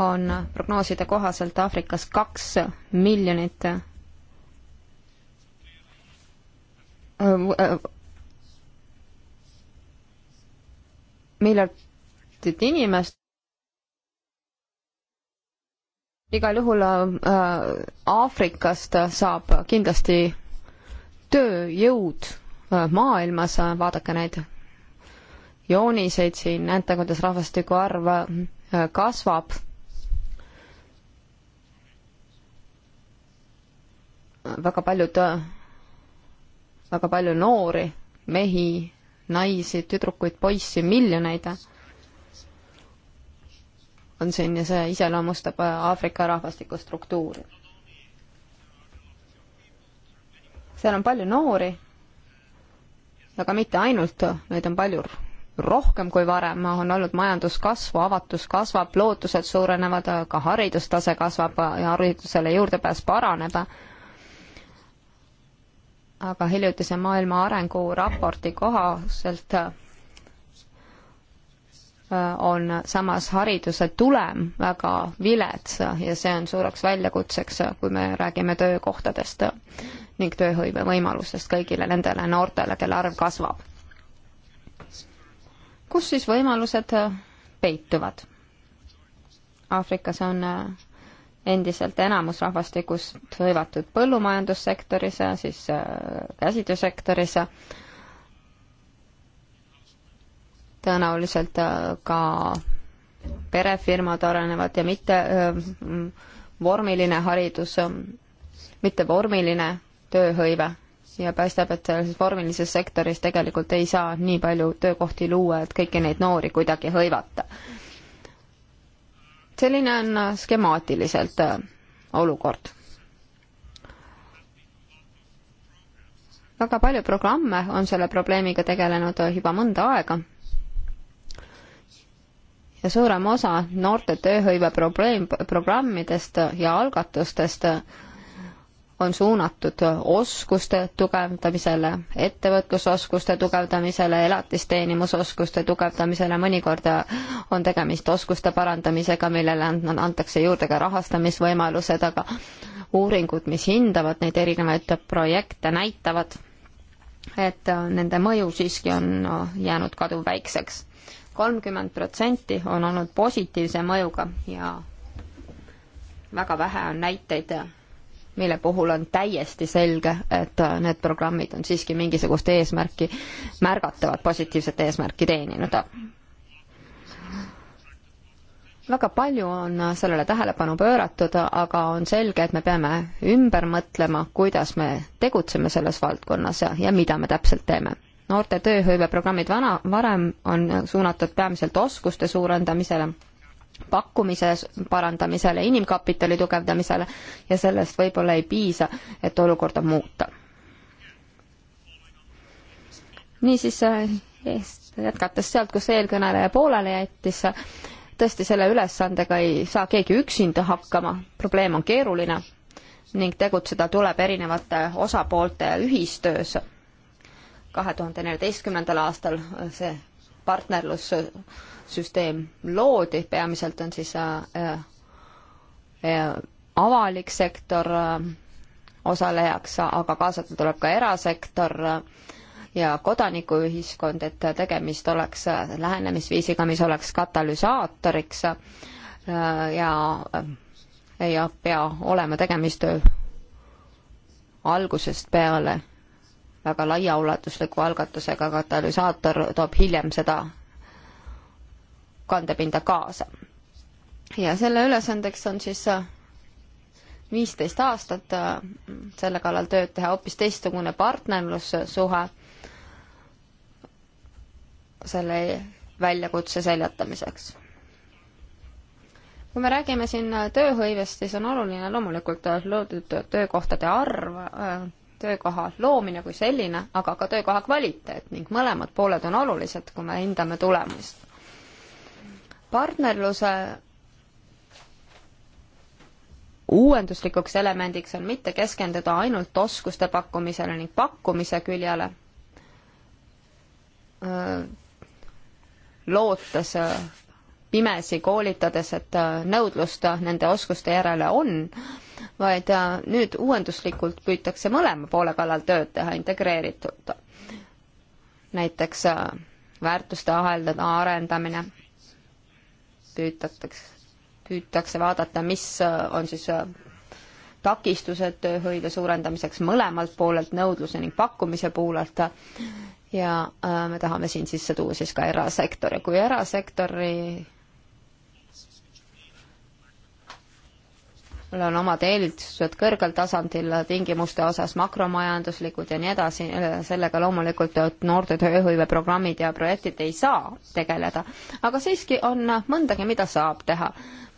on prognooside kohaselt Aafrikas kaks miljonit miljardit inimest. igal juhul äh, Aafrikast saab kindlasti tööjõud äh, maailmas, vaadake neid jooniseid siin, näete, kuidas rahvastiku arv äh, kasvab väga paljud väga palju noori, mehi, naisi, tüdrukuid, poissi, miljoneid on siin ja see iseloomustab Aafrika rahvastikustruktuuri. seal on palju noori, aga mitte ainult, neid on palju rohkem kui varem, on olnud majanduskasvu, avatus kasvab, lootused suurenevad, ka haridustase kasvab ja haridusele juurdepääs paraneb aga hiljutise maailma arenguraporti kohaselt äh, on samas hariduse tulem väga vilets ja see on suureks väljakutseks, kui me räägime töökohtadest ning tööhõive võimalusest kõigile nendele noortele, kelle arv kasvab. kus siis võimalused peituvad? Aafrikas on äh, endiselt enamus rahvastikust hõivatud põllumajandussektoris, siis äh, käsitöösektoris, tõenäoliselt äh, ka perefirmad arenevad ja mitte äh, vormiline haridus, mitte vormiline tööhõive ja paistab, et selles vormilises sektoris tegelikult ei saa nii palju töökohti luua, et kõiki neid noori kuidagi hõivata selline on äh, skemaatiliselt äh, olukord. väga palju programme on selle probleemiga tegelenud äh, juba mõnda aega ja suurem osa noorte tööhõive probleem, programmidest ja algatustest on suunatud oskuste tugevdamisele, ettevõtlusoskuste tugevdamisele, elatisteenimusoskuste tugevdamisele, mõnikord on tegemist oskuste parandamisega, millele antakse juurde ka rahastamisvõimalused, aga uuringud, mis hindavad neid erinevaid projekte, näitavad, et nende mõju siiski on jäänud kaduvväikseks. kolmkümmend protsenti on olnud positiivse mõjuga ja väga vähe on näiteid mille puhul on täiesti selge, et äh, need programmid on siiski mingisugust eesmärki, märgatavat positiivset eesmärki teeninud. väga palju on sellele tähelepanu pööratud, aga on selge, et me peame ümber mõtlema, kuidas me tegutseme selles valdkonnas ja, ja mida me täpselt teeme noorte tööhõiveprogrammid vana, varem on suunatud peamiselt oskuste suurendamisele pakkumise parandamisele, inimkapitali tugevdamisele ja sellest võib-olla ei piisa, et olukorda muuta. niisiis, eh, jätkates sealt, kus eelkõneleja pooleli jättis, tõesti selle ülesandega ei saa keegi üksinda hakkama, probleem on keeruline ning tegutseda tuleb erinevate osapoolte ühistöös. kahe tuhande neljateistkümnendal aastal see partnerlus süsteem loodi, peamiselt on siis äh, äh, avalik sektor äh, osalejaks, aga kaasata tuleb ka erasektor ja kodanikuühiskond, et tegemist oleks lähenemisviisiga, mis oleks katalüsaatoriks ja ei pea olema tegemist algusest peale väga laiaulatusliku algatusega, katalüsaator toob hiljem seda kandepinda kaasa. ja selle ülesandeks on siis äh, viisteist aastat äh, selle kallal tööd teha, hoopis teistsugune partnerlussuhe selle väljakutse seljatamiseks. kui me räägime siin äh, tööhõivest, siis on oluline loomulikult loodud töökohtade arv, töökoha loomine kui selline, aga ka töökoha kvaliteet ning mõlemad pooled on olulised, kui me hindame tulemust partnerluse uuenduslikuks elemendiks on mitte keskenduda ainult oskuste pakkumisele ning pakkumise küljele, lootes pimesi koolitades, et nõudlust nende oskuste järele on, vaid nüüd uuenduslikult püütakse mõlema poole kallal tööd teha integreeritult. näiteks väärtuste aheldada arendamine püütatakse, püütakse vaadata, mis äh, on siis äh, takistused tööhõive suurendamiseks mõlemalt poolelt, nõudluse ning pakkumise poolelt. ja äh, me tahame siin sisse tuua siis ka erasektori. kui erasektori mul on omad eeldused kõrgel tasandil tingimuste osas, makromajanduslikud ja nii edasi, sellega loomulikult noorte tööhõiveprogrammid ja projektid ei saa tegeleda. aga siiski on mõndagi, mida saab teha.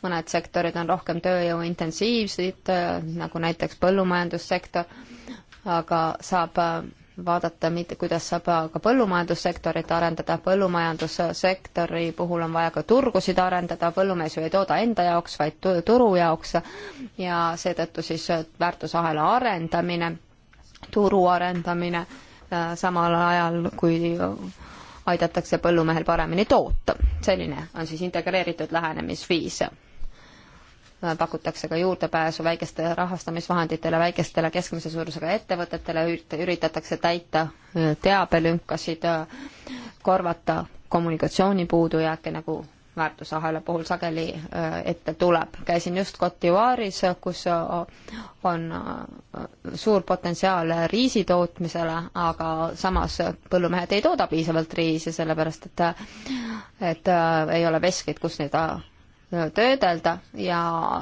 mõned sektorid on rohkem tööjõuintensiivsed, nagu näiteks põllumajandussektor, aga saab vaadata, mitte, kuidas saab ka põllumajandussektorit arendada, põllumajandussektori puhul on vaja ka turgusid arendada, põllumees ju ei tooda enda jaoks, vaid turu jaoks ja seetõttu siis väärtusahela arendamine, turu arendamine, samal ajal kui aidatakse põllumehel paremini toota. selline on siis integreeritud lähenemisviis pakutakse ka juurdepääsu väikeste rahastamisvahenditele, väikestele keskmise suurusega ettevõtetele, üritatakse täita äh, teabelünkasid, äh, korvata kommunikatsiooni puudujääke, nagu väärtusahela puhul sageli äh, ette tuleb. käisin just Cote d'Ivoire'is, kus on suur potentsiaal riisi tootmisele, aga samas põllumehed ei tooda piisavalt riisi, sellepärast et et ei ole veskit, kus neid töödelda ja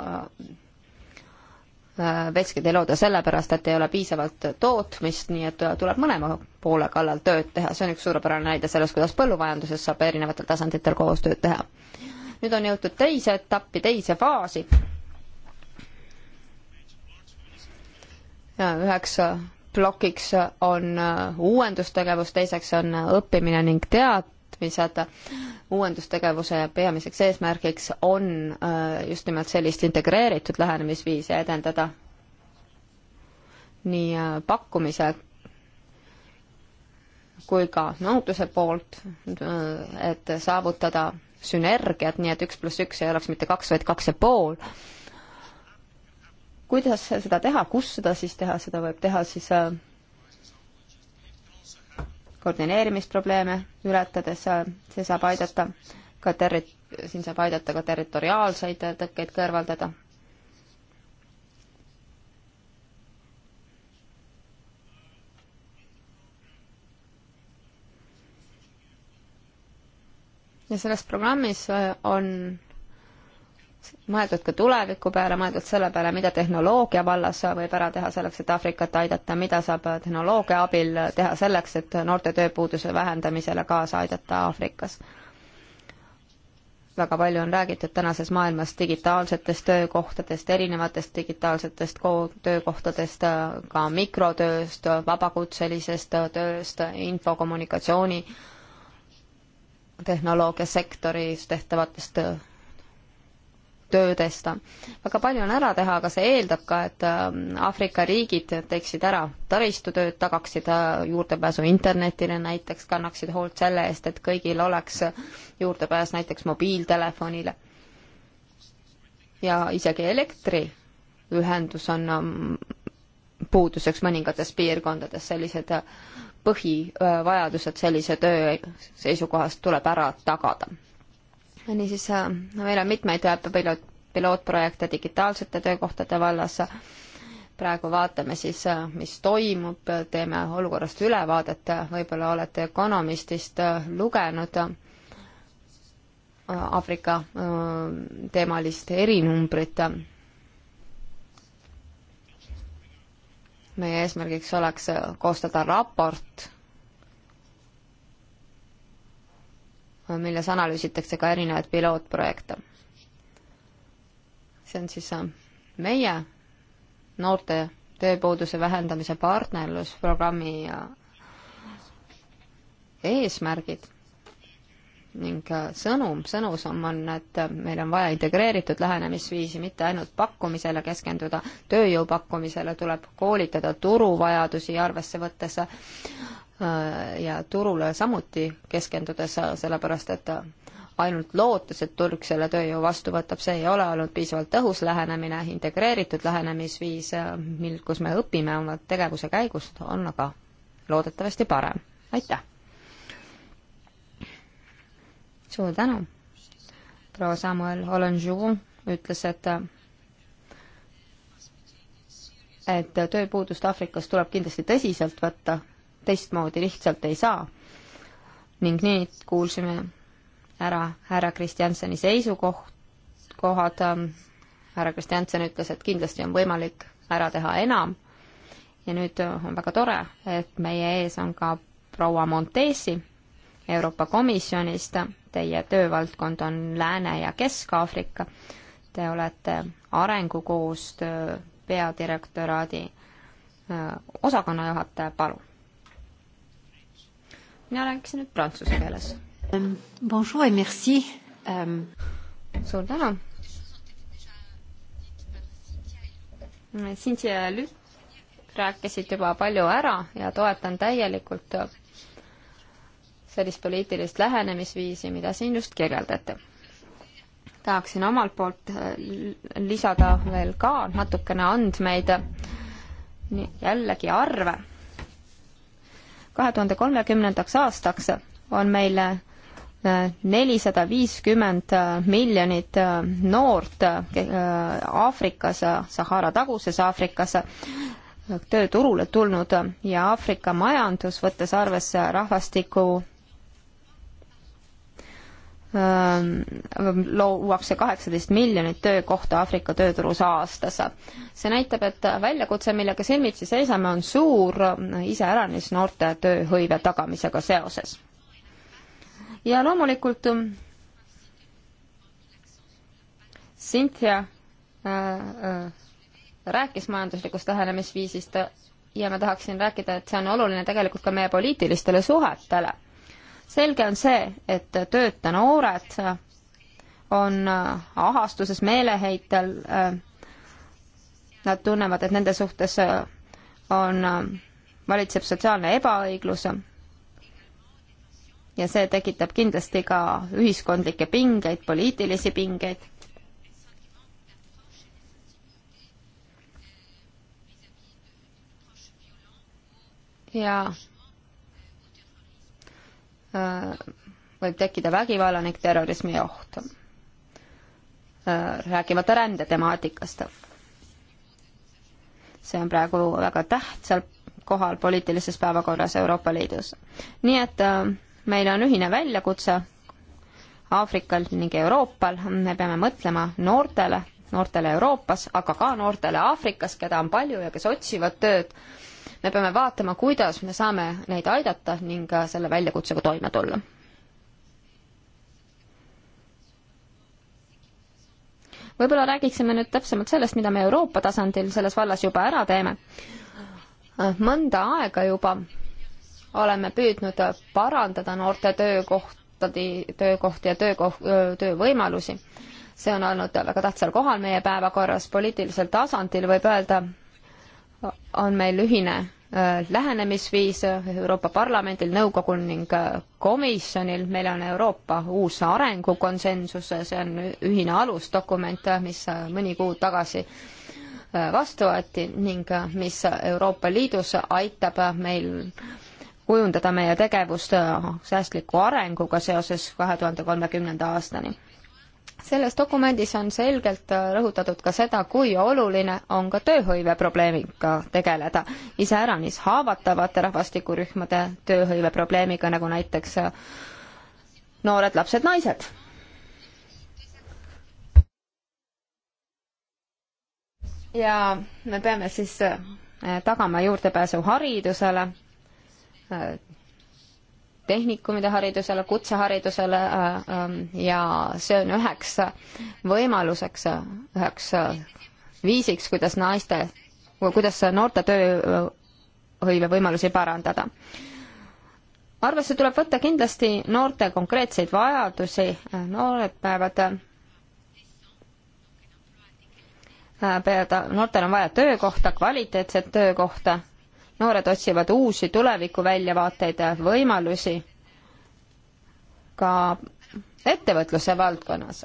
äh, veskid ei looda sellepärast, et ei ole piisavalt tootmist, nii et tuleb mõlema poole kallal tööd teha, see on üks suurepärane näide sellest, kuidas põllumajanduses saab erinevatel tasanditel koostööd teha. nüüd on jõutud teise etappi, teise faasi. üheks plokiks on äh, uuendustegevus, teiseks on äh, õppimine ning tead-, muutmised. uuendustegevuse peamiseks eesmärgiks on äh, just nimelt sellist integreeritud lähenemisviisi edendada nii äh, pakkumise kui ka nõudluse poolt, äh, et saavutada sünergiat, nii et üks pluss üks ei oleks mitte kaks, vaid kaks ja pool kuidas seda teha, kus seda siis teha, seda võib teha siis koordineerimisprobleeme ületades, see saab aidata ka terri-, siin saab aidata ka territoriaalseid tõkkeid kõrvaldada. ja selles programmis on mõeldud ka tuleviku peale, mõeldud selle peale, mida tehnoloogia vallas võib ära teha selleks, et Aafrikat aidata, mida saab tehnoloogia abil teha selleks, et noorte tööpuuduse vähendamisele kaasa aidata Aafrikas. väga palju on räägitud tänases maailmas digitaalsetest töökohtadest, erinevatest digitaalsetest töökohtadest, ka mikrotööst, vabakutselisest tööst, infokommunikatsiooni tehnoloogiasektoris tehtavatest töö töödest. väga palju on ära teha, aga see eeldab ka, et ähm, Aafrika riigid teeksid ära taristutööd, tagaksid äh, juurdepääsu internetile näiteks, kannaksid hoolt selle eest, et kõigil oleks juurdepääs näiteks mobiiltelefonile. ja isegi elektriühendus on ähm, puuduseks mõningates piirkondades, sellised äh, põhivajadused äh, sellise töö seisukohast tuleb ära tagada niisiis, äh, meil on mitmeid äh, piloot, pilootprojekte digitaalsete töökohtade vallas. praegu vaatame siis, äh, mis toimub, teeme olukorrast ülevaadet, võib-olla olete Economistist lugenud Aafrika teemalist erinumbrit. meie eesmärgiks oleks koostada raport milles analüüsitakse ka erinevaid pilootprojekte. see on siis äh, meie noorte tööpuuduse vähendamise partnerlusprogrammi äh, eesmärgid ning äh, sõnum, sõnus on, on, et meil on vaja integreeritud lähenemisviisi, mitte ainult pakkumisele keskenduda, tööjõu pakkumisele tuleb koolitada turuvajadusi arvesse võttes Äh, ja turule samuti keskendudes, äh, sellepärast et äh, ainult lootes, et turg selle tööjõu vastu võtab, see ei ole olnud piisavalt tõhus lähenemine, integreeritud lähenemisviis, mil, kus me õpime oma tegevuse käigust, on aga loodetavasti parem. aitäh! suur tänu! proua Samuel Olenžuu ütles, et et tööpuudust Aafrikas tuleb kindlasti tõsiselt võtta teistmoodi lihtsalt ei saa. ning nii kuulsime ära härra Kristjanseni seisukoht, kohad, härra Kristjansen ütles, et kindlasti on võimalik ära teha enam ja nüüd on väga tore, et meie ees on ka proua Montesi Euroopa Komisjonist, teie töövaldkond on Lääne- ja Kesk-Aafrika, te olete arengukoostöö peadirektoraadi osakonnajuhataja, palun mina rääkisin nüüd prantsuse keeles um,. Bonjour et merci um.... suur tänu. Cynthia Lütt rääkisid juba palju ära ja toetan täielikult sellist poliitilist lähenemisviisi, mida siin just kirjeldati. tahaksin omalt poolt äh, lisada veel ka natukene andmeid, jällegi arve kahe tuhande kolmekümnendaks aastaks on meil äh, nelisada viiskümmend äh, miljonit äh, noort Aafrikas, Sahara taguses Aafrikas, tööturule tulnud ja Aafrika majandus, võttes arvesse rahvastiku luuakse kaheksateist miljonit töökohta Aafrika tööturus aastas. see näitab, et väljakutse, millega silmitsi seisame, on suur iseäranis noorte tööhõive tagamisega seoses. ja loomulikult Cynthia äh, äh, rääkis majanduslikust lähenemisviisist ja ma tahaksin rääkida, et see on oluline tegelikult ka meie poliitilistele suhetele selge on see, et tööta noored on ahastuses meeleheitel. Nad tunnevad, et nende suhtes on, valitseb sotsiaalne ebaõiglus. ja see tekitab kindlasti ka ühiskondlikke pingeid, poliitilisi pingeid. ja Äh, võib tekkida vägivalla ning terrorismi oht. Äh, rääkimata rändetemaatikast. see on praegu väga tähtsal kohal poliitilises päevakorras Euroopa Liidus. nii et äh, meil on ühine väljakutse Aafrikal ning Euroopal, me peame mõtlema noortele, noortele Euroopas, aga ka noortele Aafrikas, keda on palju ja kes otsivad tööd me peame vaatama, kuidas me saame neid aidata ning äh, selle väljakutsega toime tulla. võib-olla räägiksime nüüd täpsemalt sellest, mida me Euroopa tasandil selles vallas juba ära teeme. Äh, mõnda aega juba oleme püüdnud parandada noorte töökohtadi, töökohti ja töökoht, töövõimalusi see on olnud väga tähtsal kohal meie päevakorras poliitilisel tasandil, võib öelda, on meil ühine äh, lähenemisviis äh, Euroopa Parlamendil, nõukogul ning äh, komisjonil, meil on Euroopa uus arengukonsensus, see on ühine alusdokument, mis mõni kuu tagasi vastu võeti ning mis Euroopa Liidus aitab meil kujundada meie tegevust säästliku arenguga seoses kahe tuhande kolmekümnenda aastani selles dokumendis on selgelt äh, rõhutatud ka seda, kui oluline on ka tööhõive probleemiga tegeleda. iseäranis haavatavate rahvastikurühmade tööhõive probleemiga, nagu näiteks äh, noored lapsed, naised. ja me peame siis äh, tagama juurdepääsu haridusele, tehnikumide haridusele, kutseharidusele äh, ähm, ja see on üheks võimaluseks, üheks viisiks, kuidas naiste, kuidas noorte tööhõive võimalusi parandada. arvesse tuleb võtta kindlasti noorte konkreetseid vajadusi, noored peavad äh, peavad, noortel on vaja töökohta, kvaliteetset töökohta noored otsivad uusi tulevikuväljavaateid, võimalusi ka ettevõtluse valdkonnas.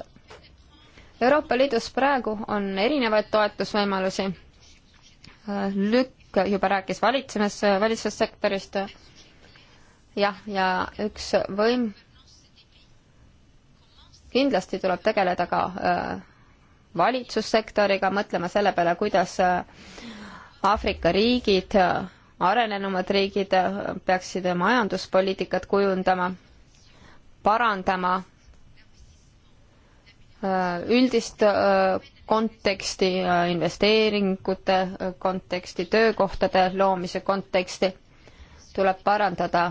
Euroopa Liidus praegu on erinevaid toetusvõimalusi. Lükk juba rääkis valitsemis, valitsussektorist. jah, ja üks võim, kindlasti tuleb tegeleda ka äh, valitsussektoriga, mõtlema selle peale, kuidas äh, Aafrika riigid äh, arenenumad riigid äh, peaksid majanduspoliitikat kujundama, parandama äh, üldist äh, konteksti, investeeringute konteksti, töökohtade loomise konteksti, tuleb parandada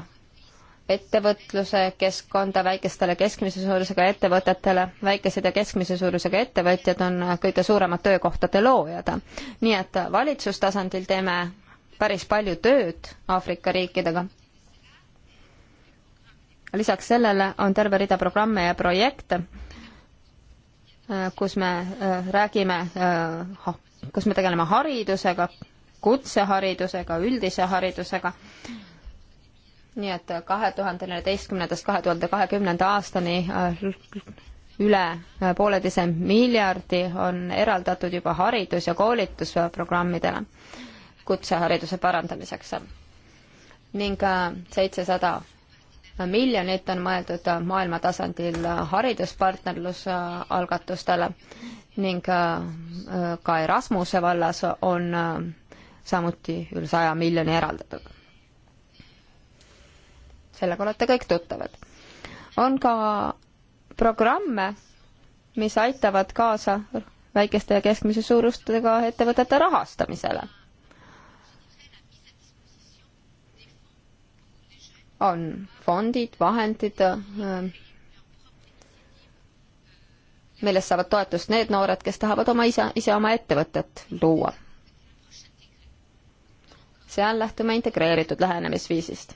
ettevõtluse keskkonda väikestele keskmise suurusega ettevõtetele, väikesed ja keskmise suurusega ettevõtjad on kõige suuremad töökohtade loojad. nii et valitsustasandilt teeme päris palju tööd Aafrika riikidega. lisaks sellele on terve rida programme ja projekte, äh, kus me äh, räägime, äh, kus me tegeleme haridusega, kutseharidusega, üldise haridusega nii et kahe tuhande neljateistkümnendast kahe tuhande kahekümnenda aastani üle pooleteise miljardi on eraldatud juba haridus- ja koolitusprogrammidele kutsehariduse parandamiseks. ning äh, seitsesada miljonit on mõeldud äh, maailma tasandil äh, hariduspartnerluse algatustele ning ka Erasmuse vallas on samuti üle saja miljoni eraldatud. sellega olete kõik tuttavad. on ka programme, mis aitavad kaasa väikeste ja keskmise suurustega ettevõtete rahastamisele. on fondid, vahendid, äh, millest saavad toetust need noored, kes tahavad oma ise, ise oma ettevõtet luua. seal lähtume integreeritud lähenemisviisist.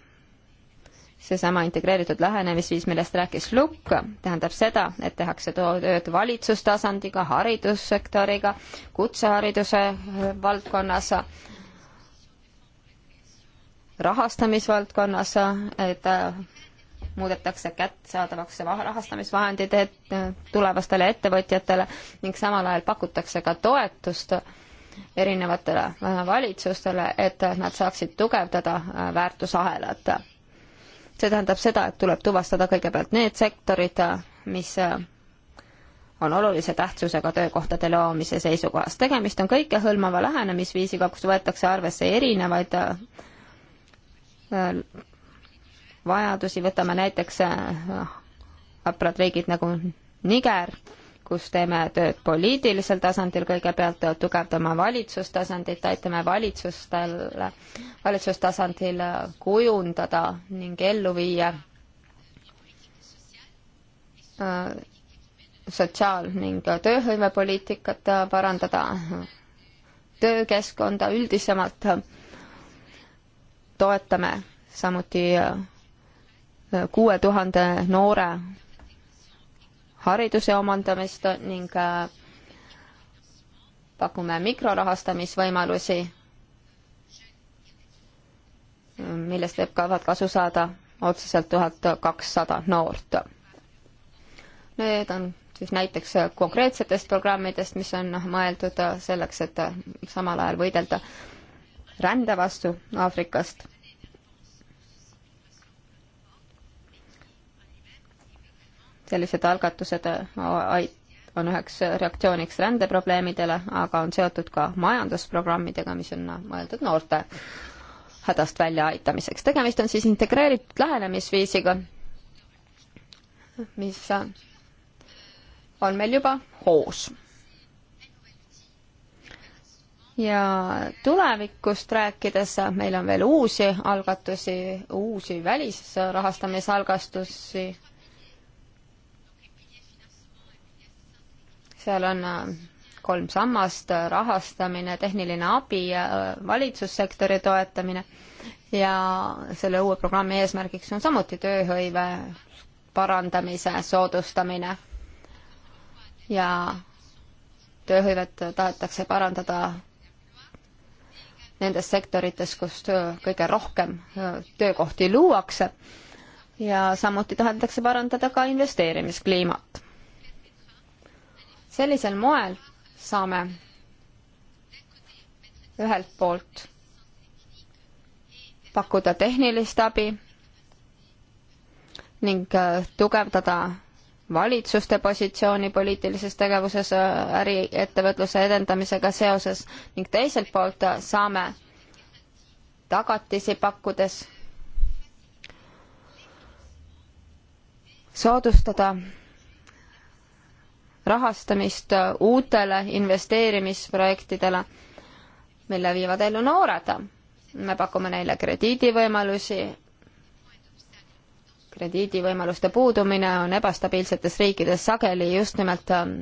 seesama integreeritud lähenemisviis, millest rääkis Lukk, tähendab seda, et tehakse tööd valitsustasandiga, haridussektoriga, kutsehariduse äh, valdkonnas, rahastamisvaldkonnas, et äh, muudetakse kättesaadavaks rahastamisvahendid et äh, tulevastele ettevõtjatele ning samal ajal pakutakse ka toetust erinevatele äh, valitsustele, et nad saaksid tugevdada väärtusahelat. see tähendab seda, et tuleb tuvastada kõigepealt need sektorid, mis on olulise tähtsusega töökohtade loomise seisukohast. tegemist on kõikehõlmava lähenemisviisiga, kus võetakse arvesse erinevaid vajadusi, võtame näiteks äh, haprad riigid nagu Niger, kus teeme tööd poliitilisel tasandil kõigepealt, tugevdame valitsustasandit, aitame valitsustel, valitsustasandil kujundada ning ellu viia äh, sotsiaal- ning tööhõivepoliitikat, äh, parandada töökeskkonda üldisemalt toetame samuti äh, kuue tuhande noore hariduse omandamist ning äh, pakume mikrorahastamisvõimalusi, millest võib ka kasu saada otseselt tuhat kakssada noort. Need on siis näiteks konkreetsetest programmidest, mis on mõeldud selleks, et samal ajal võidelda rände vastu Aafrikast sellised algatused äh, on üheks reaktsiooniks rändeprobleemidele, aga on seotud ka majandusprogrammidega, mis on mõeldud noorte hädast väljaaitamiseks. tegemist on siis integreeritud lähenemisviisiga, mis äh, on meil juba hoos. ja tulevikust rääkides äh, meil on veel uusi algatusi, uusi välisrahastamisalgastusi seal on äh, kolm sammast, äh, rahastamine, tehniline abi ja äh, valitsussektori toetamine ja selle uue programmi eesmärgiks on samuti tööhõive parandamise soodustamine. ja tööhõivet tahetakse parandada nendes sektorites, kus töö, kõige rohkem töökohti luuakse ja samuti tahetakse parandada ka investeerimiskliimat sellisel moel saame ühelt poolt pakkuda tehnilist abi ning äh, tugevdada valitsuste positsiooni poliitilises tegevuses äh, äriettevõtluse edendamisega seoses ning teiselt poolt äh, saame tagatisi pakkudes soodustada rahastamist äh, uutele investeerimisprojektidele, mille viivad ellu noored. me pakume neile krediidivõimalusi, krediidivõimaluste puudumine on ebastabiilsetes riikides sageli just nimelt ähm,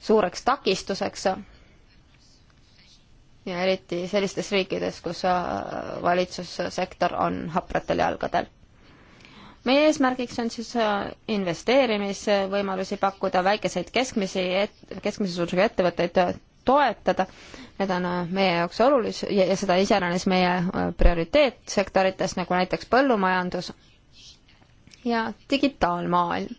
suureks takistuseks ja eriti sellistes riikides, kus äh, valitsussektor on hapratel jalgadel meie eesmärgiks on siis äh, investeerimisvõimalusi pakkuda, väikeseid keskmisi et,, keskmise suurusega ettevõtteid äh, toetada, need on äh, meie jaoks olulis- ja, ja seda iseäranis meie prioriteetsektorites, nagu näiteks põllumajandus ja digitaalmaailm.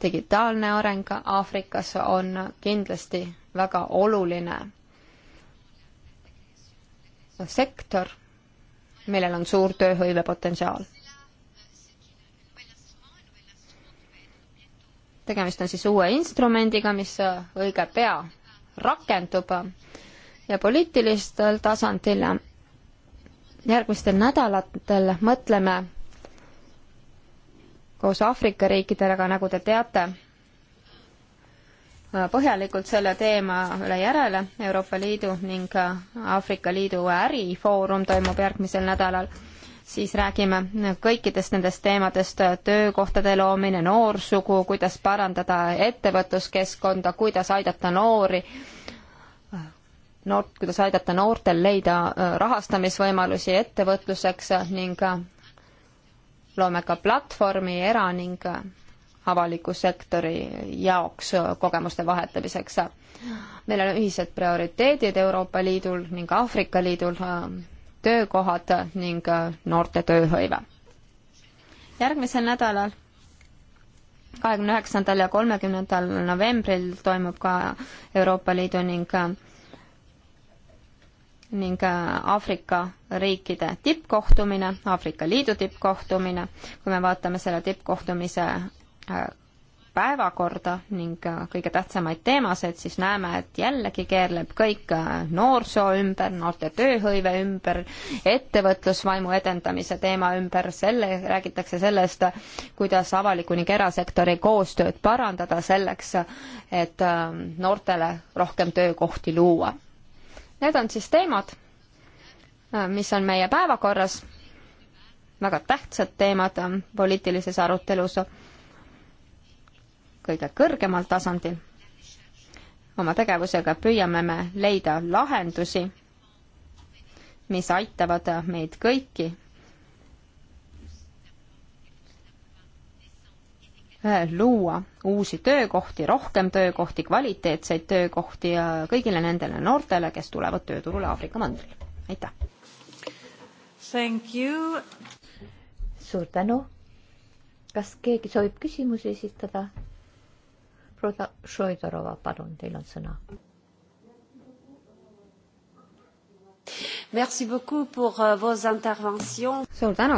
digitaalne areng Aafrikas on kindlasti väga oluline sektor, millel on suur tööhõivepotentsiaal tegemist on siis uue instrumendiga, mis äh, õige pea rakendub ja poliitilistel tasandil järgmistel nädalatel mõtleme koos Aafrika riikidega, nagu te teate, äh, põhjalikult selle teema üle järele. Euroopa Liidu ning äh, Aafrika Liidu ärifoorum toimub järgmisel nädalal siis räägime kõikidest nendest teemadest, töökohtade loomine, noorsugu, kuidas parandada ettevõtluskeskkonda, kuidas aidata noori, noort, kuidas aidata noortel leida äh, rahastamisvõimalusi ettevõtluseks ning äh, loome ka platvormi era- ning äh, avaliku sektori jaoks kogemuste vahetamiseks. meil on ühised prioriteedid Euroopa Liidul ning Aafrika Liidul töökohad ning äh, noorte tööhõive. järgmisel nädalal, kahekümne üheksandal ja kolmekümnendal novembril toimub ka Euroopa Liidu ning äh, ning äh, Aafrika riikide tippkohtumine, Aafrika Liidu tippkohtumine, kui me vaatame selle tippkohtumise päevakorda ning äh, kõige tähtsamaid teemasid, siis näeme, et jällegi keerleb kõik äh, noorsoo ümber, noorte tööhõive ümber, ettevõtlusvaimu edendamise teema ümber, selle, räägitakse sellest, kuidas avaliku ning erasektori koostööd parandada selleks, et äh, noortele rohkem töökohti luua. Need on siis teemad, mis on meie päevakorras, väga tähtsad teemad poliitilises arutelus kõige kõrgemal tasandil. oma tegevusega püüame me leida lahendusi, mis aitavad meid kõiki luua uusi töökohti, rohkem töökohti, kvaliteetseid töökohti ja kõigile nendele noortele, kes tulevad tööturule Aafrika mandril. aitäh! suur tänu! kas keegi soovib küsimusi esitada? proua Šoidorova, palun, teil on sõna. Euh, suur tänu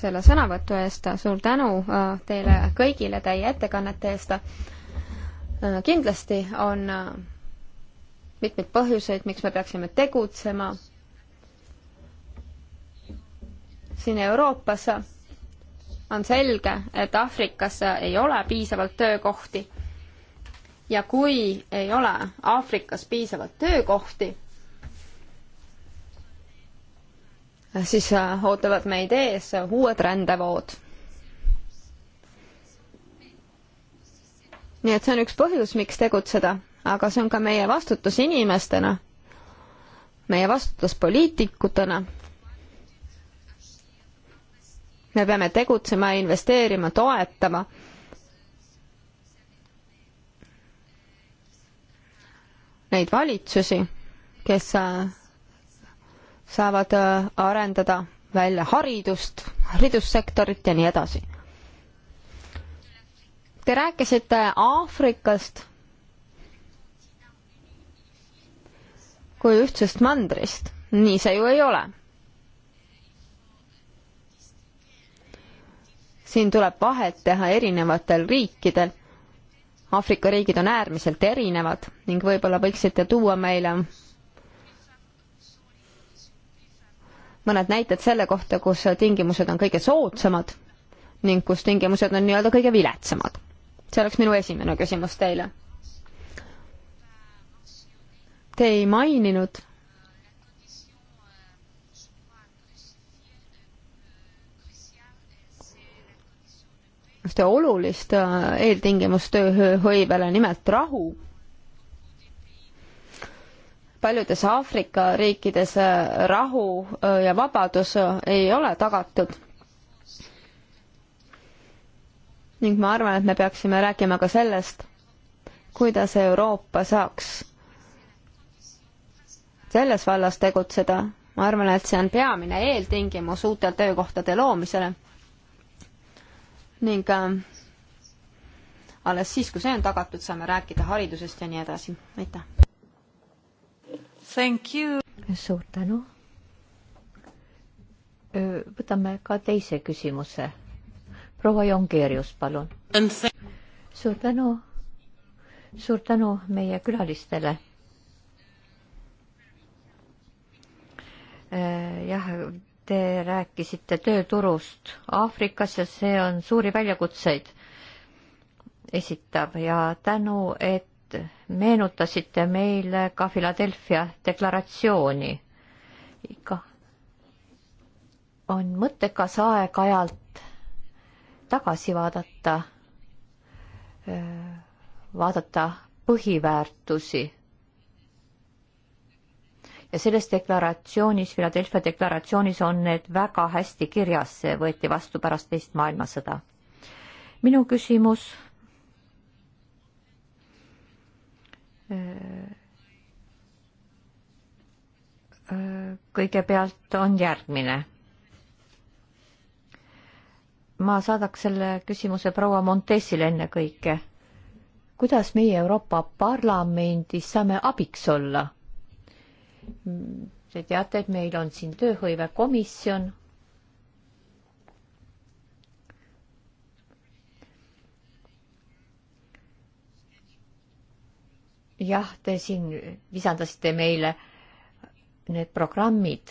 selle sõnavõtu eest, suur tänu äh, teile kõigile teie ettekannete eest. Äh, kindlasti on äh, mitmeid põhjuseid, miks me peaksime tegutsema siin Euroopas on selge, et Aafrikas ei ole piisavalt töökohti ja kui ei ole Aafrikas piisavalt töökohti, siis äh, ootavad meid ees uued rändevood. nii et see on üks põhjus, miks tegutseda, aga see on ka meie vastutus inimestena, meie vastutus poliitikutena. me peame tegutsema, investeerima, toetama neid valitsusi, kes äh, saavad äh, arendada välja haridust, haridussektorit ja nii edasi. Te rääkisite Aafrikast kui ühtsest mandrist. nii see ju ei ole. siin tuleb vahet teha erinevatel riikidel Aafrika riigid on äärmiselt erinevad ning võib-olla võiksite tuua meile mõned näited selle kohta, kus tingimused on kõige soodsamad ning kus tingimused on nii-öelda kõige viletsamad. see oleks minu esimene küsimus teile. Te ei maininud ühte olulist äh, eeltingimust tööhõivele, nimelt rahu. paljudes Aafrika riikides äh, rahu äh, ja vabadus ei ole tagatud. ning ma arvan, et me peaksime rääkima ka sellest, kuidas Euroopa saaks selles vallas tegutseda. ma arvan, et see on peamine eeltingimus uute töökohtade loomisele ning äh, alles siis, kui see on tagatud, saame rääkida haridusest ja nii edasi. aitäh! suur tänu! võtame ka teise küsimuse. proua Jongeerius, palun. suur tänu, suur tänu meie külalistele. Äh, jah Te rääkisite tööturust Aafrikas ja see on suuri väljakutseid esitab ja tänu, et meenutasite meile ka Philadelphia deklaratsiooni. ikka on mõttekas aeg-ajalt tagasi vaadata, vaadata põhiväärtusi ja selles deklaratsioonis, Philadelphia deklaratsioonis on need väga hästi kirjas, see võeti vastu pärast teist maailmasõda. minu küsimus äh, äh, kõigepealt on järgmine. ma saadaks selle küsimuse proua Montesile ennekõike. kuidas meie Euroopa Parlamendis saame abiks olla? Te teate, et meil on siin tööhõivekomisjon. jah, te siin visandasite meile need programmid,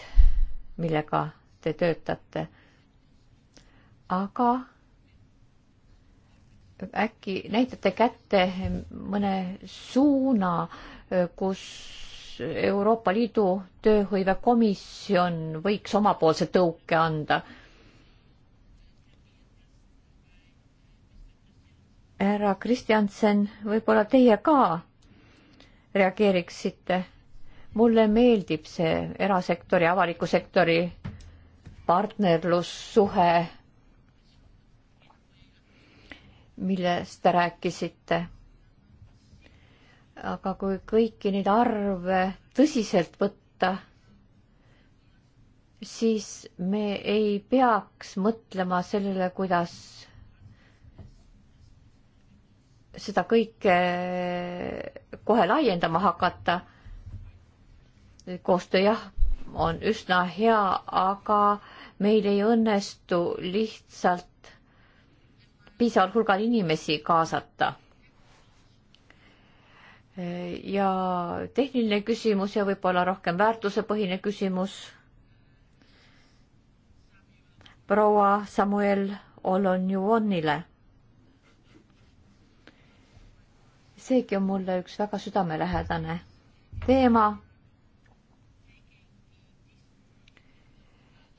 millega te töötate. aga äkki näitate kätte mõne suuna, kus Euroopa Liidu tööhõivekomisjon võiks omapoolse tõuke anda. härra Kristjansen, võib-olla teie ka reageeriksite? mulle meeldib see erasektori, avaliku sektori partnerlussuhe, millest te rääkisite aga kui kõiki neid arve tõsiselt võtta, siis me ei peaks mõtlema sellele, kuidas seda kõike kohe laiendama hakata. koostöö jah, on üsna hea, aga meil ei õnnestu lihtsalt piisaval hulgal inimesi kaasata ja tehniline küsimus ja võib-olla rohkem väärtusepõhine küsimus. proua Samuel Olonjuonile. seegi on mulle üks väga südamelähedane teema.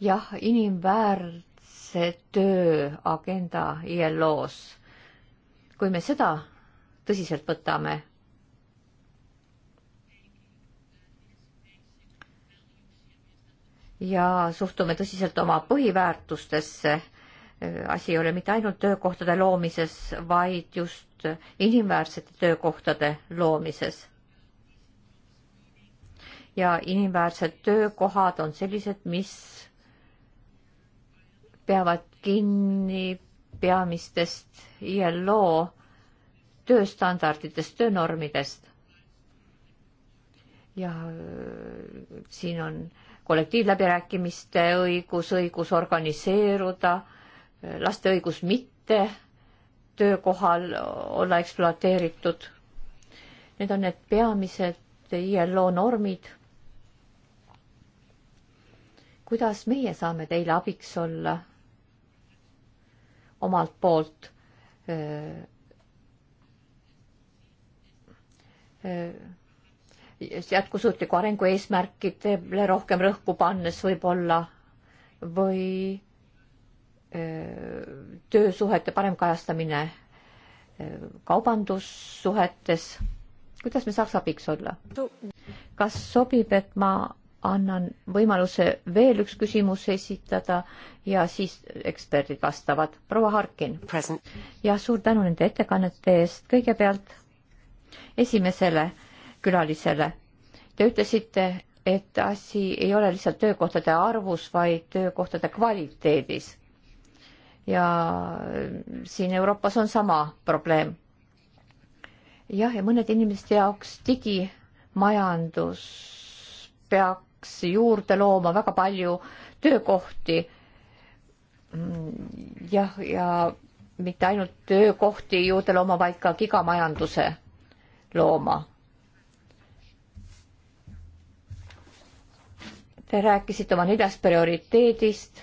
jah, inimväärse töö agenda ILO-s. kui me seda tõsiselt võtame ja suhtume tõsiselt oma põhiväärtustesse. asi ei ole mitte ainult töökohtade loomises, vaid just inimväärsete töökohtade loomises. ja inimväärsed töökohad on sellised, mis peavad kinni peamistest ILO tööstandarditest, töönormidest. ja äh, siin on äh, kollektiivläbirääkimiste õigus, õigus organiseeruda, laste õigus mitte töökohal olla ekspluateeritud. Need on need peamised ILO normid. kuidas meie saame teile abiks olla omalt poolt? Äh, äh, jätkusuutliku arengu eesmärkidele rohkem rõhku pannes võib-olla või töösuhete parem kajastamine kaubandussuhetes. kuidas me saaks abiks olla? kas sobib, et ma annan võimaluse veel üks küsimus esitada ja siis eksperdid vastavad. proua Harkin. jah, suur tänu nende ettekannete eest. kõigepealt esimesele külalisele. Te ütlesite, et asi ei ole lihtsalt töökohtade arvus, vaid töökohtade kvaliteedis. ja siin Euroopas on sama probleem. jah, ja mõnede inimeste jaoks digimajandus peaks juurde looma väga palju töökohti. jah, ja mitte ainult töökohti juurde looma, vaid ka gigamajanduse looma Te rääkisite oma neljast prioriteedist.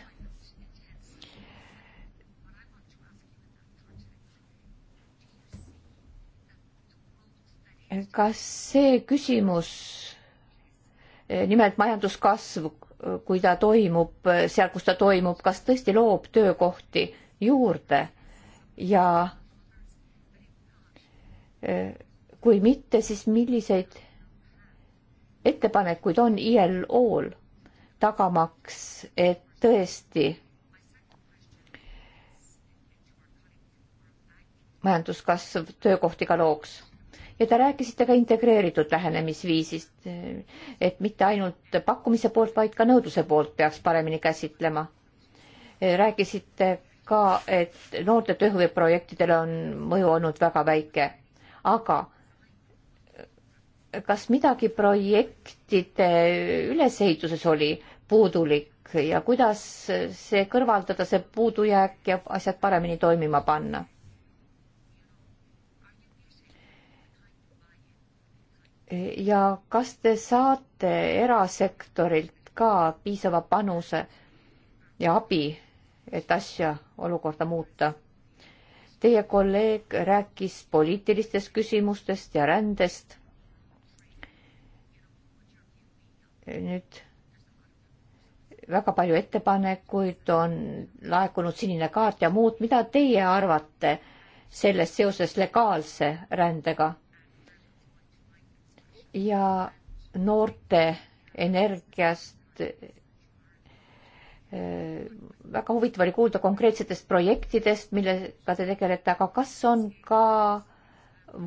kas see küsimus, eh, nimelt majanduskasv, kui ta toimub seal, kus ta toimub, kas tõesti loob töökohti juurde ja eh, kui mitte, siis milliseid ettepanekuid on ILO-l tagamaks, et tõesti majanduskasv töökohti ka looks. ja te rääkisite ka integreeritud lähenemisviisist, et mitte ainult pakkumise poolt, vaid ka nõudluse poolt peaks paremini käsitlema. rääkisite ka, et noorte tööhõiveprojektidele on mõju olnud väga väike, aga kas midagi projektide ülesehituses oli, puudulik ja kuidas see kõrvaldada, see puudujääk ja asjad paremini toimima panna? ja kas te saate erasektorilt ka piisava panuse ja abi, et asja, olukorda muuta? Teie kolleeg rääkis poliitilistest küsimustest ja rändest. nüüd väga palju ettepanekuid, on laekunud sinine kaart ja muud, mida teie arvate sellest seoses legaalse rändega? ja noorte energiast äh, väga huvitav oli kuulda konkreetsetest projektidest, millega te tegelete, aga kas on ka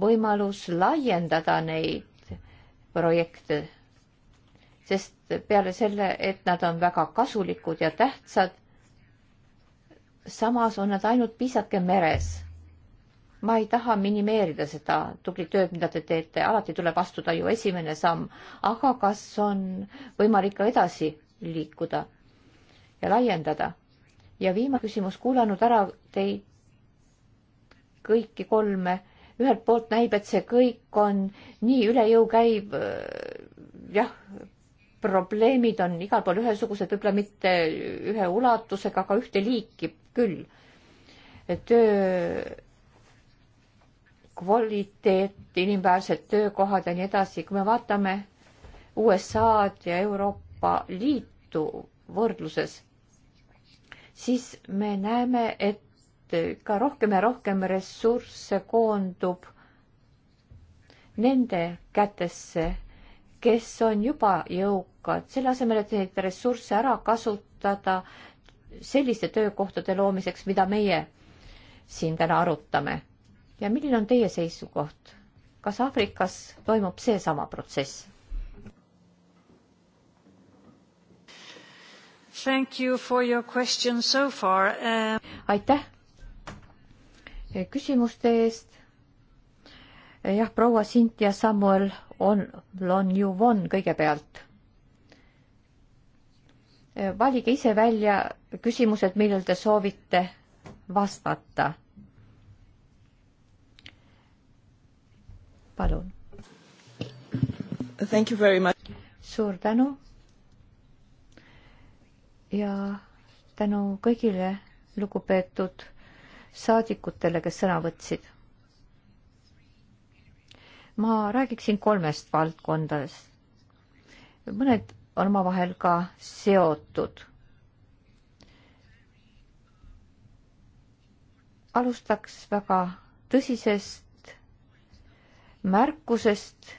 võimalus laiendada neid projekte? sest peale selle, et nad on väga kasulikud ja tähtsad, samas on nad ainult piisake meres. ma ei taha minimeerida seda tublit tööd, mida te teete, alati tuleb astuda ju esimene samm, aga kas on võimalik ka edasi liikuda ja laiendada? ja viimane küsimus, kuulanud ära teid kõiki kolme, ühelt poolt näib, et see kõik on nii üle jõu käiv äh, jah, probleemid on igal pool ühesugused, võib-olla mitte ühe ulatusega, aga ühte liiki küll. töö kvaliteet, inimväärsed töökohad ja nii edasi, kui me vaatame USA-d ja Euroopa Liitu võrdluses, siis me näeme, et ka rohkem ja rohkem ressursse koondub nende kätesse kes on juba jõukad, selle asemel, et neid ressursse ära kasutada selliste töökohtade loomiseks, mida meie siin täna arutame. ja milline on teie seisukoht? kas Aafrikas toimub seesama protsess? Thank you for your question so far uh.... aitäh küsimuste eest jah, proua Cynthia Samuel on, on ju von kõigepealt. valige ise välja küsimused, millele te soovite vastata. palun. suur tänu. ja tänu kõigile lugupeetud saadikutele, kes sõna võtsid ma räägiksin kolmest valdkondadest. mõned on omavahel ka seotud. alustaks väga tõsisest märkusest,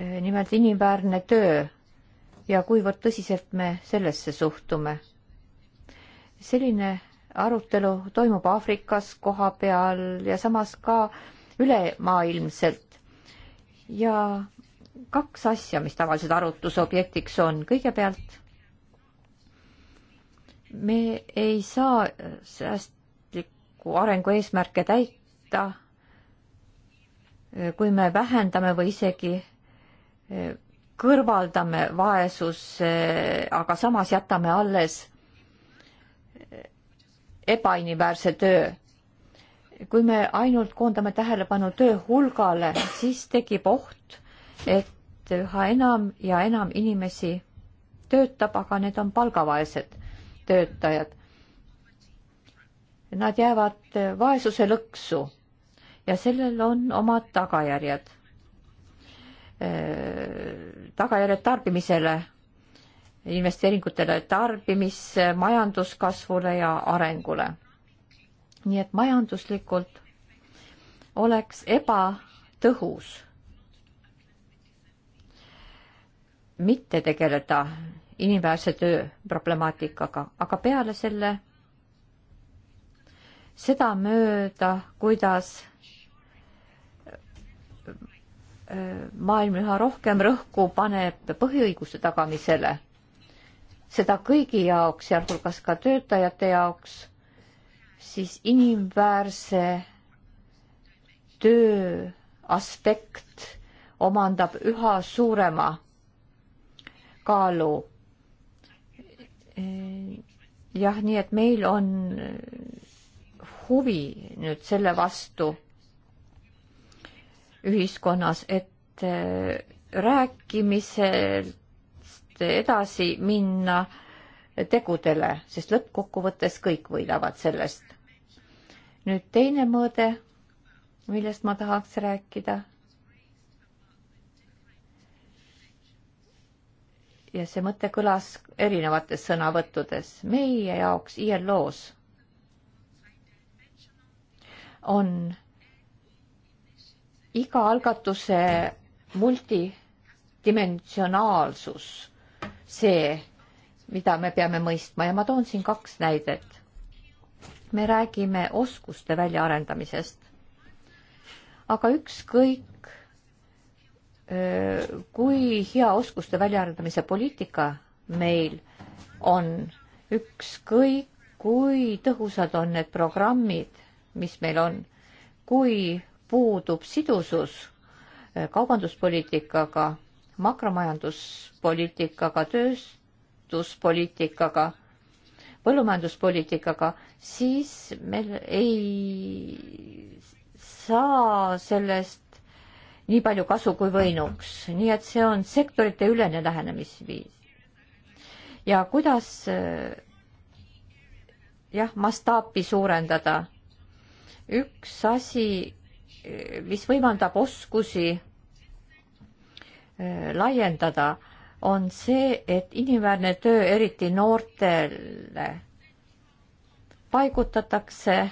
eh, nimelt inimväärne töö ja kuivõrd tõsiselt me sellesse suhtume. selline arutelu toimub Aafrikas koha peal ja samas ka ülemaailmselt ja kaks asja, mis tavaliselt arutluse objektiks on. kõigepealt me ei saa säästliku arengu eesmärke täita, kui me vähendame või isegi e, kõrvaldame vaesuse, aga samas jätame alles e, ebainiväärse töö kui me ainult koondame tähelepanu töö hulgale, siis tekib oht, et üha enam ja enam inimesi töötab, aga need on palgavaesed töötajad. Nad jäävad vaesuse lõksu ja sellel on omad tagajärjed. tagajärjed tarbimisele, investeeringutele, tarbimisse, majanduskasvule ja arengule eest, nii et majanduslikult oleks ebatõhus mitte tegeleda inimväärse töö problemaatikaga, aga peale selle sedamööda, kuidas äh, maailm üha rohkem rõhku paneb põhiõiguste tagamisele, seda kõigi jaoks, sealhulgas ka töötajate jaoks, siis inimväärse töö aspekt omandab üha suurema kaalu. jah, nii et meil on huvi nüüd selle vastu ühiskonnas, et rääkimiselt edasi minna tegudele, sest lõppkokkuvõttes kõik võidavad sellest nüüd teine mõõde, millest ma tahaks rääkida. ja see mõte kõlas erinevates sõnavõttudes. meie jaoks ILO-s on iga algatuse multidimensionaalsus see, mida me peame mõistma ja ma toon siin kaks näidet me räägime oskuste väljaarendamisest. aga ükskõik, kui hea oskuste väljaarendamise poliitika meil on, ükskõik kui tõhusad on need programmid, mis meil on, kui puudub sidusus kaubanduspoliitikaga, makromajanduspoliitikaga, tööstuspoliitikaga, põllumajanduspoliitikaga, siis meil ei saa sellest nii palju kasu kui võinuks, nii et see on sektorite ülene lähenemisviis. ja kuidas eh, jah, mastaapi suurendada. üks asi, eh, mis võimaldab oskusi eh, laiendada, on see, et inimväärne töö, eriti noortele, paigutatakse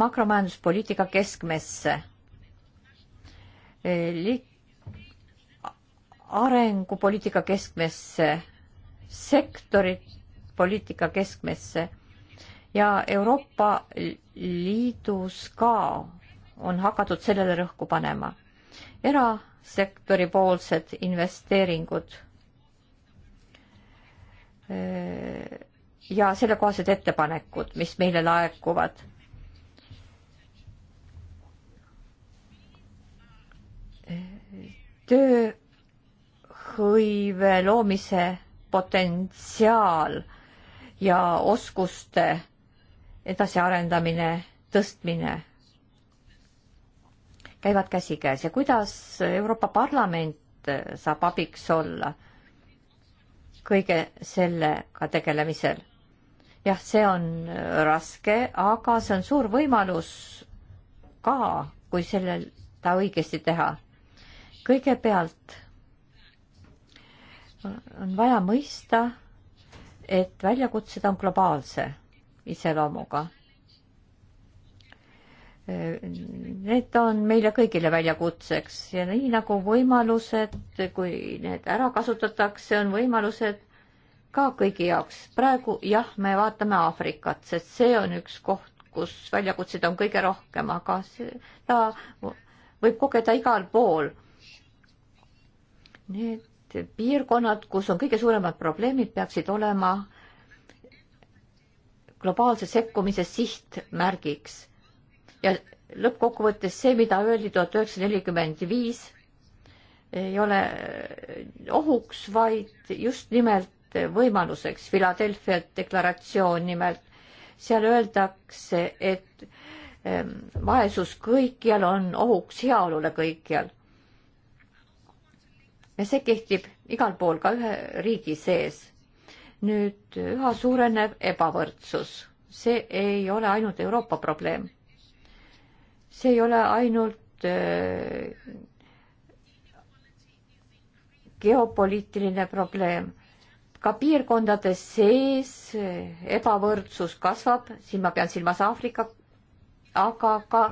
makromajanduspoliitika keskmesse. arengupoliitika keskmesse, sektorid poliitika keskmesse ja Euroopa Liidus ka on hakatud sellele rõhku panema. erasektori poolsed investeeringud öö, ja sellekohased ettepanekud, mis meile laekuvad. tööhõive loomise potentsiaal ja oskuste edasiarendamine, tõstmine käivad käsikäes ja kuidas Euroopa Parlament saab abiks olla kõige sellega tegelemisel jah, see on äh, raske, aga see on suur võimalus ka, kui sellel ta õigesti teha. kõigepealt on vaja mõista, et väljakutsed on globaalse iseloomuga. Äh, need on meile kõigile väljakutseks ja nii nagu võimalused, kui need ära kasutatakse, on võimalused ka kõigi jaoks. praegu jah, me vaatame Aafrikat, sest see on üks koht, kus väljakutseid on kõige rohkem, aga seda võib kogeda igal pool. Need piirkonnad, kus on kõige suuremad probleemid, peaksid olema globaalse sekkumise sihtmärgiks. ja lõppkokkuvõttes see, mida öeldi tuhat üheksasada nelikümmend viis, ei ole ohuks, vaid just nimelt saarte võimaluseks, Philadelphia deklaratsioon nimelt. seal öeldakse, et ehm, vaesus kõikjal on ohuks heaolule kõikjal. ja see kehtib igal pool, ka ühe riigi sees. nüüd üha suurenev ebavõrdsus, see ei ole ainult Euroopa probleem. see ei ole ainult öö, ehm, geopoliitiline probleem, ka piirkondade sees ebavõrdsus kasvab, siin ma pean silmas Aafrika, aga ka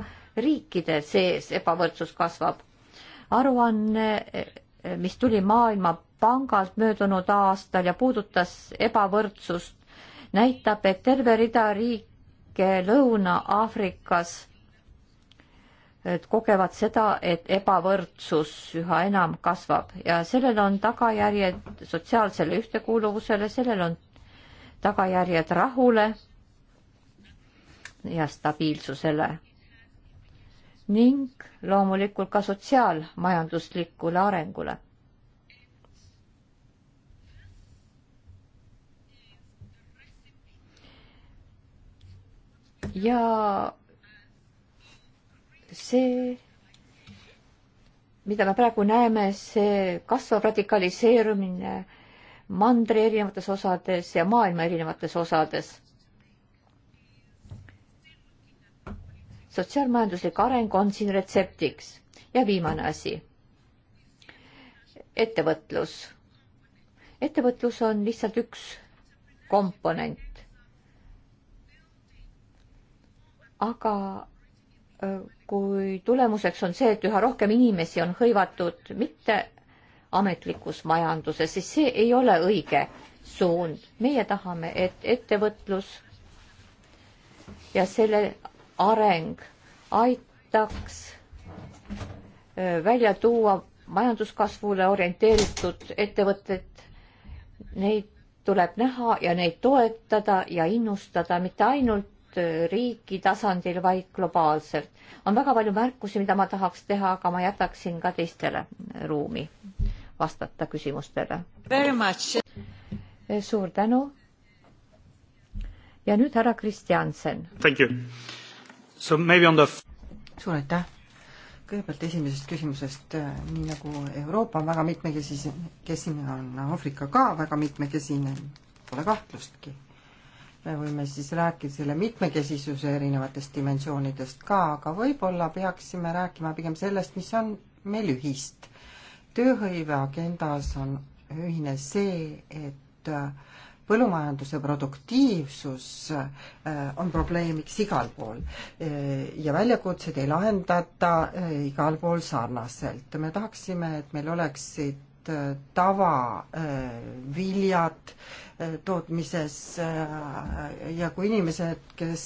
riikide sees ebavõrdsus kasvab. aruanne, mis tuli Maailmapangalt möödunud aastal ja puudutas ebavõrdsust, näitab, et terve rida riike Lõuna-Aafrikas et kogevad seda, et ebavõrdsus üha enam kasvab ja sellel on tagajärjed sotsiaalsele ühtekuuluvusele, sellel on tagajärjed rahule ja stabiilsusele ning loomulikult ka sotsiaalmajanduslikule arengule. ja see, mida me praegu näeme, see kasvav radikaliseerumine mandri erinevates osades ja maailma erinevates osades. sotsiaalmajanduslik areng on siin retseptiks ja viimane asi. ettevõtlus. ettevõtlus on lihtsalt üks komponent. aga kui tulemuseks on see, et üha rohkem inimesi on hõivatud mitte ametlikus majanduses, siis see ei ole õige suund. meie tahame, et ettevõtlus ja selle areng aitaks äh, välja tuua majanduskasvule orienteeritud ettevõtted. Neid tuleb näha ja neid toetada ja innustada mitte ainult ainult äh, riigi tasandil, vaid globaalselt. on väga palju märkusi, mida ma tahaks teha, aga ma jätaksin ka teistele ruumi vastata küsimustele. Äh, suur tänu. ja nüüd härra Kristjansen. The... suur aitäh kõigepealt esimesest küsimusest, äh, nii nagu Euroopa on väga mitmekesine, kesine on Aafrika ka väga mitmekesine, pole kahtlustki me võime siis rääkida selle mitmekesisuse erinevatest dimensioonidest ka, aga võib-olla peaksime rääkima pigem sellest, mis on meil ühist. tööhõive agendas on ühine see, et äh, põllumajanduse produktiivsus äh, on probleemiks igal pool äh, ja väljakutseid ei lahendata igal pool sarnaselt. me tahaksime, et meil oleksid Äh, tavaviljad äh, äh, tootmises ja kui inimesed, kes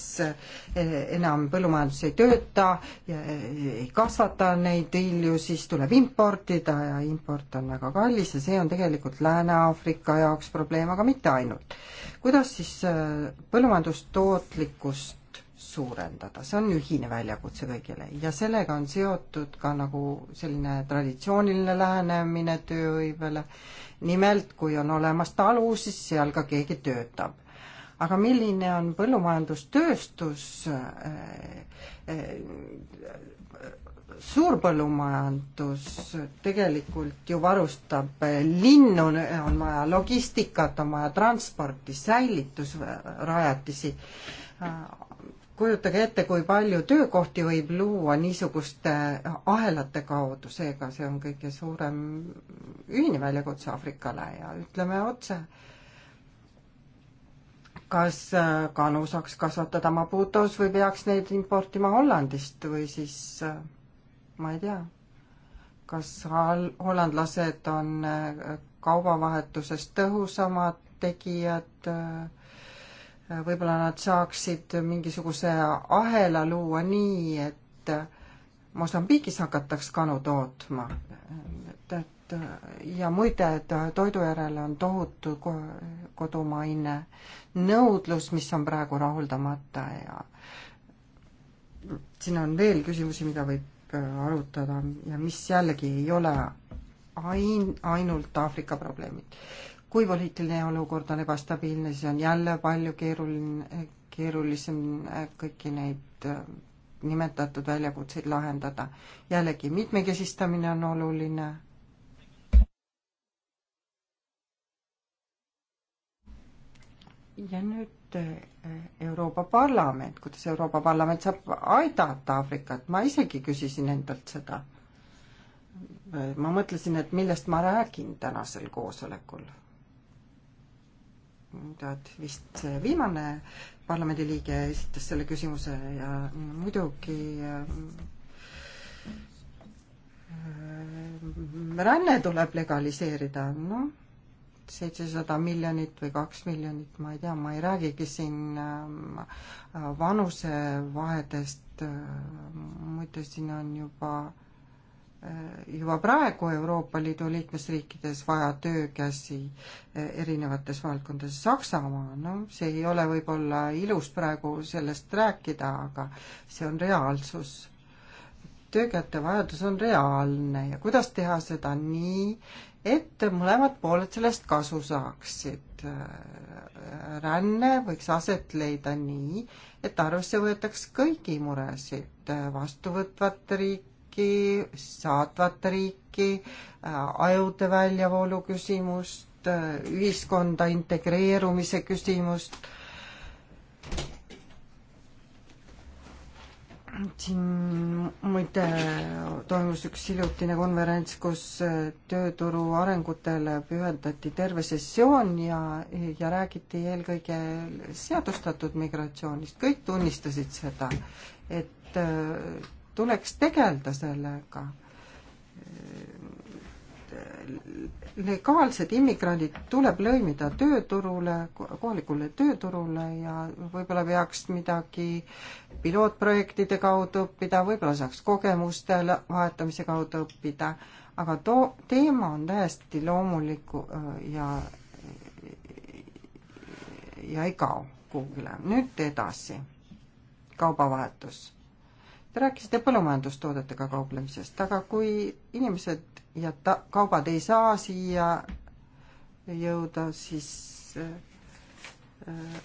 enam põllumajanduses ei tööta, ei kasvata neid vilju, siis tuleb importida ja import on väga kallis ja see on tegelikult Lääne-Aafrika jaoks probleem, aga mitte ainult. kuidas siis põllumajandustootlikkust suurendada, see on ühine väljakutse kõigile ja sellega on seotud ka nagu selline traditsiooniline lähenemine tööhõivele. nimelt, kui on olemas talu, siis seal ka keegi töötab. aga milline on põllumajandustööstus äh,, äh, suurpõllumajandus tegelikult ju varustab äh, linnu, on vaja logistikat, on vaja transporti, säilitusrajatisi äh, kujutage ette, kui palju töökohti võib luua niisuguste äh, ahelate kaudu, seega see on kõige suurem ühine väljakutse Aafrikale ja ütleme otse, kas äh, kanu saaks kasvatada Maputos või peaks neid importima Hollandist või siis äh, ma ei tea, kas hollandlased on kaubavahetuses tõhusamad tegijad äh, võib-olla nad saaksid mingisuguse ahela luua nii, et Mosambiigis hakataks kanu tootma. et, et ja muide, et toidu järele on tohutu kodumaine nõudlus, mis on praegu rahuldamata ja siin on veel küsimusi, mida võib arutada ja mis jällegi ei ole ain-, ainult Aafrika probleemid kui poliitiline olukord on ebastabiilne, siis on jälle palju keeruline, keerulisem äh, kõiki neid äh, nimetatud väljakutseid lahendada. jällegi, mitmekesistamine on oluline. ja nüüd äh, Euroopa Parlament, kuidas Euroopa Parlament saab aidata Aafrikat, ma isegi küsisin endalt seda. ma mõtlesin, et millest ma räägin tänasel koosolekul tead, vist see viimane parlamendiliige esitas selle küsimuse ja muidugi äh, ränne tuleb legaliseerida, noh, seitsesada miljonit või kaks miljonit, ma ei tea, ma ei räägigi siin äh, vanusevahedest, äh, muide siin on juba äh, Äh, juba praegu Euroopa Liidu liikmesriikides vaja töökäsi äh, erinevates valdkondades. Saksamaa, no see ei ole võib-olla ilus praegu sellest rääkida, aga see on reaalsus. töökäte vajadus on reaalne ja kuidas teha seda nii, et mõlemad pooled sellest kasu saaksid. Äh, ränne võiks aset leida nii, et arvesse võetaks kõigi muresid, vastuvõtvate riik, riiki, saatvat riiki, äh, ajude väljavoolu küsimust, äh, ühiskonda integreerumise küsimust. siin muide toimus üks hiljutine konverents, kus äh, tööturu arengutele pühendati terve sessioon ja, ja räägiti eelkõige seadustatud migratsioonist, kõik tunnistasid seda, et tuleks tegeleda sellega. legaalsed immigrandid tuleb lõimida tööturule, kohalikule tööturule ja võib-olla peaks midagi pilootprojektide kaudu õppida, võib-olla saaks kogemuste vahetamise kaudu õppida, aga too teema on täiesti loomuliku äh, ja ja ei kao kuhugile. nüüd edasi, kaubavahetus Te rääkisite põllumajandustoodetega kauplemisest, aga kui inimesed ja ta-, kaubad ei saa siia jõuda, siis äh, äh,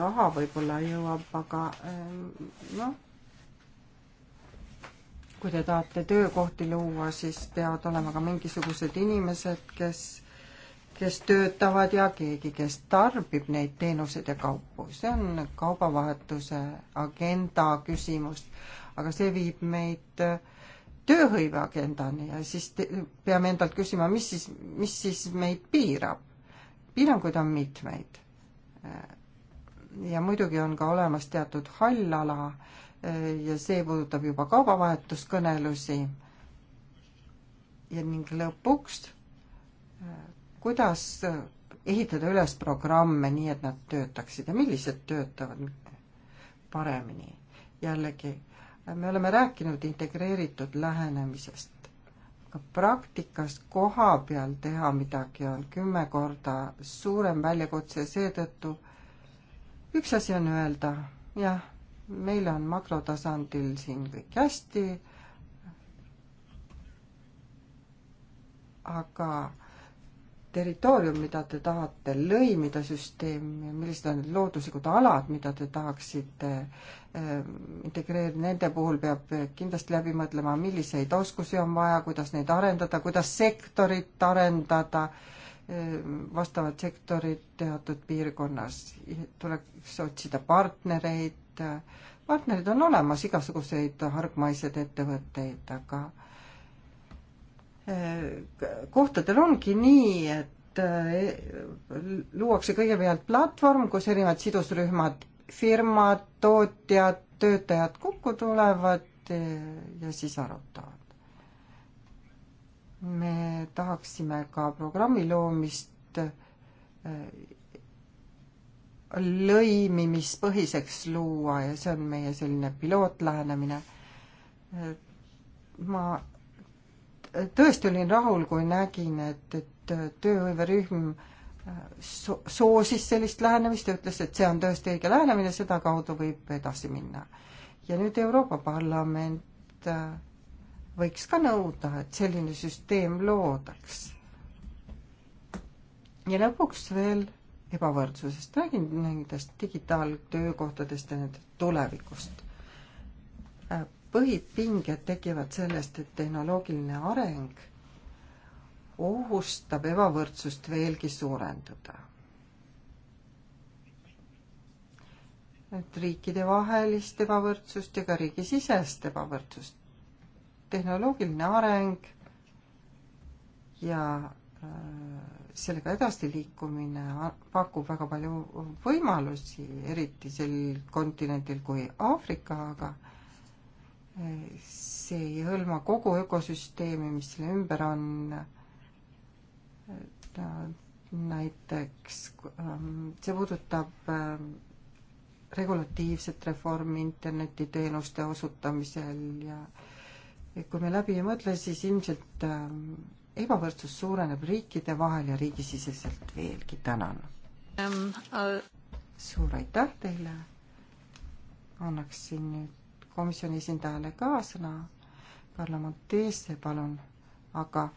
raha võib-olla jõuab, aga äh, noh, kui te tahate töökohti luua, siis peavad olema ka mingisugused inimesed, kes, kes töötavad ja keegi, kes tarbib neid teenuseid ja kaupu. see on kaubavahetuse agenda küsimus aga see viib meid äh, tööhõive agendani ja siis te, peame endalt küsima, mis siis, mis siis meid piirab. piiranguid on mitmeid. Äh, ja muidugi on ka olemas teatud hall ala äh, ja see puudutab juba kaubavahetuskõnelusi. ja ning lõpuks, kuidas ehitada üles programme nii, et nad töötaksid ja millised töötavad paremini. jällegi äh, me oleme rääkinud integreeritud lähenemisest, aga praktikas koha peal teha midagi on kümme korda suurem väljakutse, seetõttu üks asi on öelda, jah, meil on makrotasandil siin kõik hästi, aga territoorium, mida te tahate lõimida süsteemi ja millised on need looduslikud alad, mida te tahaksite integreerida, nende puhul peab kindlasti läbi mõtlema, milliseid oskusi on vaja, kuidas neid arendada, kuidas sektorit arendada, vastavat sektorit teatud piirkonnas, tuleks otsida partnereid, partnerid on olemas, igasuguseid hargmaised ettevõtteid, aga eh, kohtadel ongi nii, et eh, luuakse kõigepealt platvorm, kus erinevad sidusrühmad firmad, tootjad, töötajad kokku tulevad eh, ja siis arutavad. me tahaksime ka programmi loomist eh, lõimimispõhiseks luua ja see on meie selline pilootlähenemine. Eh, ma tõesti olin rahul, kui nägin, et, et tööhõiverühm äh, so-, soosis sellist lähenemist ja ütles, et see on tõesti õige lähenemine, sedakaudu võib edasi minna. ja nüüd Euroopa Parlament äh, võiks ka nõuda, et selline süsteem loodaks. ja lõpuks veel ebavõrdsusest, räägin nendest digitaaltöökohtadest ja nende tulevikust. Äh, põhipinged tekivad sellest, et tehnoloogiline areng ohustab ebavõrdsust veelgi suurendada. et riikidevahelist ebavõrdsust ja ka riigisisest ebavõrdsust. tehnoloogiline areng ja äh, sellega edasiliikumine pakub väga palju võimalusi, eriti sel kontinendil kui Aafrika, aga äh, see ei hõlma kogu ökosüsteemi, mis selle ümber on. Äh, näiteks ähm, see puudutab ähm, regulatiivset reformi internetiteenuste osutamisel ja kui me läbi ei mõtle, siis ilmselt ähm, ebavõrdsus suureneb riikide vahel ja riigisiseselt veelgi. tänan um,! Uh... suur aitäh teile! annaksin nüüd komisjoni esindajale ka sõna. Carla Montese, palun, aga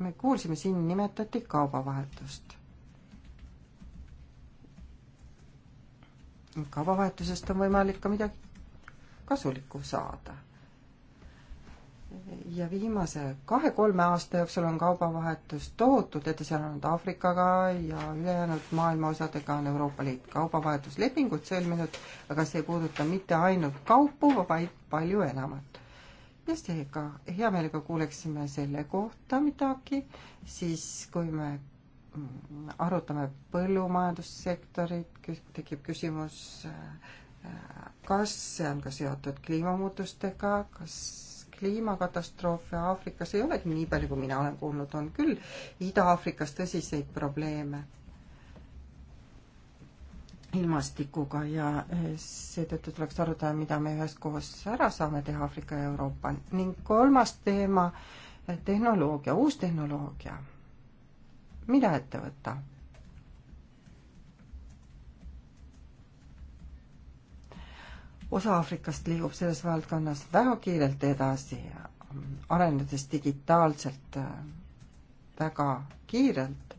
me kuulsime, siin nimetati kaubavahetust. kaubavahetusest on võimalik ka midagi kasulikku saada. ja viimase kahe-kolme aasta jooksul on kaubavahetus tohutult edasiarenenud Aafrikaga ja ülejäänud maailma osadega on Euroopa Liit kaubavahetuslepingud sõlminud, aga see ei puuduta mitte ainult kaupu, vaid palju enamat ja seega hea meelega kuuleksime selle kohta midagi, siis kui me mm, arutame põllumajandussektorit, tekib küsimus, äh, kas see on ka seotud kliimamuutustega, kas kliimakatastroofe Aafrikas ei olegi nii palju, kui mina olen kuulnud, on küll Ida-Aafrikas tõsiseid probleeme ilmastikuga ja eh, seetõttu tuleks arutada, mida me üheskoos ära saame teha Aafrika ja Euroopa ning kolmas teema, eh, tehnoloogia, uus tehnoloogia. mida ette võtta? osa Aafrikast liigub selles valdkonnas väga kiirelt edasi, arenedes digitaalselt eh, väga kiirelt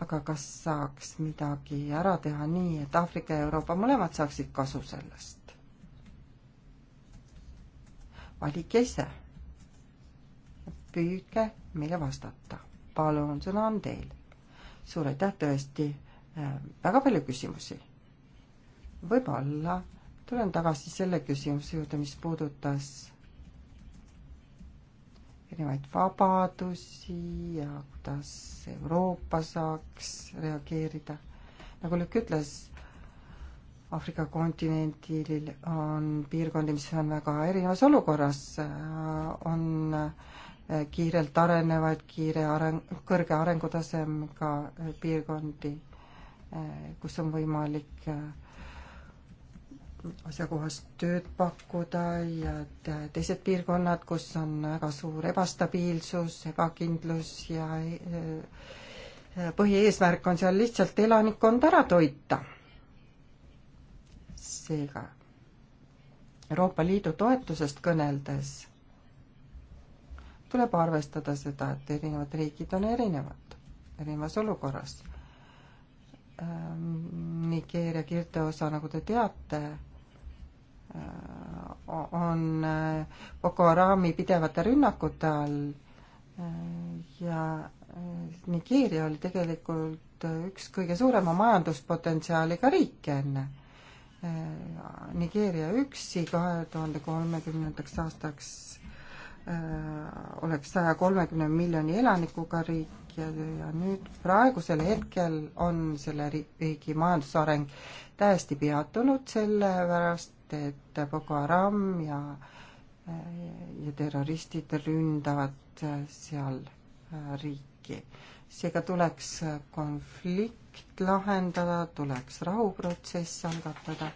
aga kas saaks midagi ära teha nii, et Aafrika ja Euroopa mõlemad saaksid kasu sellest? valige ise. püüdke meile vastata. palun, sõna on teil. suur aitäh, tõesti äh, väga palju küsimusi. võib-olla tulen tagasi selle küsimuse juurde, mis puudutas erinevaid vabadusi ja kuidas Euroopa saaks reageerida. nagu Lükk ütles, Aafrika kontinendil on piirkondi, mis on väga erinevas olukorras, on kiirelt arenevaid, kiire areng, kõrge arengutasemega piirkondi, kus on võimalik asjakohast tööd pakkuda ja teised piirkonnad, kus on väga suur ebastabiilsus, ebakindlus ja eh, põhieesmärk on seal lihtsalt elanikkond ära toita. seega Euroopa Liidu toetusest kõneldes tuleb arvestada seda, et erinevad riigid on erinevad, erinevas olukorras ehm, Nigeeria kirdeosa, nagu te teate, Äh, on äh, Boko Harami pidevate rünnakute all äh, ja Nigeeria oli tegelikult üks kõige suurema majanduspotentsiaaliga riike enne. Nigeeria üksi kahe tuhande kolmekümnendaks aastaks oleks saja kolmekümne miljoni elanikuga riik ja, ja nüüd praegusel hetkel on selle riigi majandusareng täiesti peatunud, sellepärast et, et Boko Haram ja ja terroristid ründavad seal äh, riiki. seega tuleks konflikt lahendada, tuleks rahuprotsess algatada,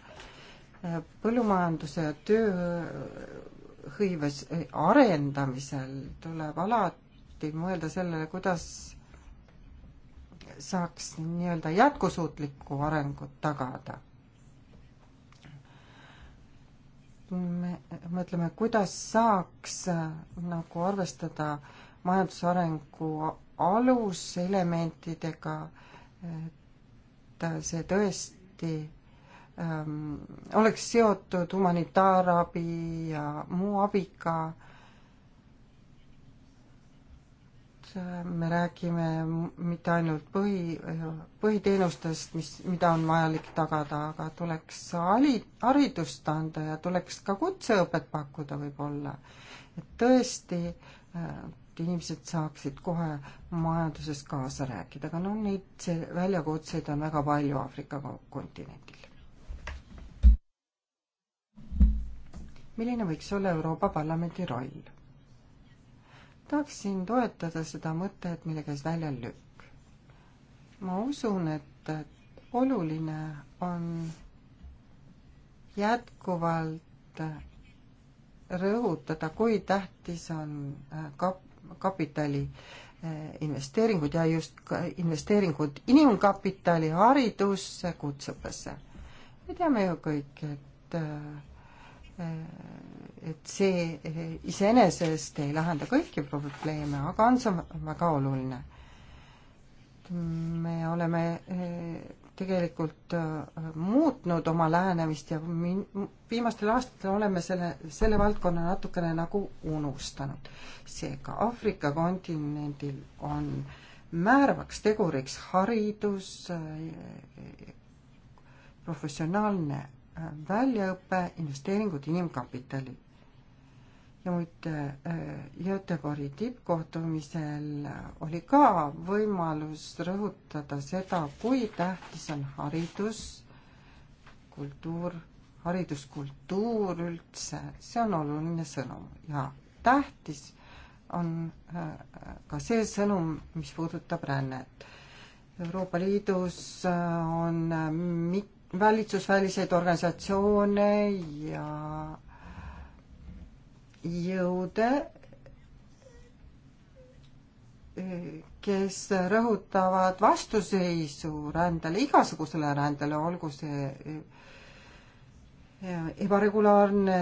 äh, põllumajanduse ja tööhõives äh, arendamisel tuleb alati mõelda sellele, kuidas saaks nii-öelda jätkusuutlikku arengut tagada me mõtleme, kuidas saaks äh, nagu arvestada majandusarengu aluselementidega, et äh, see tõesti ähm, oleks seotud humanitaarabi ja muu abiga äh, me räägime mitte ainult põhi, põhiteenustest, mis, mida on vajalik tagada, aga tuleks ali-, haridust anda ja tuleks ka kutseõpet pakkuda võib-olla. et tõesti, et inimesed saaksid kohe majanduses kaasa rääkida, aga noh, neid, see väljakutseid on väga palju Aafrika kontinendil. milline võiks olla Euroopa Parlamendi roll? tahaksin toetada seda mõtet, mille käis välja Lükk. ma usun, et oluline on jätkuvalt rõhutada, kui tähtis on äh, kap-, kapitali äh, investeeringud ja just ka investeeringud inimkapitali haridusse, kutseõppesse. me teame ju kõik, et äh, et see eh, iseenesest ei lahenda kõiki probleeme, aga on see väga oluline. me oleme eh, tegelikult eh, muutnud oma lähenemist ja min-, viimastel aastatel oleme selle, selle valdkonna natukene nagu unustanud. seega Aafrika kontinendil on määravaks teguriks haridus, professionaalne väljaõpe, investeeringud inimkapitali ja muide äh, Göteborgi tippkohtumisel oli ka võimalus rõhutada seda, kui tähtis on haridus, kultuur, hariduskultuur üldse, see on oluline sõnum ja tähtis on äh, ka see sõnum, mis puudutab rännet. Euroopa Liidus äh, on mit-, valitsusväliseid organisatsioone ja jõude, kes rõhutavad vastuseisu rändele, igasugusele rändele, olgu see ebaregulaarne,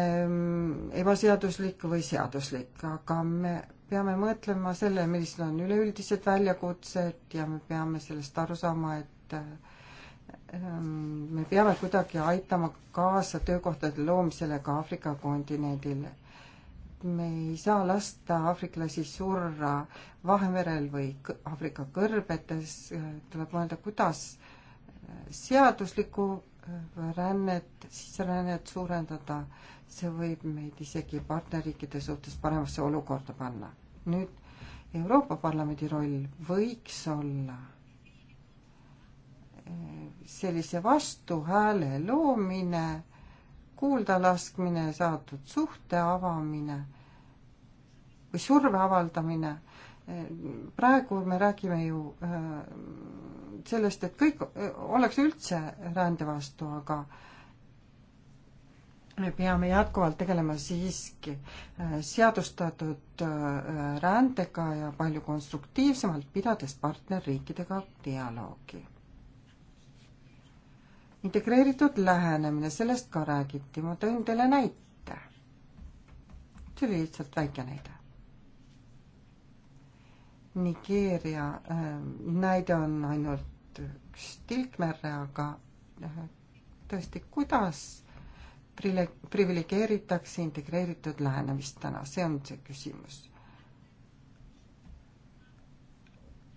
ebaseaduslik või seaduslik, aga me peame mõtlema selle, millised on üleüldised väljakutsed ja me peame sellest aru saama, et ähm, me peame kuidagi aitama kaasa töökohtade loomisele ka Aafrika kontinendil me ei saa lasta aafriklasi surra Vahemerel või Aafrika kõrbetes, tuleb mõelda, kuidas äh, seaduslikku äh, rännet, sisserännet suurendada, see võib meid isegi partnerriikide suhtes paremasse olukorda panna. nüüd Euroopa Parlamendi roll võiks olla äh, sellise vastuhääle loomine kuuldalaskmine, saadud suhte avamine või surve avaldamine. praegu me räägime ju äh, sellest, et kõik äh, oleks üldse rände vastu, aga me peame jätkuvalt tegelema siiski äh, seadustatud rändega ja palju konstruktiivsemalt, pidades partnerriikidega dialoogi integreeritud lähenemine, sellest ka räägiti, ma tõin teile näite. see oli lihtsalt väike näide. Nigeeria ähm, näide on ainult üks tilkmerre, aga äh, tõesti, kuidas priviligeeritakse integreeritud lähenemist täna, see on see küsimus.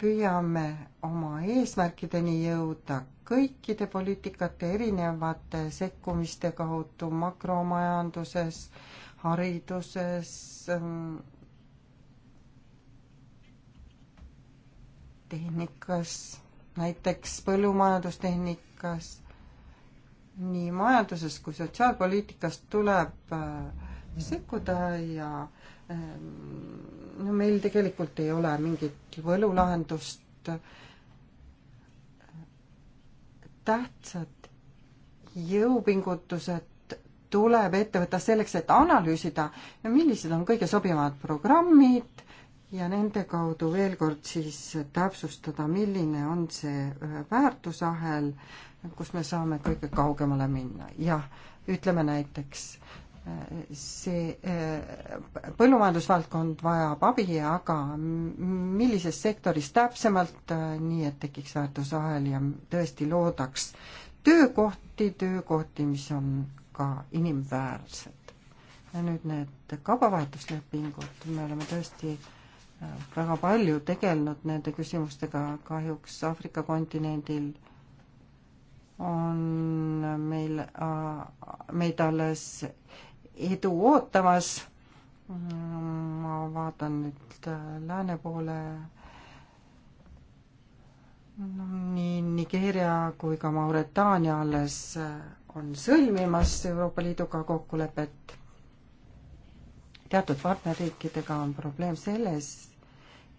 püüame oma eesmärkideni jõuda kõikide poliitikate erinevate sekkumiste kaudu makromajanduses, hariduses, ähm, tehnikas, näiteks põllumajandustehnikas, nii majanduses kui sotsiaalpoliitikas tuleb äh, sekkuda ja ähm, no meil tegelikult ei ole mingit võlulahendust äh, tähtsad jõupingutused tuleb ette võtta selleks, et analüüsida, millised on kõige sobivamad programmid ja nende kaudu veel kord siis täpsustada, milline on see äh, väärtusahel, kus me saame kõige kaugemale minna. jah, ütleme näiteks see äh, põllumajandusvaldkond vajab abi, aga millises sektoris täpsemalt, äh, nii et tekiks väärtusahel ja tõesti loodaks töökohti, töökohti, mis on ka inimväärsed. ja nüüd need kaubavahetuslepingud, me oleme tõesti äh, väga palju tegelenud nende küsimustega, kahjuks Aafrika kontinendil on meil, meid alles edu ootamas. ma vaatan nüüd äh, lääne poole. no nii Nigeeria kui ka Mauritaania alles äh, on sõlmimas Euroopa Liiduga kokkulepet. teatud partnerriikidega on probleem selles,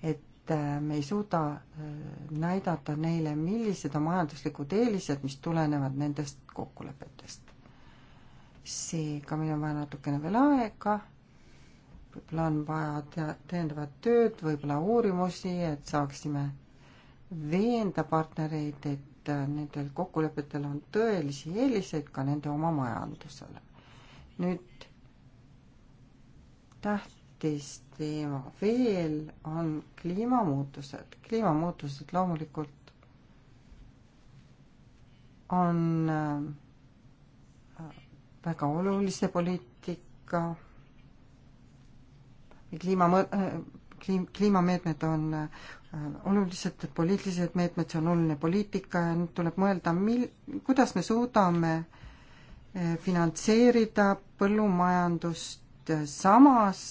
et äh, me ei suuda näidata neile, millised on majanduslikud eelised, mis tulenevad nendest kokkulepetest seega meil on vaja natukene veel aega, võib-olla on vaja tea-, täiendavat tööd, võib-olla uurimusi, et saaksime veenda partnereid, et äh, nendel kokkulepetel on tõelisi eeliseid ka nende oma majandusele. nüüd tähtis teema veel on kliimamuutused. kliimamuutused loomulikult on äh, väga olulise poliitika. kliima, äh, kliim-, kliimameetmed on äh, olulised poliitilised meetmed, see on oluline poliitika ja nüüd tuleb mõelda, mil-, kuidas me suudame äh, finantseerida põllumajandust samas,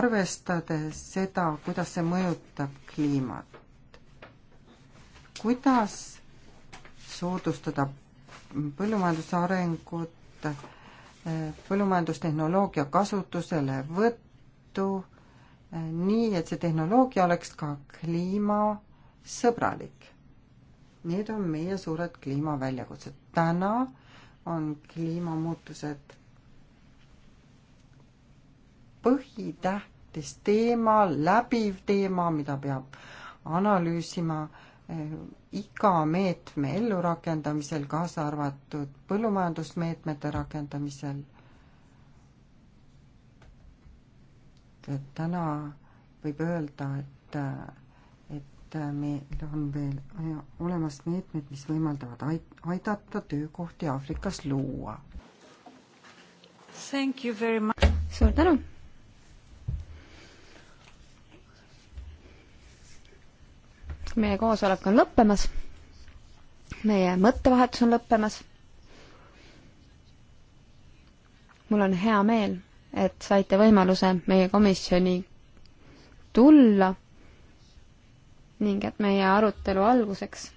arvestades seda, kuidas see mõjutab kliimat. kuidas soodustada põllumajanduse arengut põllumajandustehnoloogia kasutuselevõttu eh, nii, et see tehnoloogia oleks ka kliimasõbralik. Need on meie suured kliimaväljakutsed. täna on kliimamuutused põhitähtis teema, läbiv teema, mida peab analüüsima äh, Eh, iga meetme ellurakendamisel, kaasa arvatud põllumajandusmeetmete rakendamisel. et täna võib öelda, et, et meil on veel olemas meetmed, mis võimaldavad aidata töökohti Aafrikas luua. suur tänu! meie koosolek on lõppemas. meie mõttevahetus on lõppemas. mul on hea meel, et saite võimaluse meie komisjoni tulla ning et meie arutelu alguseks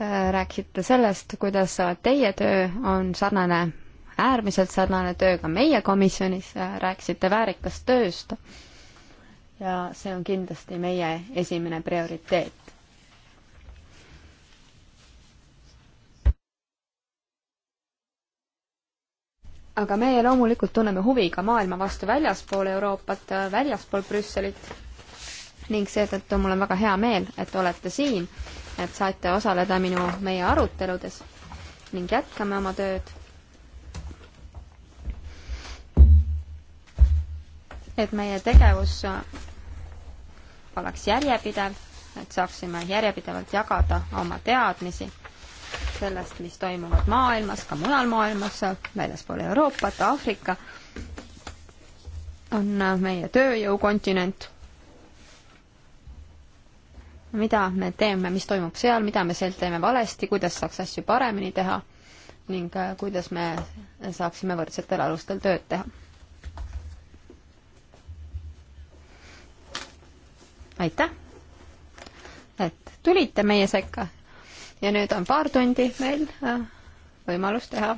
rääkisite sellest, kuidas teie töö on sarnane äärmiselt sarnane tööga meie komisjonis, rääkisite väärikast tööst ja see on kindlasti meie esimene prioriteet. aga meie loomulikult tunneme huvi ka maailma vastu väljaspool Euroopat, väljaspool Brüsselit ning seetõttu mul on väga hea meel, et olete siin, et saate osaleda minu, meie aruteludes ning jätkame oma tööd et meie tegevus oleks järjepidev, et saaksime järjepidevalt jagada oma teadmisi sellest, mis toimuvad maailmas, ka mujal maailmas, väljaspool Euroopat, Aafrika, on meie tööjõukontinent. mida me teeme, mis toimub seal, mida me seal teeme valesti, kuidas saaks asju paremini teha ning kuidas me saaksime võrdsetel alustel tööd teha aitäh, et tulite meie sekka. ja nüüd on paar tundi meil äh, võimalus teha